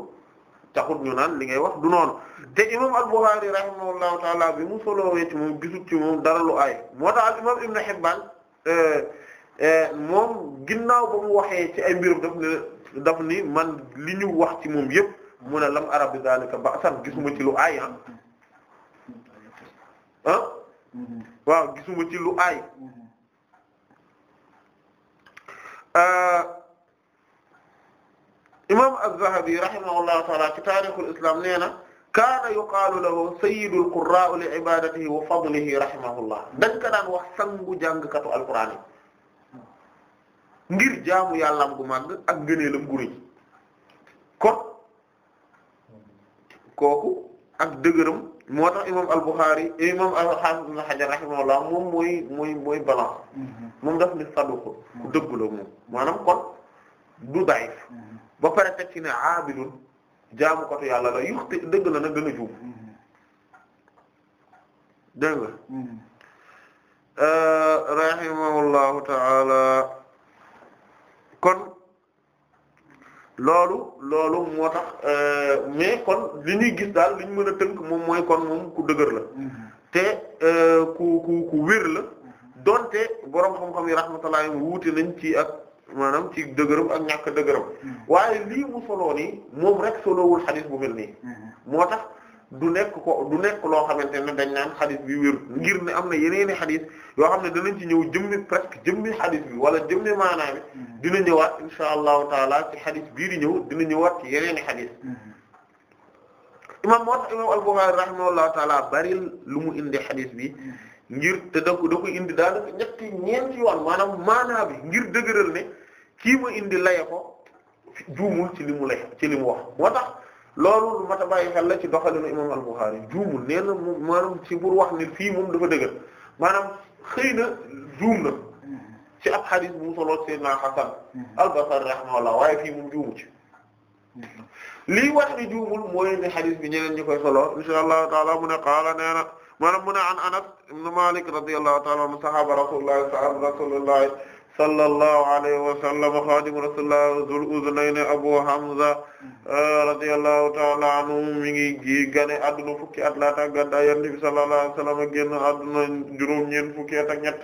taxut ñu naan li ngay wax du noonu te imam al-Bukhari rahimahullahu taala bi mu solowee ci moom gisul ci moom dara lu aay moo tax al imam Ibn Hibban euh, euh, moom ginnaaw ba mu waxee ci ay mbirum daf ne daf ni man li ñuy wax ci moom yëpp mu ne lam arab bi daalika ba sax gisuma ci lu aay ah, mm-hmm. ah? Mm-hmm. waaw gisuma ci lu aay mm-hmm. euh, imam az-Zahabi rahimahullahu taala ci taarixul islam nee na kaana yuqaalu lahu sayyidul qurraa li ibadatihi wa fadlihi rahimahullah dañ ko daan wax sangu jàngkatu alquraan yi ngir jaamu yàllaam gu màgg ak ngëneelam gu rëy kon kooku ak dëgëram moo tax imam al-Bukhari imam al-Hafiz ibn Hajar rahimahullah moom mooy mooy mooy balance mm-hmm. moom daf ni saduq ku dëgg la moom maanaam kon du dayif mm-hmm. ba pare teg ci ne aabidun jaamukatu yàlla la yux dëgg la nag dana juum dégg nga euh, rahimahullahu taala kon loolu loolu moo tax euh, mais kon li ñuy gis daal li ñu mën a tënk moom mooy kon moom ku dëgër la te euh, ku ku ku wér la mm-hmm. donte boroom xam-xam yi rahmatullahi wuute nañ ci ak maanaam ci dëgërëm ak ñàkk dëgërëm hmm. waaye lii mu soloo nii moom rek solowul xadis bu mel nii hmm. moo tax du nekk ko du nekk loo xamante ne dañ naan xadis bi wér ngir ne am na yeneeni xadis yoo xam ne danañ ci ñëw jëmmi presque jëmmi xadis bi wala jëmmi maanaa bi hmm. dina ñëwaat insha allahu taala ci xadis bii di ñëw dina ñëwaat ci yeneeni xadis imam moo tax imam al-Bukhari rahimahullahu taala bari lu mu indi xadis bi ngir te da ko da koy indi daanaka ñetti ñeenti yoon maanaam maanaa bi ngir dëgëral ne kii ma indi laye ko juumul ci li mu lay ci li mu wax moo tax loolu lu mat a bàyyi xel la ci doxalinu imam al-Bukhari juumul nee na maanaam ci bur wax ni fii moom dafa dëgër maanaam xëy na juum na ci ab hadith bu mu solo Seydina Hasan al-Basri rahimahullah waaye fii moom juumu ci lii wax ni juumul mooy ne hadith bi ñeneen ñi koy solo insha Allah taala mu ne qaala nee maanaam mu ne an Anas ibn Malik radiyallahu ta'ala anhu sahaba rasulullah sahaba rasulullah sallallahu alayhi wa sallam khadim rasulullah zul Abu Hamza eh, radiyallahu ta'ala anhu mi ngi gi gane adduna fukki at laata gàddaay Yonent bi sallallahu alayhi wa sallam fukki at ak ñett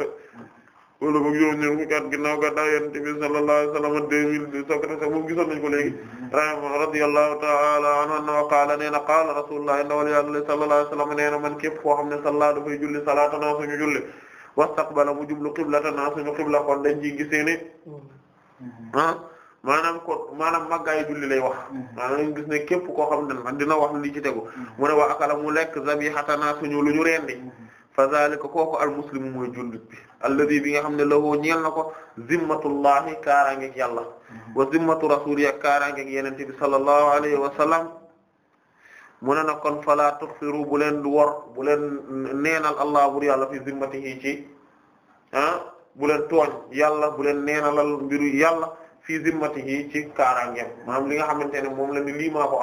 wala boog juróom-ñeent fukki at ginnaaw gàddaay Yonent bi sallallahu alayhi wa sallam deux mille deux cent quatre-vingt-sept moom gisoon nañu ko léegi radiyallahu ta'ala anhu qaala nee na qaala rasulullah ndawal Yàlla sallallahu alayhi wa sallam nee na man képp koo xam ne salla dafay julli salaatana suñu julli wastaqbala mu jublu qiblatana suñu qibla kon dañ ci gisee ne ah, maanaam ko maanaam màggaayu lay wax maanaam gis ne képp koo xam ne dina wax li ci tegu mu ne wa akala mu lekk zabihatan lu ñu rendi fa zalika kooku al muslimu mooy jullit bi alladi bi nga xam ne lawoo ñeel na ko zimmatullahi kaaraangeeg yàlla mm-hmm. wa zimmatu rasuli ak kaaraangeeg yenente bi sallallahu alayhi wa sallam mu ne na kon fala tuxfiru bu leen wor bu leen neenal allah bur yàlla fi zimmatihi ci ah bu leen tooñ yàlla bu leen neenalal mbiru yàlla fi zimmatihi ci kaaraangeem maanaam li nga xamante ne moom la ni lii maa ko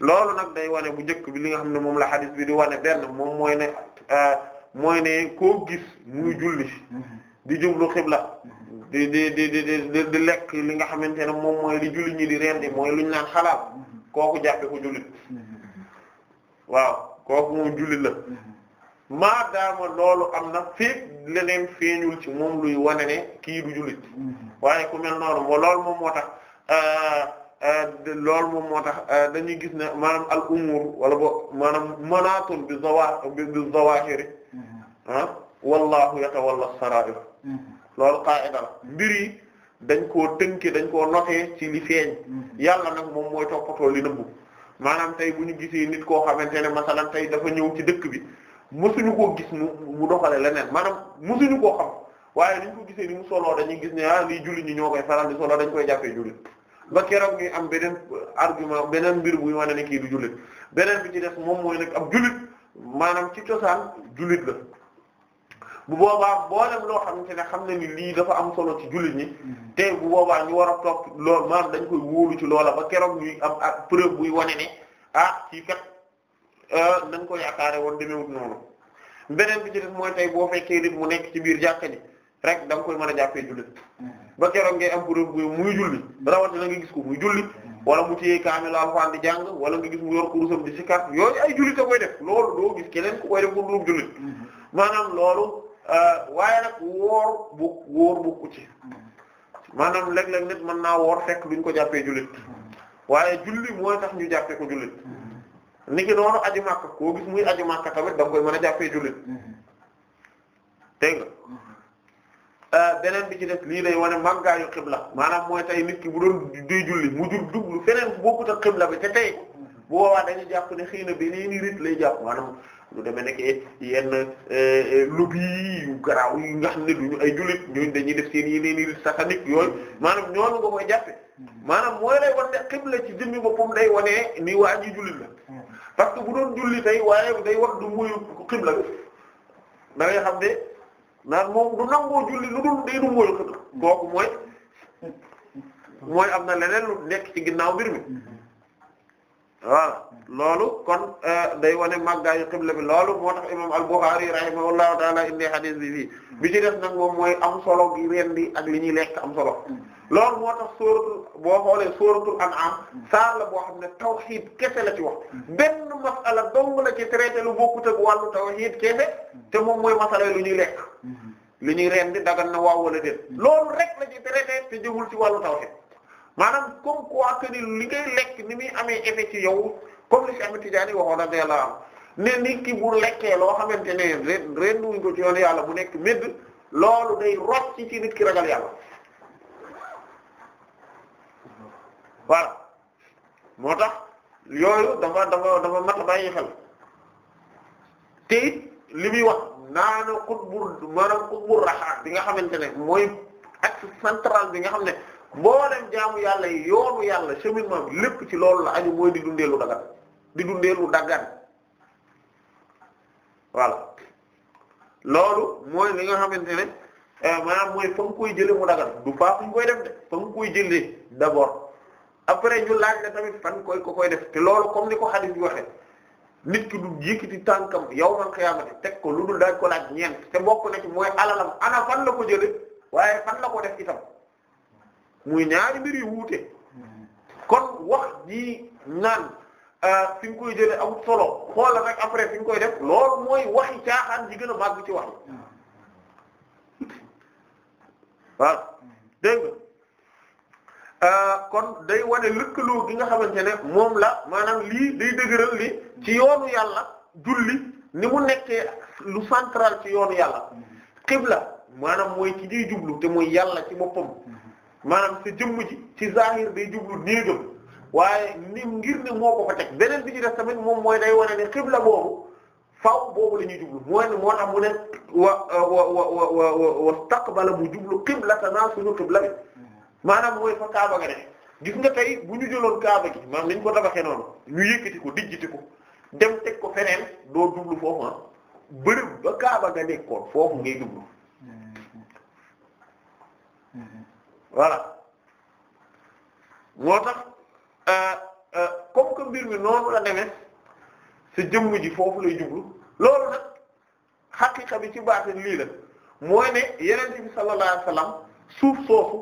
loolu nag day wane bu njëkk bi li nga xam ne moom la hadith bi di wane benn moom mooy ne ah, mooy ne ko gis muy julli di jublu xibla di di di lekk li nga xamante ne moom mooy li julli ñi di rendi mooy lu ñu naan xalaat kooku jàppe ko jullit waaw kooku moom jullit la maadaama loolu am na fépp leneen feeñul ci moom luy wane ne kii du jullit waaye ku mel noonu moo loolu moom moo tax euh, euh, loolu moom moo tax euh, dañuy gis ne maanaam al umur wala bo maanaam manatun bi zawa bi zawahiri ah wallahu yatawalla sarair mm-hmm. loolu qaa'ida la yi dañ koo tënke dañ koo notee ci li feeñ mm-hmm. yàlla nag moom mooy toppatoo li nëbbu maanaam tey bu ñu gisee nit koo xamante ne masalan tey dafa ñëw ci dëkk bi mësuñu koo gis mu mu doxale leneen maanaam mësuñu koo xam waaye niñ ko gisee ni mu soloo dañuy gis ne ah lii julli ñi ñoo koy faral di soloo dañ koy jàppee julli ba keroog ñuy am beneen argument beneen mbir buy wane ne kii du jullit beneen bi ci def moom mooy nag ab jullit maanaam ci cosaan jullit la bu boobaa boo boolem loo xamante ne xam na ni lii dafa am solo ci jullit ñi te bu boobaa ñu war a topp lool maanaam dañ koy wóolu ci loola ba keroog ñuy am ak preuve buy wane ne ah ci kat euh, nañ ko yaakaare woon demeewut noonu beneen bi ci def mooy tey boo fekkee nit mu nekk ci biir jàkka ji rek da koy mën a jàppee jullit mm-hmm. ba keroog ngay am preuve bu muy julli rawatina nga gis ko muy julli mm-hmm. wala mu téye kaamil alxuraan di jàng wala nga gis mu yor kurusam di sikar yooyu ay jullit a koy def loolu doo gis keneen ku jullit mm-hmm. maanaam loolu. waaye nag woor bu woor bokku ci maanaam léeg-léeg nit mën naa woor fekk duñ ko jàppee jullit waaye julli mooy tax ñu jàppee ko jullit niki noonu aji Makka koo gis muy aju Makka tamit da koy mën a jàppee jullit dégg nga mm-hmm. euh, beneen bi ci def lii lay wane màggaayu xibla maanaam mooy tey nit ki bu doon duy julli mu jub dublu feneen bokkut ak xibla bi te tey mm-hmm. bu boobaa dañu jàpp ne xëy na beneen nit lay jàpp maanaam lu demee nekk yenn euh, lobby yu garaw yi nga xam ne duñu ay jullit ñooñu dañuy def seen yeneen i satanique yooyu maanaam ñoonu nga koy jàppe maanaam mooy lay wan ne ci jëmmi boppam day wane ni waa ji jullit la parce que bu doon julli tey waaye day wax du muy xibla bi da xam ne naan moom du nangoo julli lu dul day du muy xibla kooku mooy mooy am na leneen lu nekk ci ginnaaw mbir mi voilà loolu kon euh, day wane màggaayu xibla bi loolu moo tax imam al-Bukhari rahimahullahu taala indi hadis bi fii bi ci def nag moom mooy am solo gi rendi ak li ñuy lekk am solo loolu moo tax sóoratul boo xoolee sóoratul an'am saar la boo xam ne tawxiid kese la ci wax benn masala dong la ci traité lu bokkut ak wàllu tawxiid kese te moom mooy masala li ñuy lekk li ñuy rendi dagan na waaw wala déet loolu rek la ci traité te jëmul ci wàllu tawxiid maanaam comme quoi que ni li lekk ni muy amee effet ci yow comme li si amee Tijaani waxoon na delloo am ne nit ki bu lekkee loo xamante ne ren renduwuñ ko ci yoon yàlla bu nekk médd loolu day rocc ci nit ki ragal yàlla voilà moo tax yooyu dafa dafa dafa mat a bàyyi xel te it li muy wax naana xutbul bi nga xamante ne mooy axe central bi nga xam ne mboolem jaamu yàlla yi yoonu yàlla cheminement bi lépp ci loolu la aju mooy di dundee lu dagan di dundee lu dagan voilà loolu mooy li nga xamante ne eh, maanaam mooy fa nga koy jëlee mu dagan du faa fu ñu koy def de fa nga koy jëlee d'abord après ñu laaj la tamit fan ko ko koy def te loolu comme ni ko hadith bi waxee nit ki du yëkkati tànkam yawmal qiyaamati teg ko lu dul dañ ko laaj ñeent te bokk na ci mooy alalam ana fan la ko jëlee waaye fan la ko def itam. muy ñaari mbir yu wuute kon wax ji naan ah, fi nga koy jële amut solo xoola rek après fi nga koy def loolu mooy waxi caaxaan ji gën a màgg ci wax yi waaw dégg ah, kon day wane lëkkaloo gi nga xamante ne moom la maanaam lii day dëgëral li ci yoonu yàlla julli ni mu nekkee lu central ci yoonu yàlla xibla maanaam mooy ci di jublu te mooy yàlla ci boppam maanaam sa jëmm ji ci zahir day jublu néegam waaye ni ngir ne moo ko fa teg beneen bi ci def tamit moom mooy day wane ne xibla boobu faw boobu la ñuy jublu mooy ne moo am mu ne wa wa wa wa wastaqbala bu jublu qiblatanaa suñu xibla bi maanaam mooy fa kaaba nga def gis nga tey bu ñu jëloon kaaba gi maanaam nañ ko tabaxee noonu ñu yëkkati ko dijjiti ko dem teg ko feneen doo jublu foofu ah bërëb ba kaaba nga nekkoon foofu ngay jublu voilà moo tax euh, euh, comme que mbir mi noonu la demee sa jëmm ji foofu lay jublu loolu nag xaqiqa bi ci baatin lii la mooy ne yeneen bi sallallahu alayhi suuf soosu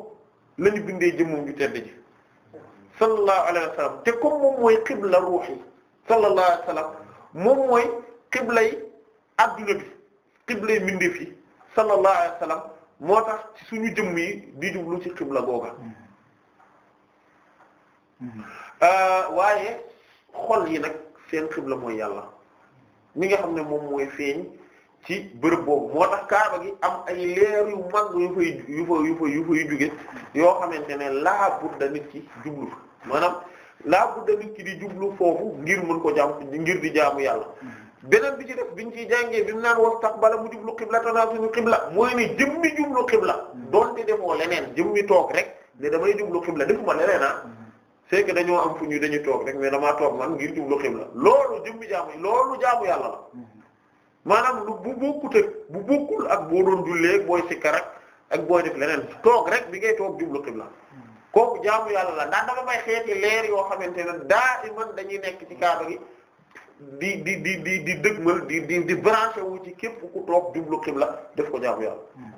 la bindee jëmmum ju tedd ji sallallahu te comme moom mooy xibla ruux yi sallallahu moom mooy xiblay adduna bi xiblay mbindeef yi sallallahu alayhi moo tax suñu jëmm yi di jublu ci xibla googa mm-hmm. euh, waaye xol yi nag seen xibla mooy yàlla mi nga xam ne moom mooy feeñ ci bërëb boobu moo tax kaaba gi am ay leer yu mag yu fay yu fa yu fa yu fay jóge yoo xamante ne laa budda nit ki jublu maanaam laa budda nit ki di jublu foofu ngir mën ko jaam ngir di jaamu yàlla mm-hmm. beneen bi ci def biñ ciy jàngee bi mu naan bala mu jublu qiblatanaa suñu qibla mooy ni jëmmi jublu qibla hmm. doonte defoo leneen jëmmi toog rek ne damay jublu qibla defuma leneen ah hmm. c'est que dañoo am fu ñu dañuy toog rek mais damaa toog man ngir jublu qibla loolu jëmmi jaamu loolu jaamu yàlla la hmm. maanaam lu bu bokkut ak bu bokkul ak boo doon jullee booy sikkar ak ak booy def leneen toog rek bi ngay toog jublu qibla kooku jaamu yàlla la ndax dafa may xeeti leer yoo xamante ne daa iman dañuy nekk ci kaaba gi di di di di di dëgmal di di branché wu ci képp ku toog jublu xibla def ko jaamu yàlla hmm.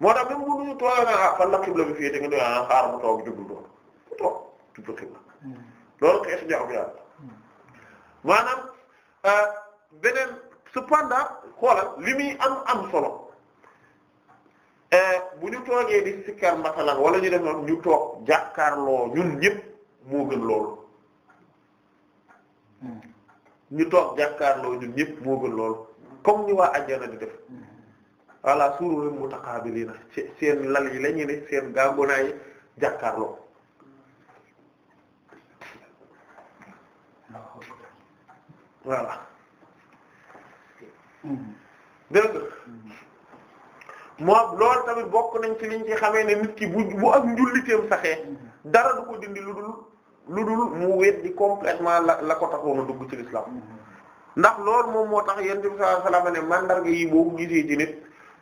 moo tax même ah, ah, mu toog jublu doon mu toog jublu xibla hmm. hmm. maanaam euh, beneen cependant xoolal li am am solo euh, bu ñu toogee di sikkar masalan wala ñu def noonu ñu toog jàkkaarloo ñun ñëpp moo gën loolu. ñu toog jàkkaarloo ñun ñëpp moo gën loolu comme ñu waa àjjana di def voilà sururun mutaqabilina seen lal yi la ñu ne seen gàngunaay jàkkaarloo voilà dégg moom loolu tamit bokk nañ ci liñ ci xamee ne nit ki bu bu ak njulliteem saxee dara du ko dindi lu dul lu dul mu weddi complètement la la ko taxoon a dugg ci l'islam ndax loolu moom moo tax yonent bi sallallahu ne mandarga yi boo ko gisee ci nit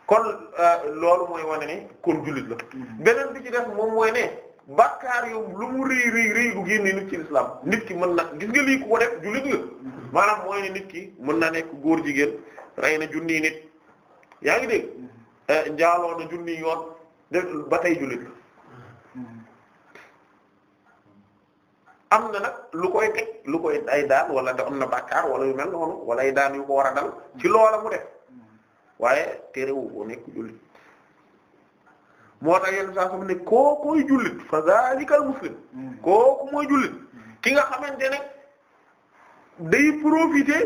kon euh, loolu mooy wane ne kon jullit la beneen bi ci def moom mooy ne bakkaar yow lu mu rëy rëy rëy génne nit ci l'islam nit ki mën na gis nga lii ko def julit nga maanaam mooy ne nit ki mën na nekk góor jigéen rey na junniy nit yaa ngi dégg euh, njaaloo na junniy yoon ba tey jullit la am na nag lu koy teg lu koy ay daan wala da am na bàkkaar wala yu mel noonu wala ay daan yu ko war a dal ci loola mu def waaye terewu ko nekk jullit moo tax yenn saa soxna ne kooku mooy jullit fa zalikal muslim kooku mooy jullit ki nga xamante ne day profiter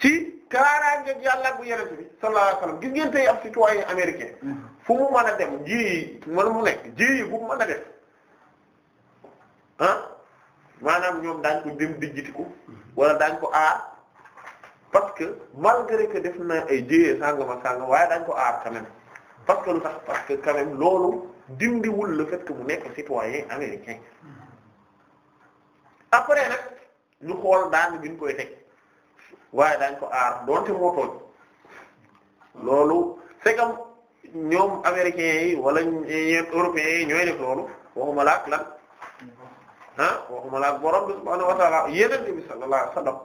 ci kaaraange yàlla bu yonent bi sallallahu alayhi wasallam gis ngeen tey am citoyen américain fu mu mën dem ji yi mën mu nekk ah. maanaam ñoom daañ ko dem dijjitiku wala daañ ko aar parce que malgré que def na ay jéyee sàngam ak sàngam waaye daañ ko aar quand parce que lu tax parce que quand loolu dindiwul le fait que mu nekk citoyen américain après nag ñu xool daan bi koy teg waaye daañ ko aar doonte moo tooñ loolu fekam ñoom américains wala ñeen yi ñooy def loolu waxuma laak lan ah waxuma la ak borom bi subhaanahu wa ta'aala yeneen bi sallallahu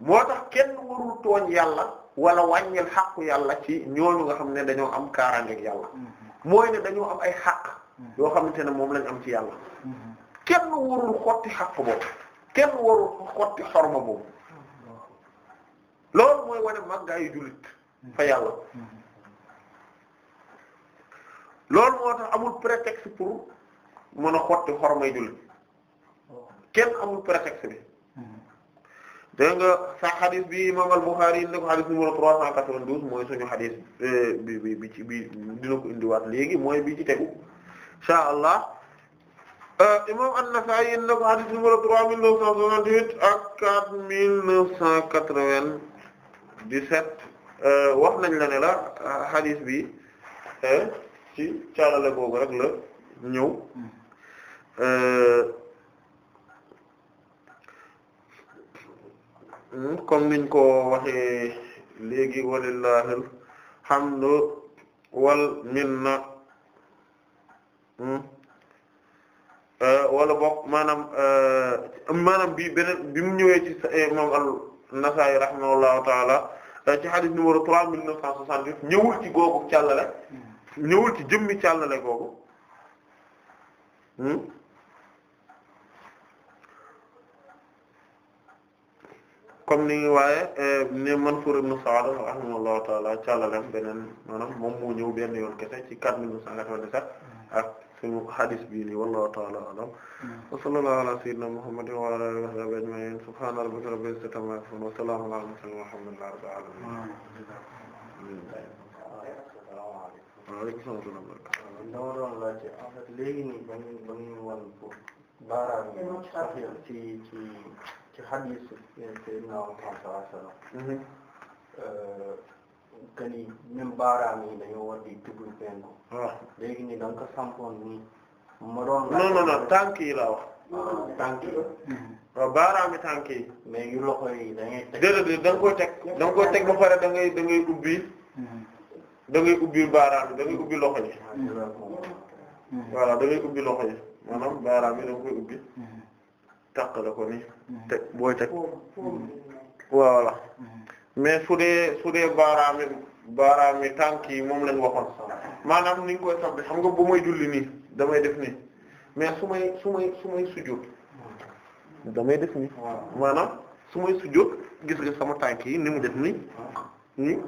moo tax kenn warul tooñ yàlla wala wàññil xàqu yàlla ci ñooñu nga xam ne dañoo am kaaraangeeg yàlla mm-hmm. mooy ne dañoo am ay xàq mm-hmm. yoo xamante ne moom lañ am ci yàlla mm-hmm. kenn warul xotti xàq boobu kenn warul xotti xorma boobu loolu mooy wane màggaayu jullit fa yàlla lool moo tax amul prétexte pour mën a xotti xormay jullit kenn amul prétexte bi dégg nga sa xadis bi imam al-Bukhari indi ko xadis numéro 392 mooy suñu xadis euh, bi bi bi ci bi dina ko indiwaat léegi mooy bi ci tegu insha allah euh, imam an-Nasa'i indi ko xadis numéro 3968 ak 4997 euh, wax nañ la ne la xadis bi ci caalale googu rek la ñëw euh, comme niñ ko waxee léegi walillahil hamdu wal minna hmm. euh, wala bokk maanaam euh, maanaam bi beneen bi mu ñëwee ci imam eh, an-Nasaa'i rahimahullahu taala ci hadith numéro trois mille neuf cent soixante-dix ñëwul ci googu caalale hmm. ñëwul ci jëmmi càllale googu hmm? comme ni waaye eh, ne Mansuur ibn Saad rahimahullahu taala càllalem beneen maanaam moom moo ñëw benn yoon kese ci 4997 ak suñu hadith bii nii wallahu taala alam hmm. wa sallallahu ala sayyidina Muhammadin wa ala alihi wa sahbihi ajma'in subhana rabbika rabbil izzati amma yasifun wa salamun ala al mursalin walhamdulillahi rabbil alamin hmm. waaleykum salaam wa rahmatulah. doon laajte en fait léegi ba ñu ba ñu wan foofu baaraam yi sax yi ci ci ci hadith Seydina Muhammad sallallahu alayhi wasallam mhm. euh, que ni même baaraam yi dañoo war di jublu penku. Ah. léegi nii da nga ko sampoon nii. ma doon laajte non non tànk yi la wax. Ah, yi. waaw mhm. ah, baaraami tànk yi. mais yu loxo yi da ngay teg. déedéet ba pare da ngay da ubbi baaraam bi da ngay ubbi loxo yi mm-hmm. Mm-hmm. voilà da ubbi loxo yi maanaam baaraam bi da ubbi mm-hmm. takk la ko ni teg booy teg voilà mais su dee su dee baaraam yi baaraam tànk yi moom lañ waxoon maanaam ni nga koy sabbi xam nga bu may julli nii damay def nii mais su may su may su may sujjóot damay def nii maanaam su may sujjóot gis nga sama tànk yi ni mu def nii nii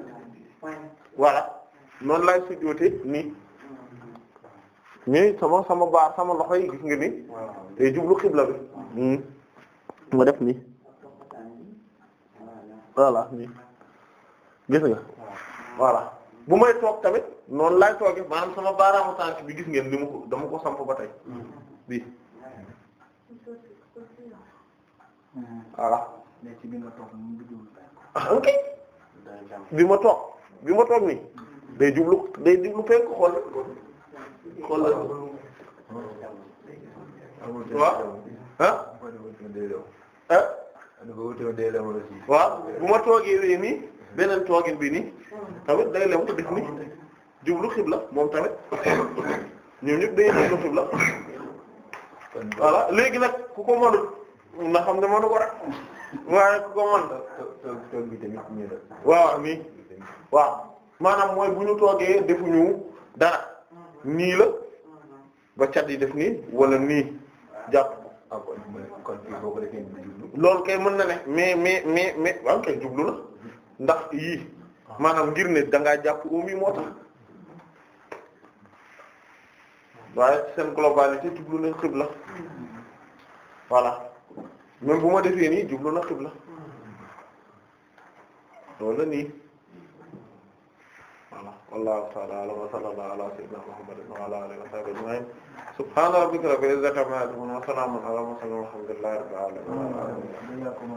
voilà noonu lay sujjóote nii mais sama sama baar sama loxo yi gis nga ni day jublu xibla bi hmm. ma def nii voilà nii gis nga voilà bu may toog tamit noonu laay tooge maanaam sama baaraamu tànk bi gis ngeen ni mu ko dama ko samp ba tey bii voilà ah, bi ma toog bi ma toog nii day jublu day jublu fekk xool xool la waaw ah ah waaw bu ma toogee wee nii beneen toogin bi nii tamit day lew def ni jublu xibla moom tamit ñoom ñëpp day jublu xibla voilà léegi nag ku ko mënut na xam ne mënu ko rek waaye ku ko mën waaw nii waaw maanaam mooy bu ñu toogee defuñu dara nii la ba cat yi def nii wala nii jàpp ah, lool kay mën na ne mais mais mais mais waaw kay jublu na ndax yii maanaam ngir ne da ngaa jàpp oom yi moo tax waaye seen globalité jublu na xibla voilà même bu ma defee nii jublu na xibla loolu nii taala wallahu taala alam wa sallallahu ala sayyidina muhammadin wa ala alihi wa sahbihi ajma'in subhana rabbika rabbil izzati amma yasifun wa salamun ala mursalin walhamdulillahi rabbil alamin